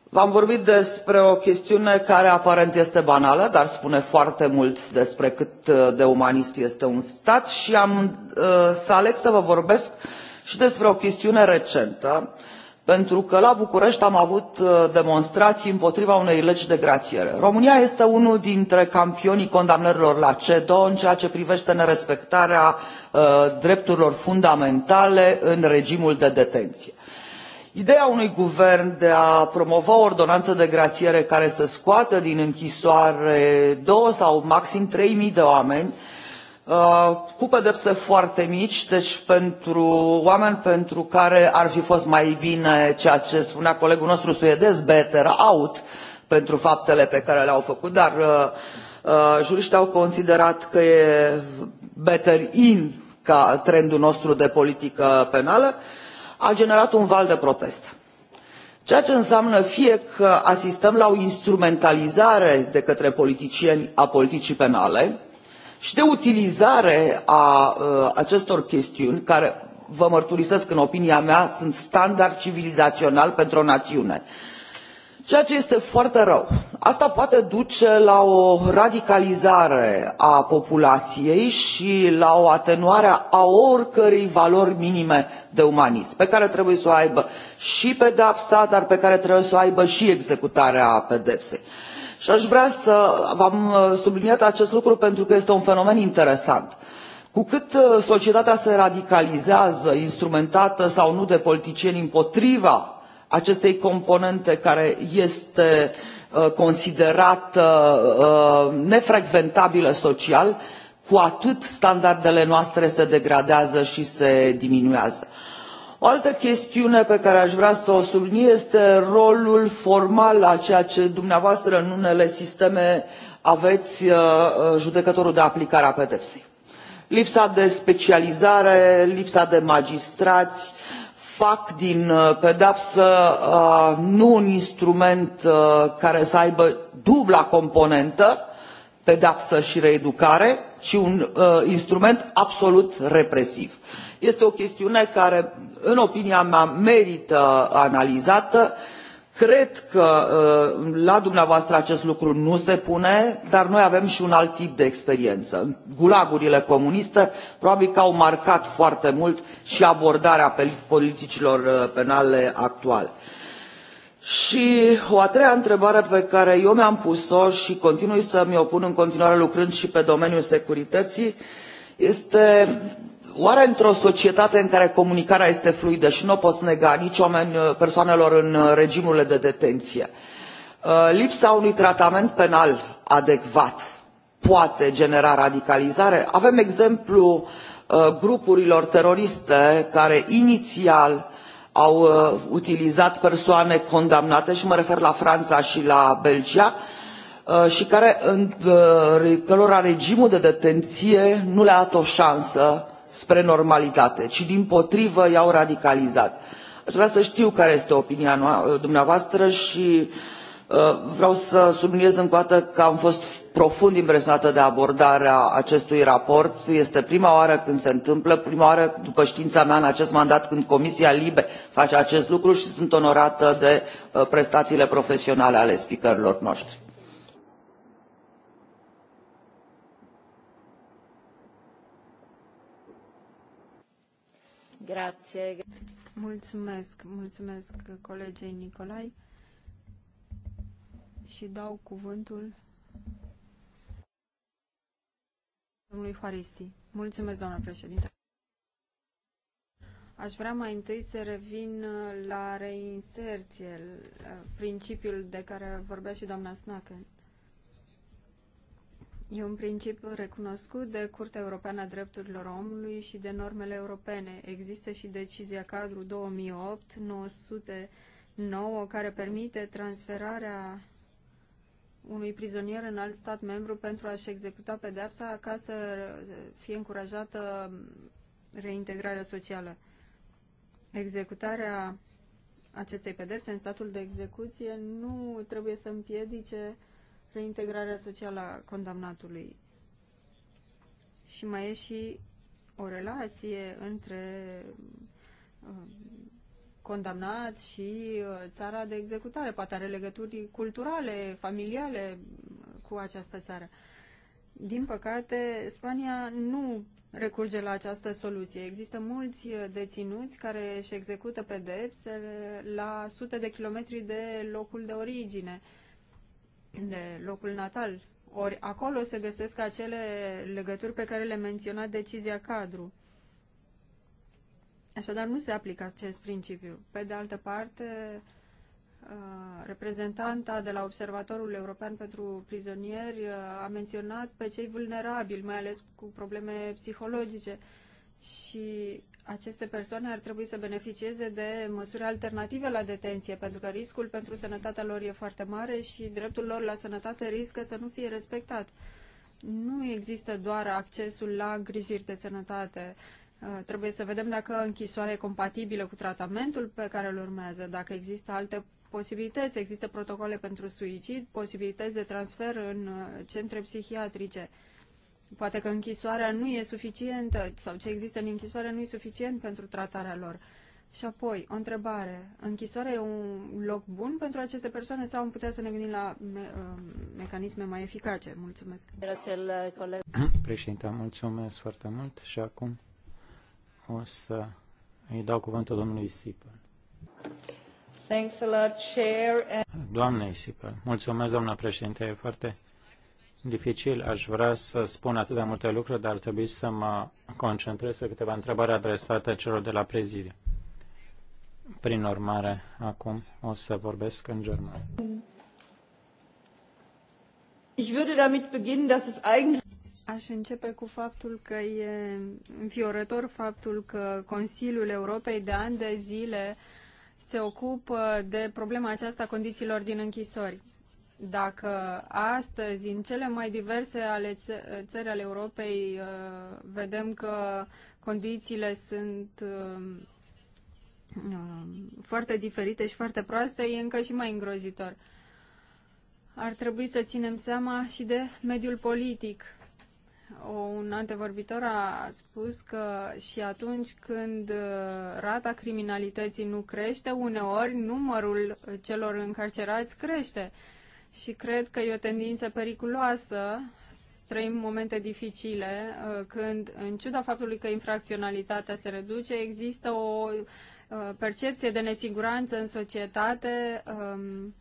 v am vorbit despre o chestiune care aparent este banală dar spune foarte mult despre cât uh, de umanist este un stat și am uh, să aleg să vă vorbesc și despre o chestiune recentă care pentru că la bucurești am avut uh, demonstrații împotriva unei legi de grațiere. românia este unul dintre campionii condamnărilor la cedo în ceea ce privește nerespectarea uh, drepturilor fundamentale în regimul de detenție. ideea unui guvern de a promova o ordonanță de grațiere care să scoată din închisoare două sau maxim trei mii de oameni Uh, cu pedepse foarte mici, deci pentru oameni pentru care ar fi fost mai bine ceea ce spunea colegul nostru suedez, better out, pentru faptele pe care le-au făcut, dar uh, uh juriștii au considerat că e better in ca trendul nostru de politică penală, a generat un val de proteste. Ceea ce înseamnă fie că asistăm la o instrumentalizare de către politicieni a politicii penale, și de utilizare a uh, acestor chestiuni care vă mărturisesc în opinia mea sunt standard civilizațional pentru o națiune ceea ce este foarte rău. asta poate duce la o radicalizare a populației și la o atenuare a oricărei valori minime de umanism pe care trebuie să o aibă și pedeapsa dar pe care trebuie să o aibă și executarea pedepsei și aș vrea să am uh, subliniat acest lucru pentru că este un fenomen interesant cu cât uh, societatea se radicalizează instrumentată sau nu de politicieni împotriva acestei componente care este uh, considerată nefrecventabilă social cu atât standardele noastre se degradează și se diminuează o altă chestiune pe care aș vrea să o subliniez este rolul formal a ceea ce dumneavoastră în unele sisteme aveți uh, uh, judecătorul de aplicare a pedepsei lipsa de specializare lipsa de magistrați fac din uh, pedeapsă nu un instrument care să aibă dubla componentă pedeapsă și reeducare ci un instrument absolut represiv este o chestiune care în opinia mea merită analizată cred că uh, la dumneavoastră acest lucru nu se pune dar noi avem și un alt tip de experiență gulagurile comuniste probabil că au marcat foarte mult și abordarea politicilor uh, penale actuale. Și o a treia întrebare pe care eu mi-am pus-o și continui să mi-o pun în continuare lucrând și pe domeniul securității este Oare într-o societate în care comunicarea este fluidă și nu o poți nega nici oameni, uh, persoanelor în uh, regimurile de detenție, uh, lipsa unui tratament penal adecvat poate genera radicalizare? Avem exemplu grupurilor teroriste care inițial au utilizat persoane condamnate și mă refer la Franța și la Belgia, și care, cărora regimul de detenție nu le-a dat o șansă spre normalitate ci dimpotrivă i au radicalizat. aș vrea să știu care este opinia dumneavoastră și uh, vreau să subliniez încă o dată că am fost profund impresionată de abordarea acestui raport este prima oară când se întâmplă prima oară după știința mea în acest mandat când comisia libe face acest lucru și sunt onorată de uh, prestațiile profesionale ale speakerilor noștri. Mulțumesc, mulțumesc colegei Nicolai și dau cuvântul domnului Faristi. Mulțumesc, doamna președinte. Aș vrea mai întâi să revin la reinserție, principiul de care vorbea și doamna Snacken. E un principiu recunoscut de Curtea Europeană a Drepturilor Omului și de normele europene. Există și decizia cadru 2008-909 care permite transferarea unui prizonier în alt stat membru pentru a-și executa pedepsa ca să fie încurajată reintegrarea socială. Executarea acestei pedepse în statul de execuție nu trebuie să împiedice reintegrarea socială a condamnatului. Și mai e și o relație între um, condamnat și uh, țara de executare. Poate are legături culturale, familiale uh, cu această țară. Din păcate, Spania nu recurge la această soluție. Există mulți uh, deținuți care își execută pedepsele la sute de kilometri de locul de origine. Uh, de locul natal. Ori acolo se găsesc acele legături pe care le menționa decizia cadru. Așadar, nu se aplică acest principiu. Pe de altă parte, uh, reprezentanta de la Observatorul European pentru Prizonieri uh, a menționat pe cei vulnerabili, mai ales cu probleme psihologice. Și aceste persoane ar trebui să beneficieze de măsuri alternative la detenție, pentru că riscul pentru sănătatea lor e foarte mare și dreptul lor la sănătate riscă să nu fie respectat. Nu există doar accesul la îngrijiri de sănătate. Uh, trebuie să vedem dacă închisoarea e compatibilă cu tratamentul pe care îl urmează, dacă există alte posibilități, există protocole pentru suicid, posibilități de transfer în uh, centre psihiatrice. Poate că închisoarea nu e suficientă sau ce există în închisoare nu e suficient pentru tratarea lor. Și apoi, o întrebare. Închisoarea e un loc bun pentru aceste persoane sau am putea să ne gândim la me- uh, mecanisme mai eficace? Mulțumesc. Președinte, mulțumesc foarte mult și acum o să îi dau cuvântul domnului Sipă. Thanks a lot, Chair. Doamne Sipă, mulțumesc, doamna președinte, e foarte dificil. Aș vrea să spun atât de multe lucruri, dar ar trebui să mă concentrez pe câteva întrebări adresate celor de la prezidiu. Prin urmare, acum o să vorbesc în germană. Ich würde damit beginnen, dass es eigentlich Aș începe cu faptul că e înfiorător faptul că Consiliul Europei de ani de zile se ocupă de problema aceasta a condițiilor din închisori. Dacă astăzi, în cele mai diverse ale țări ale Europei, uh, vedem că condițiile sunt um, um, foarte diferite și foarte proaste, e încă și mai îngrozitor. Ar trebui să ținem seama și de mediul politic. Un antevorbitor a spus că și atunci când uh, rata criminalității nu crește, uneori numărul celor încarcerați crește și cred că e o tendință periculoasă trăim momente dificile uh, când, în ciuda faptului că infracționalitatea se reduce, există o uh, percepție de nesiguranță în societate um,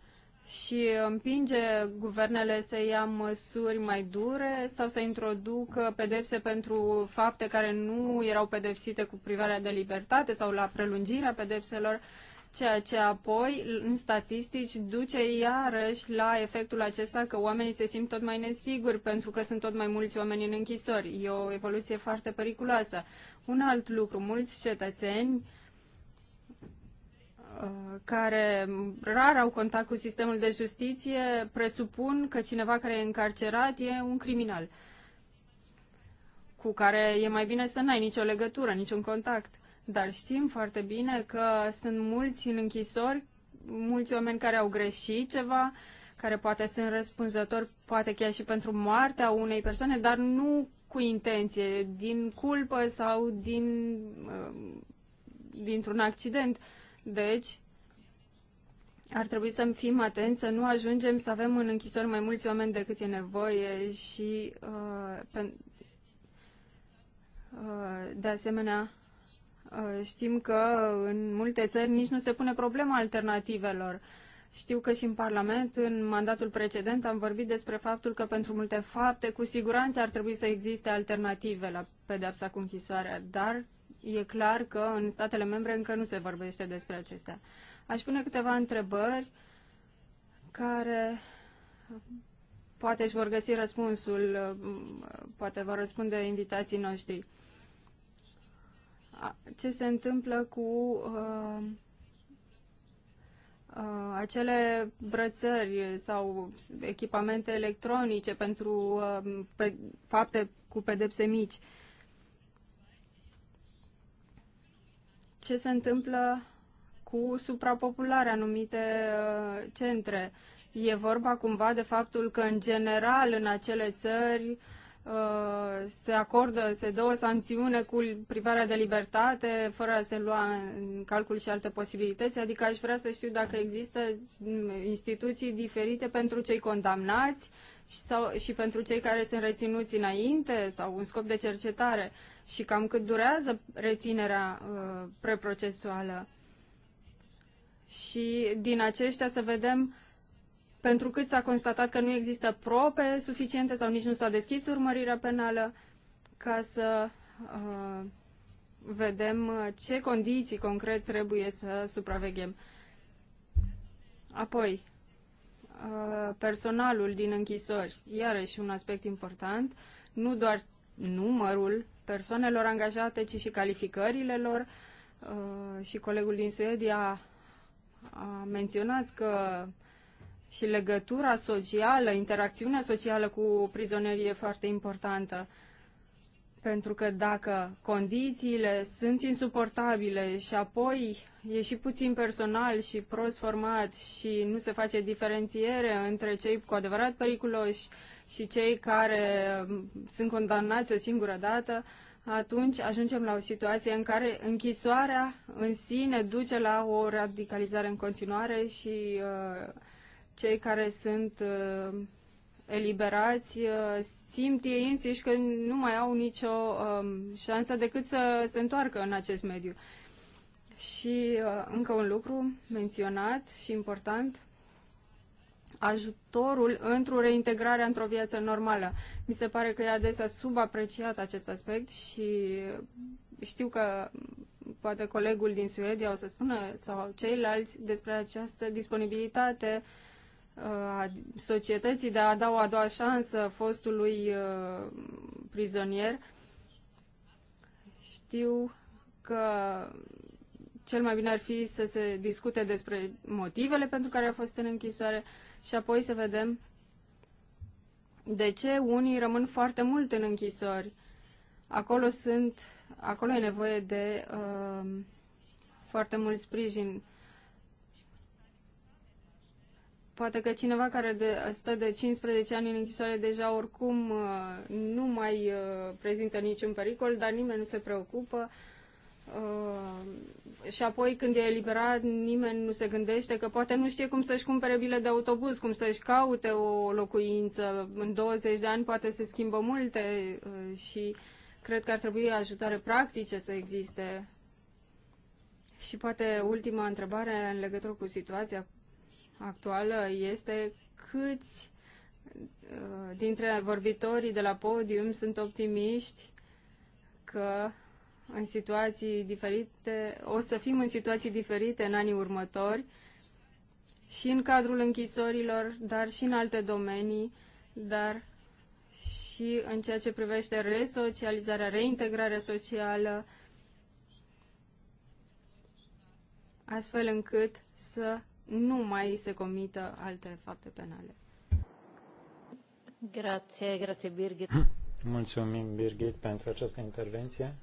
și împinge guvernele să ia măsuri mai dure sau să introducă pedepse pentru fapte care nu erau pedepsite cu privarea de libertate sau la prelungirea pedepselor. Uh, ceea ce apoi, în statistici, duce iarăși la efectul acesta că oamenii se simt tot mai nesiguri pentru că sunt tot mai mulți oameni în închisori. E o evoluție foarte periculoasă. Un alt lucru, mulți cetățeni uh, care rar au contact cu sistemul de justiție presupun că cineva care e încarcerat e un criminal cu care e mai bine să n-ai nicio legătură, niciun contact. Dar știm foarte bine că sunt mulți în închisori, mulți oameni care au greșit ceva, care poate sunt răspunzători, poate chiar și pentru moartea unei persoane, dar nu cu intenție, din culpă sau din, uh, dintr-un accident. Deci, ar trebui să fim atenți să nu ajungem să avem în închisori mai mulți oameni decât e nevoie și, uh, pe, uh, de asemenea, Uh, știm că în multe țări nici nu se pune problema alternativelor. Știu că și în Parlament, în mandatul precedent, am vorbit despre faptul că pentru multe fapte, cu siguranță ar trebui să existe alternative la pedepsa cu închisoarea, dar e clar că în statele membre încă nu se vorbește despre acestea. Aș pune câteva întrebări care poate își vor găsi răspunsul, uh, poate vor răspunde invitații noștri ce se întâmplă cu uh, uh, acele brățări sau echipamente electronice pentru uh, pe, fapte cu pedepse mici. Ce se întâmplă cu suprapopularea anumite uh, centre? E vorba cumva de faptul că, în general, în acele țări, uh, Uh, se acordă, se dă o sancțiune cu privarea de libertate, fără a se lua în calcul și alte posibilități. Adică aș vrea să știu dacă există mm, instituții diferite pentru cei condamnați și, sau, și pentru cei care sunt reținuți înainte sau un scop de cercetare și cam cât durează reținerea uh, preprocesuală. Și din aceștia să vedem uh, pentru cât s-a constatat că nu există probe suficiente sau nici nu s-a deschis urmărirea penală ca să uh, vedem uh, ce condiții concret trebuie să supraveghem. Apoi, uh, personalul din închisori, iarăși un aspect important, nu doar numărul persoanelor angajate, ci și calificările lor. Uh, și colegul din Suedia a menționat că uh, și legătura socială, interacțiunea socială cu prizonerii e foarte importantă. Pentru că dacă condițiile sunt insuportabile și apoi e și puțin personal și prost format și nu se face diferențiere între cei cu adevărat periculoși și cei care mm, sunt condamnați o singură dată, atunci ajungem la o situație în care închisoarea în sine duce la o radicalizare în continuare și uh, cei care sunt uh, eliberați uh, simt ei însiși că nu mai au nicio uh, șansă decât să se întoarcă în acest mediu. Și uh, încă un lucru menționat și important, ajutorul într-o reintegrare într-o viață normală. Mi se pare că e adesea subapreciat acest aspect și știu că poate colegul din Suedia o să spună sau ceilalți despre această disponibilitate uh, a societății de a da o a doua șansă fostului uh, prizonier. Știu că cel mai bine ar fi să se discute despre motivele pentru care a fost în închisoare și apoi să vedem de ce unii rămân foarte mult în închisori. Acolo sunt, acolo e nevoie de uh, foarte mult sprijin Poate că cineva care de, stă de 15 ani în închisoare deja oricum uh, nu mai uh, prezintă niciun pericol, dar nimeni nu se preocupă. Uh, și apoi când e eliberat, nimeni nu se gândește că poate nu știe cum să-și cumpere bile de autobuz, cum să-și caute o locuință. În 20 de ani poate se schimbă multe uh, și cred că ar trebui ajutoare practice să existe. Și poate ultima întrebare în legătură cu situația actuală este câți uh, dintre vorbitorii de la podium sunt optimiști că în situații diferite, o să fim în situații diferite în anii următori și în cadrul închisorilor, dar și în alte domenii, dar și în ceea ce privește resocializarea, reintegrarea socială, astfel încât să nu mai se comită alte fapte penale. Grație, grație Birgit. Hmm. Mulțumim, Birgit, pentru această intervenție.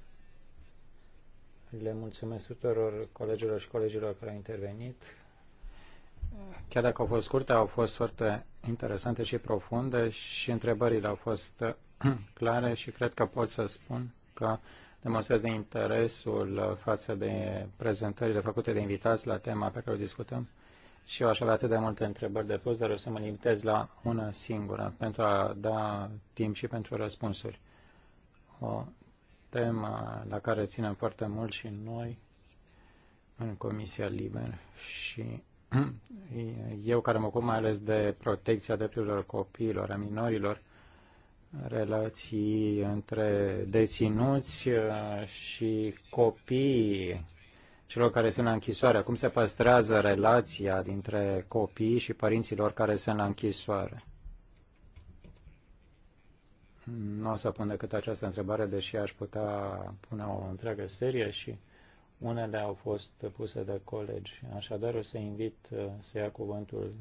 Le mulțumesc tuturor colegilor și colegilor care au intervenit. Chiar dacă au fost scurte, au fost foarte interesante și profunde și întrebările au fost clare și cred că pot să spun că demonstrează interesul față de prezentările făcute de invitați la tema pe care o discutăm și eu aș avea atât de multe întrebări de pus, dar o să mă limitez la una singură pentru a da timp și pentru răspunsuri. O temă la care ținem foarte mult și noi în Comisia Liber și eu care mă ocup mai ales de protecția drepturilor copiilor, a minorilor, relații între deținuți uh, și copii celor care sunt la închisoare? Cum se păstrează relația dintre copii și părinților care sunt la închisoare? Nu o să pun decât această întrebare, deși aș putea pune o întreagă serie și unele au fost puse de colegi. Așadar, o să invit uh, să ia cuvântul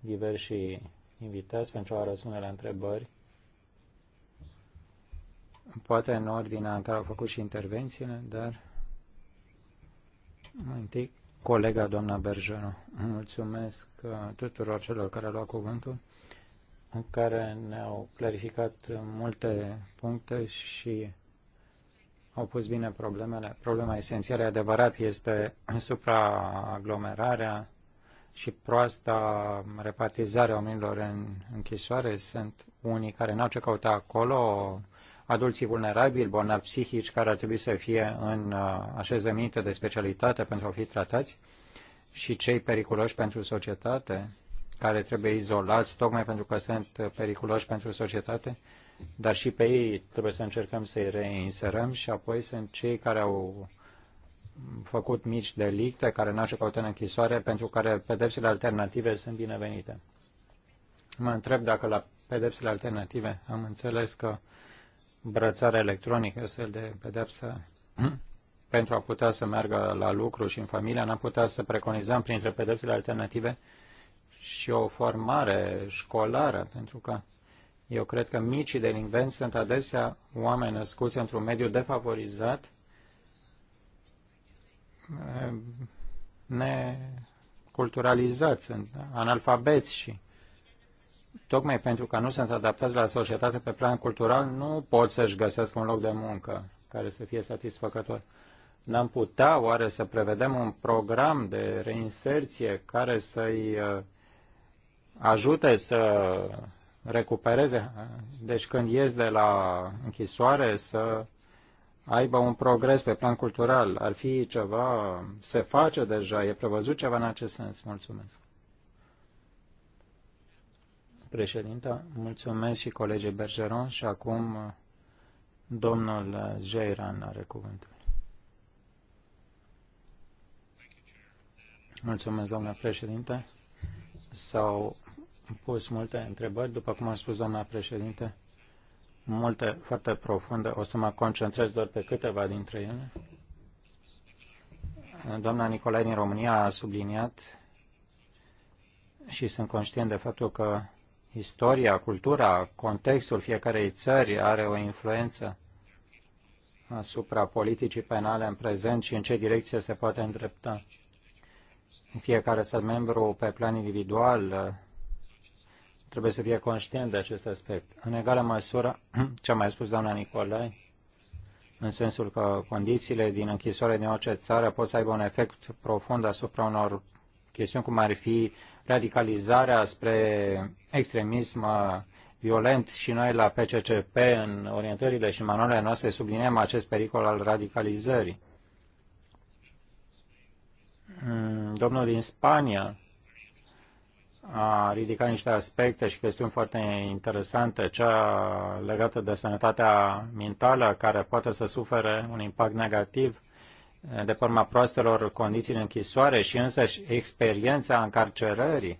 diversi invitați pentru a răspunde la întrebări. Poate în ordinea în care au făcut și intervențiile, dar mai întâi, colega doamna Bergeru, Mulțumesc uh, tuturor celor care au luat cuvântul, care ne-au clarificat multe puncte și au pus bine problemele. Problema esențială, adevărat, este supraaglomerarea și proasta repartizare a oamenilor în închisoare. Sunt unii care n-au ce căuta acolo, adulții vulnerabili, bolnavi psihici, care ar trebui să fie în uh, așezăminte de specialitate pentru a fi tratați, și cei periculoși pentru societate, care trebuie izolați tocmai pentru că sunt periculoși pentru societate, dar și pe ei trebuie să încercăm să-i reinserăm și apoi sunt cei care au făcut mici delicte, care n-au și în închisoare, pentru care pedepsele alternative sunt binevenite. Mă întreb dacă la pedepsele alternative am înțeles că brățară electronică, să de pedepsă, pentru a putea să meargă la lucru și în familia, n-am putea să preconizăm printre pedepsele alternative și o formare școlară, pentru că eu cred că micii delinvenți sunt adesea oameni născuți într-un mediu defavorizat, ehm, neculturalizați, sunt analfabeți și tocmai pentru că nu sunt adaptați la societate pe plan cultural, nu pot să-și găsească un loc de muncă care să fie satisfăcător. N-am putea oare să prevedem un program de reinserție care să-i uh, ajute să recupereze, deci când ies de la închisoare să aibă un progres pe plan cultural. Ar fi ceva, se face deja, e prevăzut ceva în acest sens. Mulțumesc. Președinta, mulțumesc și colegii Bergeron și acum uh, domnul uh, Jairan are cuvântul. Mulțumesc, doamna președinte. S-au pus multe întrebări, după cum a spus doamna președinte, multe foarte profunde. O să mă concentrez doar pe câteva dintre ele. Doamna Nicolae din România a subliniat și sunt conștient de faptul că Istoria, cultura, contextul fiecarei țări are o influență asupra politicii penale în prezent și în ce direcție se poate îndrepta. Fiecare stat membru, pe plan individual, trebuie să fie conștient de acest aspect. În egală măsură, ce a mai spus doamna Nicolai, în sensul că condițiile din închisoare din orice țară pot să aibă un efect profund asupra unor chestiuni cum ar fi radicalizarea spre extremism uh, violent și noi la PCCP în orientările și manualele noastre subliniem acest pericol al radicalizării. Mm, domnul din Spania a ridicat niște aspecte și chestiuni foarte interesante, cea legată de sănătatea mentală care poate să sufere un impact negativ de forma proastelor condiții de închisoare și și experiența încarcerării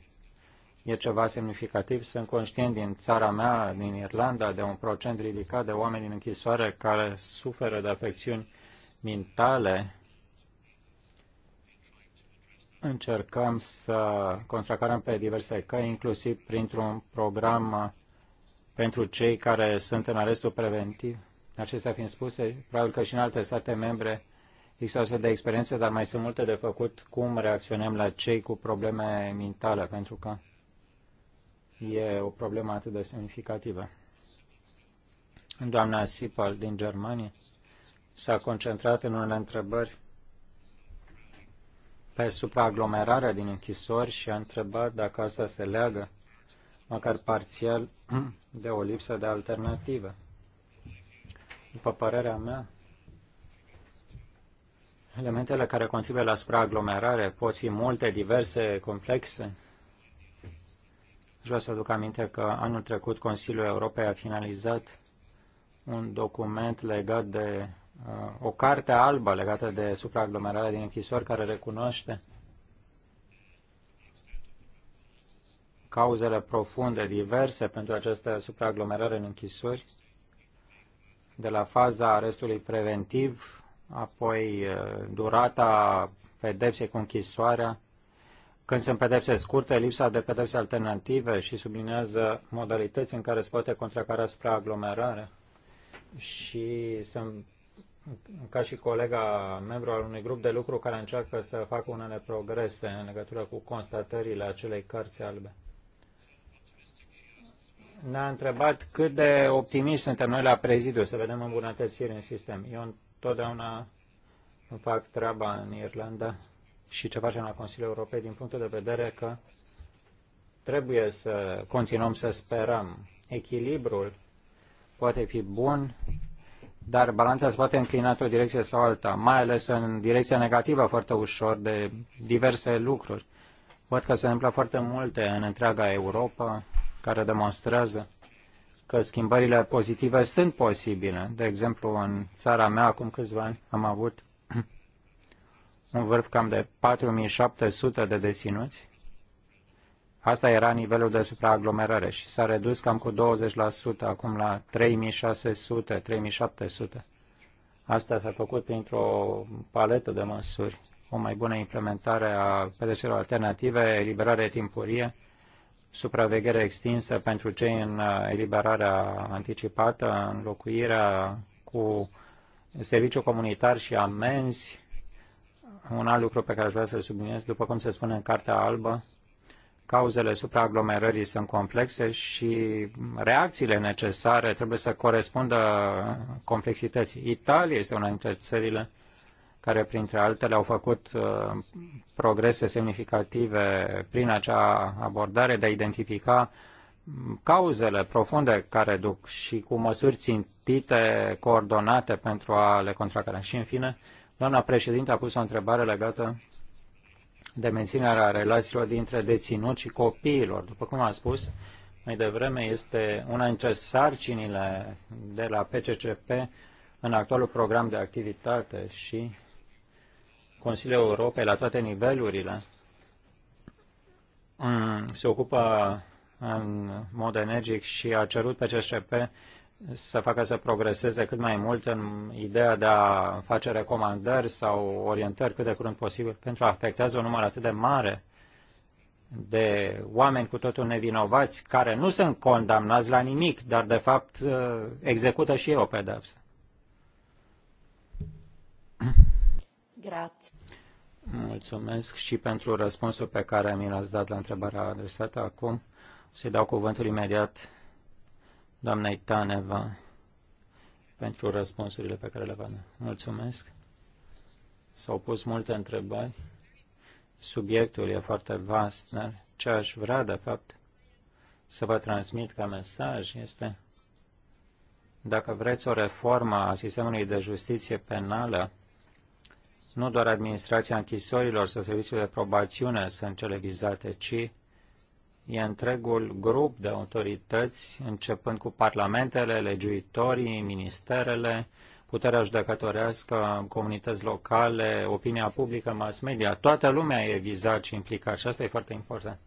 e ceva semnificativ. Sunt conștient din țara mea, din Irlanda, de un procent ridicat de oameni în închisoare care suferă de afecțiuni mentale. Încercăm să contracarăm pe diverse căi, inclusiv printr-un program pentru cei care sunt în arestul preventiv. Acestea fiind spuse, probabil că și în alte state membre Există astfel de experiențe, dar mai sunt multe de făcut cum reacționăm la cei cu probleme mentale, pentru că e o problemă atât de semnificativă. Doamna Sipal din Germania s-a concentrat în unele întrebări pe supraaglomerarea din închisori și a întrebat dacă asta se leagă, măcar parțial, de o lipsă de alternativă. După părerea mea, Elementele care contribuie la supraaglomerare pot fi multe, diverse, complexe. Vreau să aduc aminte că anul trecut Consiliul Europei a finalizat un document legat de uh, o carte albă legată de supraaglomerarea din închisori care recunoaște cauzele profunde, diverse pentru această supraaglomerare în închisori, de la faza arestului preventiv apoi uh, durata pedepsei cu închisoarea, când sunt pedepse scurte, lipsa de pedepse alternative și sublinează modalități în care se poate contracara aglomerare. și sunt ca și colega, membru al unui grup de lucru care încearcă să facă unele progrese în legătură cu constatările acelei cărți albe. Ne-a întrebat cât de optimiști suntem noi la prezidiu să vedem îmbunătățiri în sistem. Eu totdeauna fac treaba în Irlanda și ce facem la Consiliul Europei din punctul de vedere că trebuie să continuăm să sperăm. Echilibrul poate fi bun, dar balanța se poate înclina într-o direcție sau alta, mai ales în direcția negativă foarte ușor de diverse lucruri. Văd că se întâmplă foarte multe în întreaga Europa care demonstrează că schimbările pozitive sunt posibile. De exemplu, în țara mea, acum câțiva ani, am avut un vârf cam de 4700 de deținuți. Asta era nivelul de supraaglomerare și s-a redus cam cu 20% acum la 3600, 3700. Asta s-a făcut printr-o paletă de măsuri, o mai bună implementare a pedecerilor alternative, eliberare timpurie, supraveghere extinsă pentru cei în uh, eliberarea anticipată, înlocuirea cu serviciu comunitar și amenzi. Un alt lucru pe care aș vrea să-l subliniez, după cum se spune în Cartea Albă, cauzele supraaglomerării sunt complexe și reacțiile necesare trebuie să corespundă complexității. Italia este una dintre țările care, printre altele, au făcut uh, progrese semnificative prin acea abordare de a identifica cauzele profunde care duc și cu măsuri țintite, coordonate pentru a le contracara. Și, în fine, doamna președinte a pus o întrebare legată de menținerea relațiilor dintre deținuți și copiilor. După cum am spus mai devreme, este una dintre sarcinile de la PCCP în actualul program de activitate și Consiliul Europei la toate nivelurile mm, se ocupă în mod energic și a cerut pe CSCP să facă să progreseze cât mai mult în ideea de a face recomandări sau orientări cât de curând posibil pentru a afectează un număr atât de mare de oameni cu totul nevinovați care nu sunt condamnați la nimic, dar de fapt uh, execută și ei o pedepsă. Grazie. Mulțumesc și pentru răspunsul pe care mi l-ați dat la întrebarea adresată acum. Să-i dau cuvântul imediat doamnei Taneva pentru răspunsurile pe care le va da. Mulțumesc. S-au pus multe întrebări. Subiectul e foarte vast, dar ce aș vrea, de fapt, să vă transmit ca mesaj este dacă vreți o reformă a sistemului de justiție penală, nu doar administrația închisorilor sau serviciul de probațiune sunt cele vizate, ci e întregul grup de autorități, începând cu parlamentele, legiuitorii, ministerele, puterea judecătorească, comunități locale, opinia publică, mass media. Toată lumea e vizat și implicat și asta e foarte important.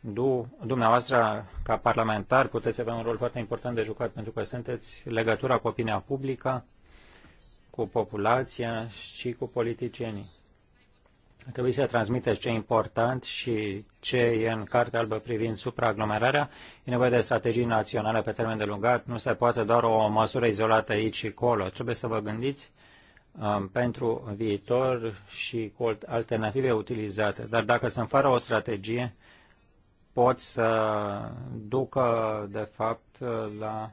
Du, dumneavoastră, ca parlamentar, puteți avea un rol foarte important de jucat pentru că sunteți legătura cu opinia publică, cu populația și cu politicienii. Trebuie să transmiteți ce e important și ce e în Cartea Albă privind supraaglomerarea. E nevoie de strategii naționale pe termen de lungat. Nu se poate doar o măsură izolată aici și acolo. Trebuie să vă gândiți um, pentru viitor și cu alternative utilizate. Dar dacă sunt fără o strategie, pot să ducă, de fapt, la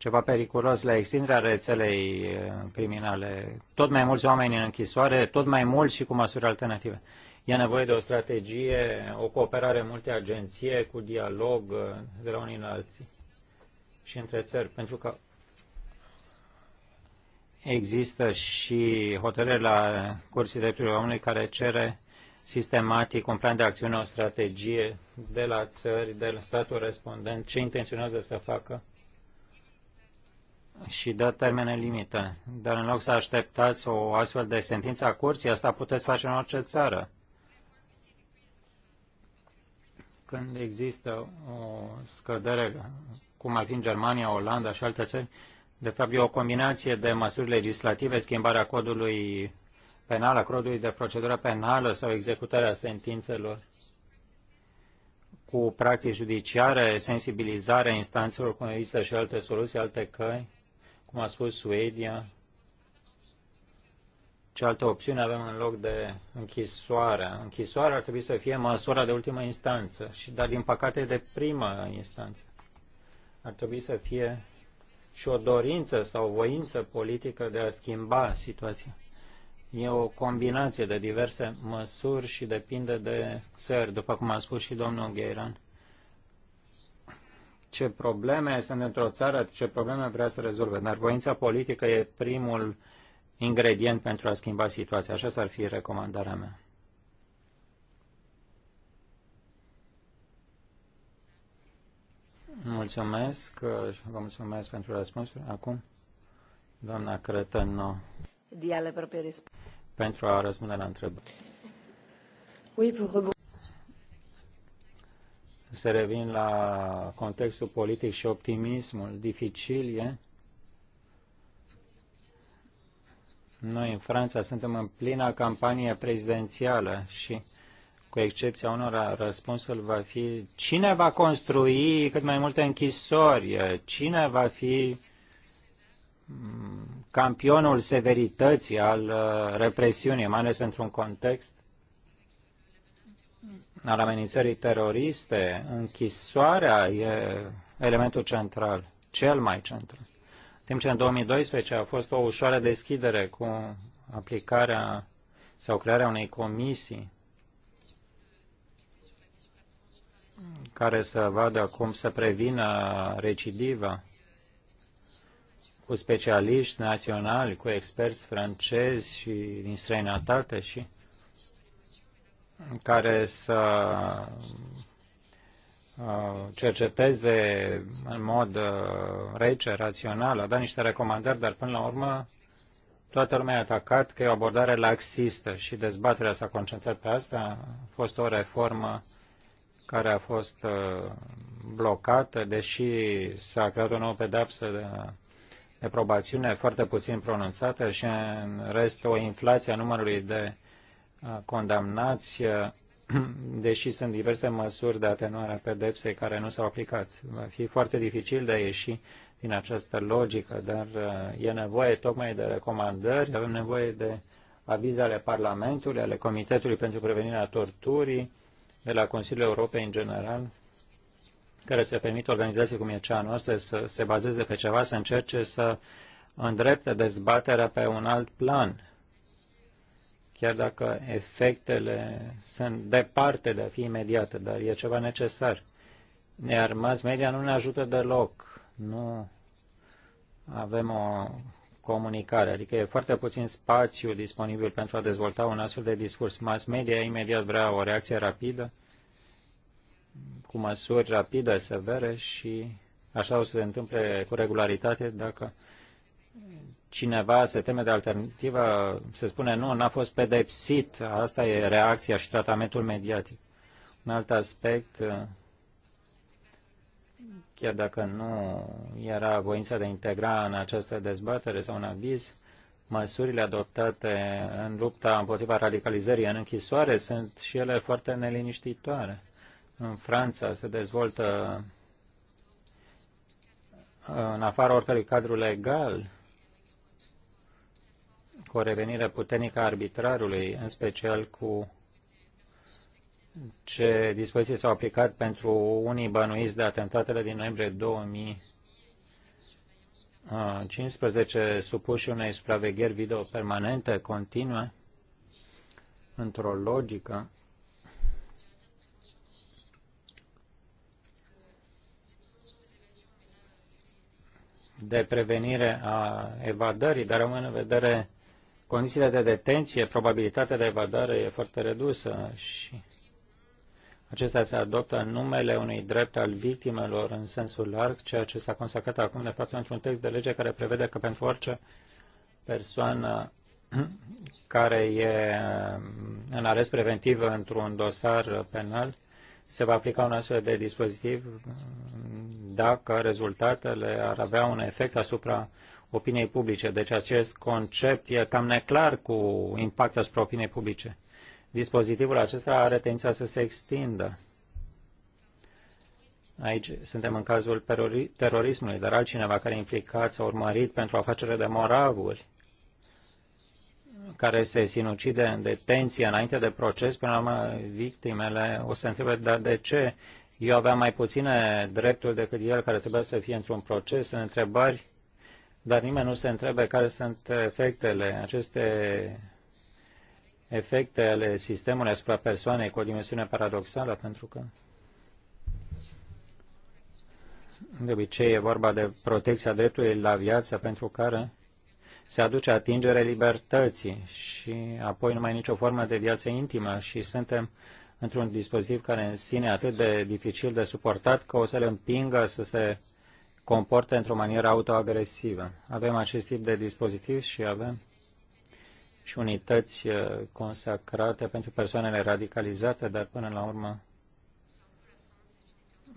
ceva periculos la extinderea rețelei uh, criminale. Tot mai mulți oameni în închisoare, tot mai mulți și cu măsuri alternative. E nevoie de o strategie, o cooperare multe agenții, cu dialog uh, de la unii la alții și între țări, pentru că există și hotărâri la Curții Drepturilor Omului care cere sistematic un plan de acțiune, o strategie de la țări, de la statul respondent, ce intenționează să facă și dă termene limită. Dar în loc să așteptați o astfel de sentință a curții, asta puteți face în orice țară. Când există o scădere, cum ar fi în Germania, Olanda și alte țări, de fapt e o combinație de măsuri legislative, schimbarea codului penal, a codului de procedură penală sau executarea sentințelor cu practici judiciare, sensibilizarea instanțelor, cum există și alte soluții, alte căi cum a spus Suedia, cealaltă opțiune avem în loc de închisoare. Închisoarea ar trebui să fie măsura de ultimă instanță, și dar din păcate de primă instanță. Ar trebui să fie și o dorință sau o voință politică de a schimba situația. E o combinație de diverse măsuri și depinde de țări, după cum a spus și domnul Gheiran ce probleme sunt într-o țară, ce probleme vrea să rezolve. Dar voința politică e primul ingredient pentru a schimba situația. Așa s-ar fi recomandarea mea. Mulțumesc, vă mulțumesc pentru răspunsuri. Acum, doamna Cretănu, pentru a răspunde la întrebări să revin la contextul politic și optimismul dificil e. Noi în Franța suntem în plină campanie prezidențială și cu excepția unor răspunsul va fi cine va construi cât mai multe închisori, cine va fi mm, campionul severității al uh, represiunii, mai ales într-un context al amenințării teroriste, închisoarea e elementul central, cel mai central. În timp ce în 2012 a fost o ușoară deschidere cu aplicarea sau crearea unei comisii care să vadă cum să prevină recidiva cu specialiști naționali, cu experți francezi și din străinătate și care să uh, cerceteze în mod uh, rece, rațional, a dat niște recomandări, dar până la urmă toată lumea a atacat că e o abordare laxistă și dezbaterea s-a concentrat pe asta. A fost o reformă care a fost uh, blocată, deși s-a creat o nouă pedapsă de, de probațiune foarte puțin pronunțată și în rest o inflație a numărului de condamnați, deși sunt diverse măsuri de atenuare a pedepsei care nu s-au aplicat. Va fi foarte dificil de a ieși din această logică, dar uh, e nevoie tocmai de recomandări, avem nevoie de avize ale Parlamentului, ale Comitetului pentru Prevenirea Torturii, de la Consiliul Europei în general, care să permită organizații cum e cea noastră să se bazeze pe ceva, să încerce să îndrepte dezbaterea pe un alt plan, chiar dacă efectele sunt departe de a fi imediate, dar e ceva necesar. Iar mass media nu ne ajută deloc. Nu avem o comunicare, adică e foarte puțin spațiu disponibil pentru a dezvolta un astfel de discurs. Mass media imediat vrea o reacție rapidă, cu măsuri rapide, severe și așa o să se întâmple cu regularitate dacă cineva se teme de alternativă, se spune nu, n-a fost pedepsit, asta e reacția și tratamentul mediatic. Un alt aspect, uh, chiar dacă nu era voința de a integra în această dezbatere sau în aviz, măsurile adoptate în lupta împotriva radicalizării în închisoare sunt și ele foarte neliniștitoare. În Franța se dezvoltă în afară oricărui cadru legal cu o revenire puternică a arbitrarului, în special cu ce dispoziții s-au aplicat pentru unii bănuiți de atentatele din noiembrie 2015 supuși unei supravegheri video permanente, continue, într-o logică de prevenire a evadării, dar rămân în vedere condițiile de detenție, probabilitatea de evadare e foarte redusă și acesta se adoptă în numele unui drept al victimelor în sensul larg, ceea ce s-a consacrat acum, de fapt, într-un text de lege care prevede că pentru orice persoană care e în arest preventiv într-un dosar penal, se va aplica un astfel de dispozitiv dacă rezultatele ar avea un efect asupra opiniei publice. Deci acest concept e cam neclar cu impact asupra opiniei publice. Dispozitivul acesta are tendința să se extindă. Aici suntem în cazul terorismului, dar altcineva care e implicat sau urmărit pentru afacere de moravuri, care se sinucide în detenție înainte de proces, până la urmă victimele o să întrebe, dar de ce eu aveam mai puține drepturi decât el care trebuia să fie într-un proces? Sunt întrebări dar nimeni nu se întrebe care sunt efectele, aceste efecte ale sistemului asupra persoanei cu o dimensiune paradoxală, pentru că de obicei e vorba de protecția dreptului la viață pentru care se aduce atingere libertății și apoi nu mai nicio formă de viață intimă și suntem într-un dispozitiv care în sine e atât de dificil de suportat că o să le împingă să se comportă într-o manieră autoagresivă. Avem acest tip de dispozitiv și avem și unități uh, consacrate pentru persoanele radicalizate, dar până la urmă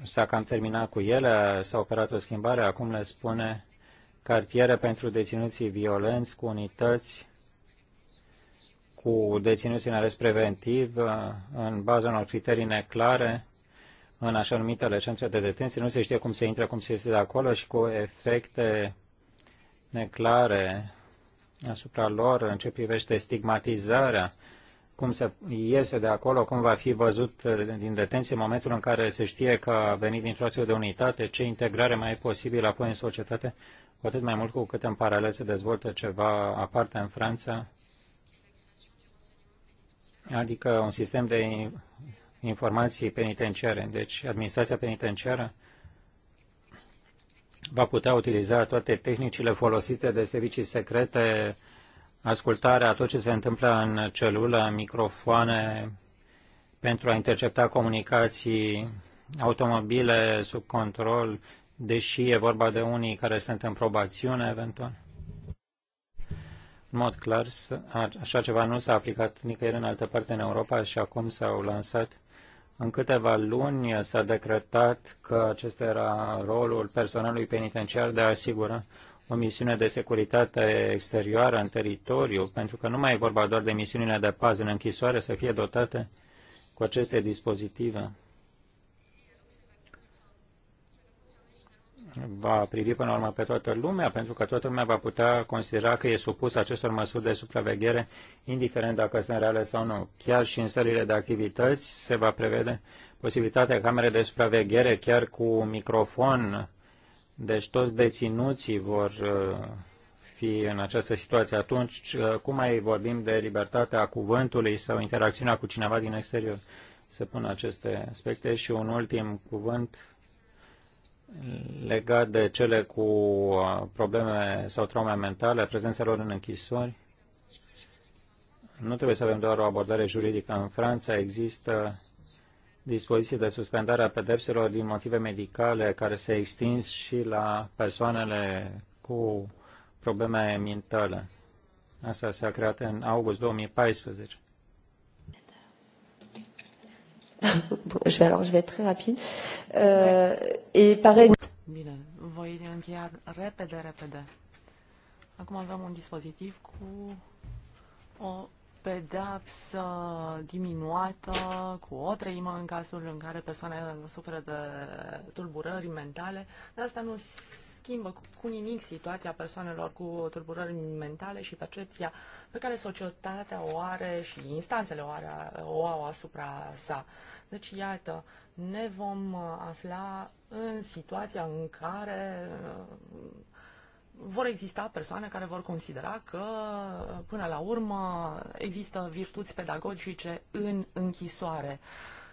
s-a cam terminat cu ele, s-a operat o schimbare, acum le spune cartiere pentru deținuții violenți cu unități cu deținuții în arest preventiv uh, în baza unor criterii neclare în așa numitele centre de detenție, nu se știe cum se intre, cum se iese de acolo și cu efecte neclare asupra lor în ce privește stigmatizarea, cum se iese de acolo, cum va fi văzut din detenție în momentul în care se știe că a venit dintr-o astfel de unitate, ce integrare mai e posibilă apoi în societate, cu atât mai mult cu cât în paralel se dezvoltă ceva aparte în Franța, adică un sistem de informații penitenciare. Deci administrația penitenciară va putea utiliza toate tehnicile folosite de servicii secrete, ascultarea a tot ce se întâmplă în celulă, microfoane, pentru a intercepta comunicații, automobile sub control, deși e vorba de unii care sunt în probațiune eventual. În mod clar, așa ceva nu s-a aplicat nicăieri în altă parte în Europa și acum s-au lansat în câteva luni s-a decretat că acesta era rolul personalului penitenciar de a asigura o misiune de securitate exterioară în teritoriu, pentru că nu mai e vorba doar de misiunile de pază în închisoare să fie dotate cu aceste dispozitive. va privi până la urmă pe toată lumea, pentru că toată lumea va putea considera că e supus acestor măsuri de supraveghere, indiferent dacă sunt reale sau nu. Chiar și în sările de activități se va prevede posibilitatea camere de supraveghere chiar cu microfon, deci toți deținuții vor uh, fi în această situație. Atunci, uh, cum mai vorbim de libertatea cuvântului sau interacțiunea cu cineva din exterior? Se pun aceste aspecte și un ultim cuvânt legat de cele cu uh, probleme sau traume mentale, prezența lor în închisori. Nu trebuie să avem doar o abordare juridică. În Franța există dispoziții de suspendare a pedepselor din motive medicale care se extins și la persoanele cu probleme mentale. Asta s-a creat în august 2014 je vais, alors, je vais être très rapide. Euh, et pareil... Bine, voi încheia repede, repede. Acum avem un dispozitiv cu o pedapsă diminuată cu o treimă în cazul în care persoana suferă de tulburări mentale, dar asta nu schimbă cu nimic situația persoanelor cu tulburări mentale și percepția pe care societatea o are și instanțele o, are, o au asupra sa. Deci, iată, ne vom uh, afla în situația în care uh, vor exista persoane care vor considera că, uh, până la urmă, există virtuți pedagogice în închisoare.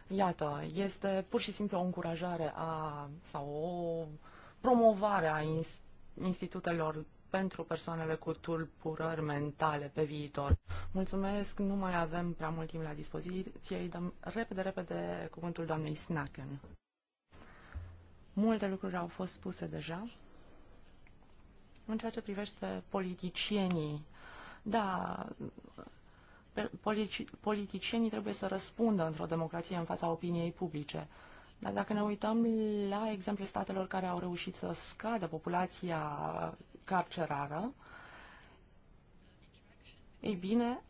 Iată, este pur și simplu o încurajare a, sau o promovarea institutelor pentru persoanele cu tulburări mentale pe viitor. Mulțumesc, nu mai avem prea mult timp la dispoziție. Îi dăm repede, repede cuvântul doamnei Snacken. Multe lucruri au fost spuse deja. În ceea ce privește politicienii, da, politicienii trebuie să răspundă într-o democrație în fața opiniei publice. Dar dacă ne uităm la exemplul statelor care au reușit să scadă populația carcerară, ei bine,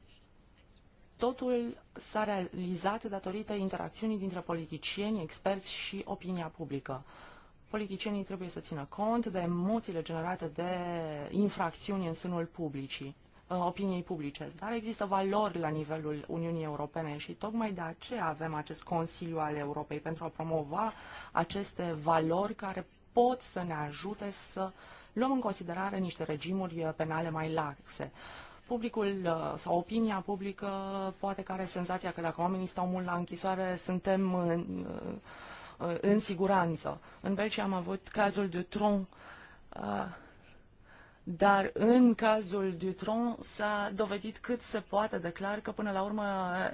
totul s-a realizat datorită interacțiunii dintre politicieni, experți și opinia publică. Politicienii trebuie să țină cont de emoțiile generate de infracțiuni în sânul publicii, Uh, opiniei publice, dar există valori la nivelul Uniunii Europene și tocmai de aceea avem acest Consiliu al Europei pentru a promova aceste valori care pot să ne ajute să luăm în considerare niște regimuri uh, penale mai laxe publicul uh, sau opinia publică poate că are senzația că dacă oamenii stau mult la închisoare, suntem în, în siguranță. În Belgia am avut cazul de Tron, dar în cazul Dutron s-a dovedit cât se poate de clar că până la urmă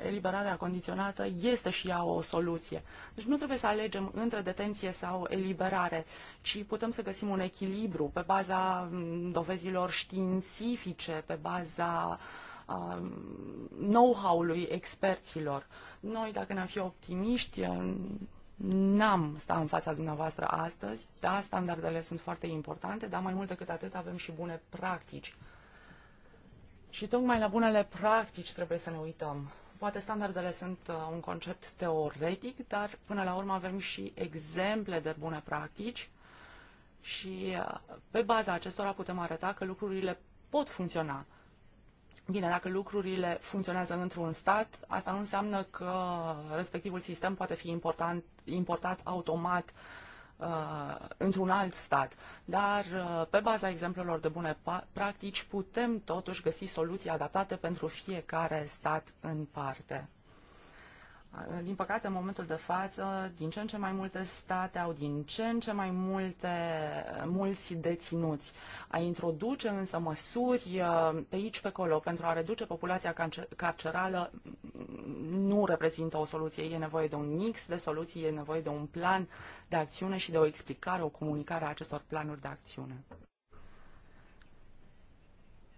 eliberarea condiționată este și ea o soluție. Deci nu trebuie să alegem între detenție sau eliberare, ci putem să găsim un echilibru pe baza mm, dovezilor științifice, pe baza know-how-ului experților. Noi, dacă ne-am fi optimiști, N-am sta în fața dumneavoastră astăzi. Da, standardele sunt foarte importante, dar mai mult decât atât avem și bune practici. Și tocmai la bunele practici trebuie să ne uităm. Poate standardele sunt uh, un concept teoretic, dar până la urmă avem și exemple de bune practici și uh, pe baza acestora putem arăta că lucrurile pot funcționa. Bine, dacă lucrurile funcționează într-un stat, asta nu înseamnă că respectivul sistem poate fi important, importat automat uh, într-un alt stat. Dar uh, pe baza exemplelor de bune practici putem totuși găsi soluții adaptate pentru fiecare stat în parte. Din păcate, în momentul de față, din ce în ce mai multe state au din ce în ce mai multe, mulți deținuți. A introduce însă măsuri uh, pe aici, pe acolo, pentru a reduce populația carcerală mm, nu reprezintă o soluție. E nevoie de un mix de soluții, e nevoie de un plan de acțiune și de o explicare, o comunicare a acestor planuri de acțiune.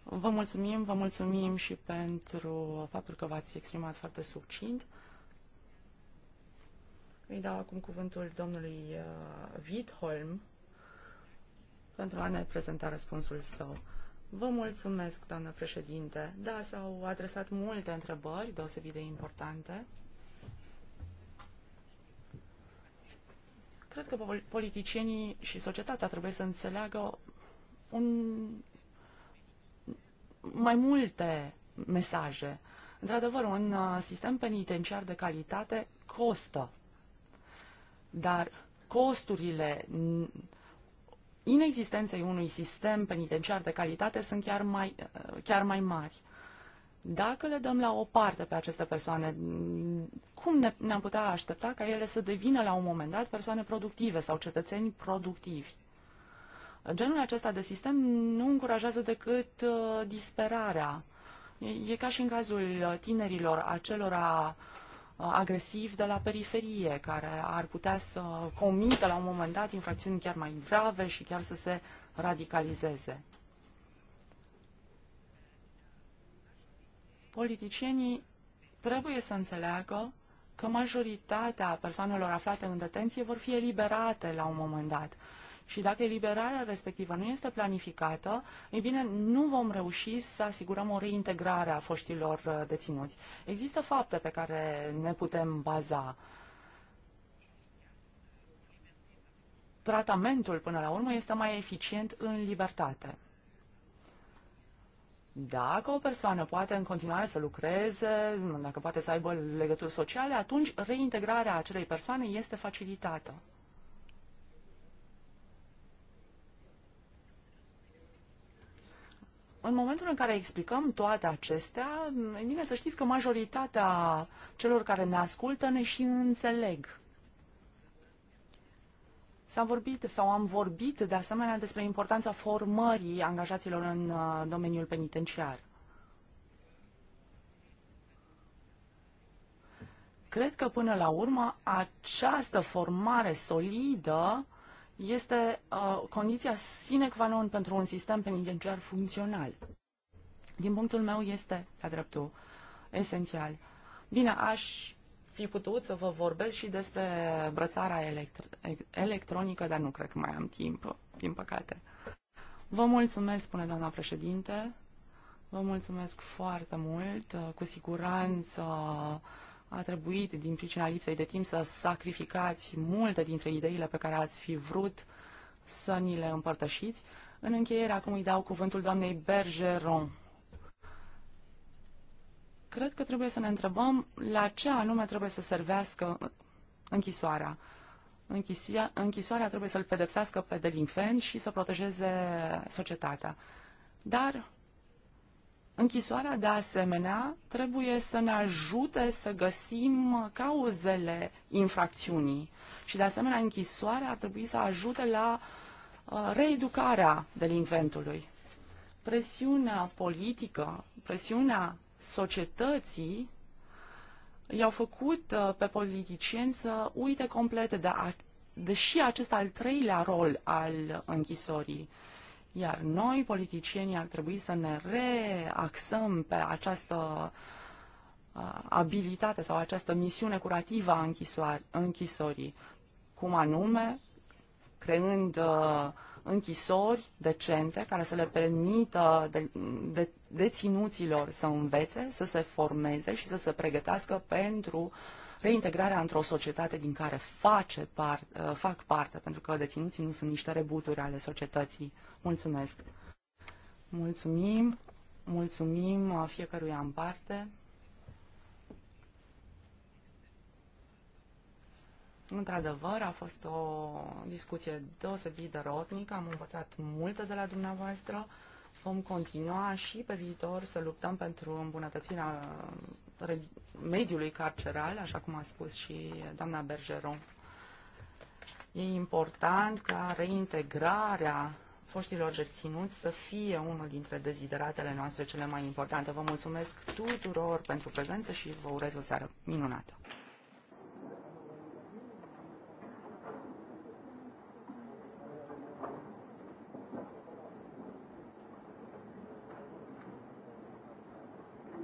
Vă mulțumim, vă mulțumim și pentru faptul că v-ați exprimat foarte succint. Îi dau acum cuvântul domnului uh, Witholm pentru a ne prezenta răspunsul său. Vă mulțumesc, doamnă președinte. Da, s-au adresat multe întrebări deosebit de importante. Cred că politicienii și societatea trebuie să înțeleagă un... mai multe mesaje. Într-adevăr, un uh, sistem penitenciar de calitate costă dar costurile inexistenței unui sistem penitenciar de calitate sunt chiar mai, chiar mai mari. Dacă le dăm la o parte pe aceste persoane, cum ne, ne-am putea aștepta ca ele să devină la un moment dat persoane productive sau cetățeni productivi? Genul acesta de sistem nu încurajează decât uh, disperarea. E, e ca și în cazul uh, tinerilor, acelora uh, agresivi de la periferie, care ar putea să comită la un moment dat infracțiuni chiar mai grave și chiar să se radicalizeze. Politicienii trebuie să înțeleagă că majoritatea persoanelor aflate în detenție vor fi eliberate la un moment dat. Și dacă eliberarea respectivă nu este planificată, ei bine, nu vom reuși să asigurăm o reintegrare a foștilor uh, deținuți. Există fapte pe care ne putem baza. Tratamentul, până la urmă, este mai eficient în libertate. Dacă o persoană poate în continuare să lucreze, dacă poate să aibă legături sociale, atunci reintegrarea acelei persoane este facilitată. În momentul în care explicăm toate acestea, e bine să știți că majoritatea celor care ne ascultă ne și înțeleg. S-a vorbit sau am vorbit de asemenea despre importanța formării angajaților în uh, domeniul penitenciar. Cred că până la urmă această formare solidă uh, este uh, condiția sine qua non pentru un sistem penitenciar funcțional. Din punctul meu este, la dreptul, esențial. Bine, aș fi putut să vă vorbesc și despre brățara electr- electronică, dar nu cred că mai am timp, din păcate. Vă mulțumesc, spune doamna președinte. Vă mulțumesc foarte mult. Cu siguranță a trebuit, din pricina lipsei de timp, să sacrificați multe dintre ideile pe care ați fi vrut să ni le împărtășiți. În încheiere, acum îi dau cuvântul doamnei Bergeron. Cred că trebuie să ne întrebăm la ce anume trebuie să servească închisoarea. Închisia, închisoarea trebuie să-l pedepsească pe delinfent și să protejeze societatea. Dar Închisoarea, de asemenea, trebuie să ne ajute să găsim cauzele infracțiunii și, de asemenea, închisoarea ar trebui să ajute la uh, reeducarea delinventului. Presiunea politică, presiunea societății i-au făcut uh, pe politicieni să uite complet de, a, de și acest al treilea rol al închisorii. Iar noi, politicienii, ar trebui să ne reaxăm pe această uh, abilitate sau această misiune curativă a închisorii. Cum anume, creând uh, închisori decente care să le permită de, de, să învețe, să se formeze și să se pregătească pentru uh, reintegrarea într-o societate din care face par, uh, fac parte, pentru că deținuții nu sunt niște rebuturi ale societății. Mulțumesc! Mulțumim! Mulțumim uh, fiecăruia în parte! Într-adevăr, a fost o discuție deosebit de rotnică, am învățat multe de la dumneavoastră. Vom continua și pe viitor să luptăm pentru îmbunătățirea mediului carceral, așa cum a spus și doamna Bergeron. E important ca reintegrarea foștilor deținuți să fie unul dintre dezideratele noastre cele mai importante. Vă mulțumesc tuturor pentru prezență și vă urez o seară minunată.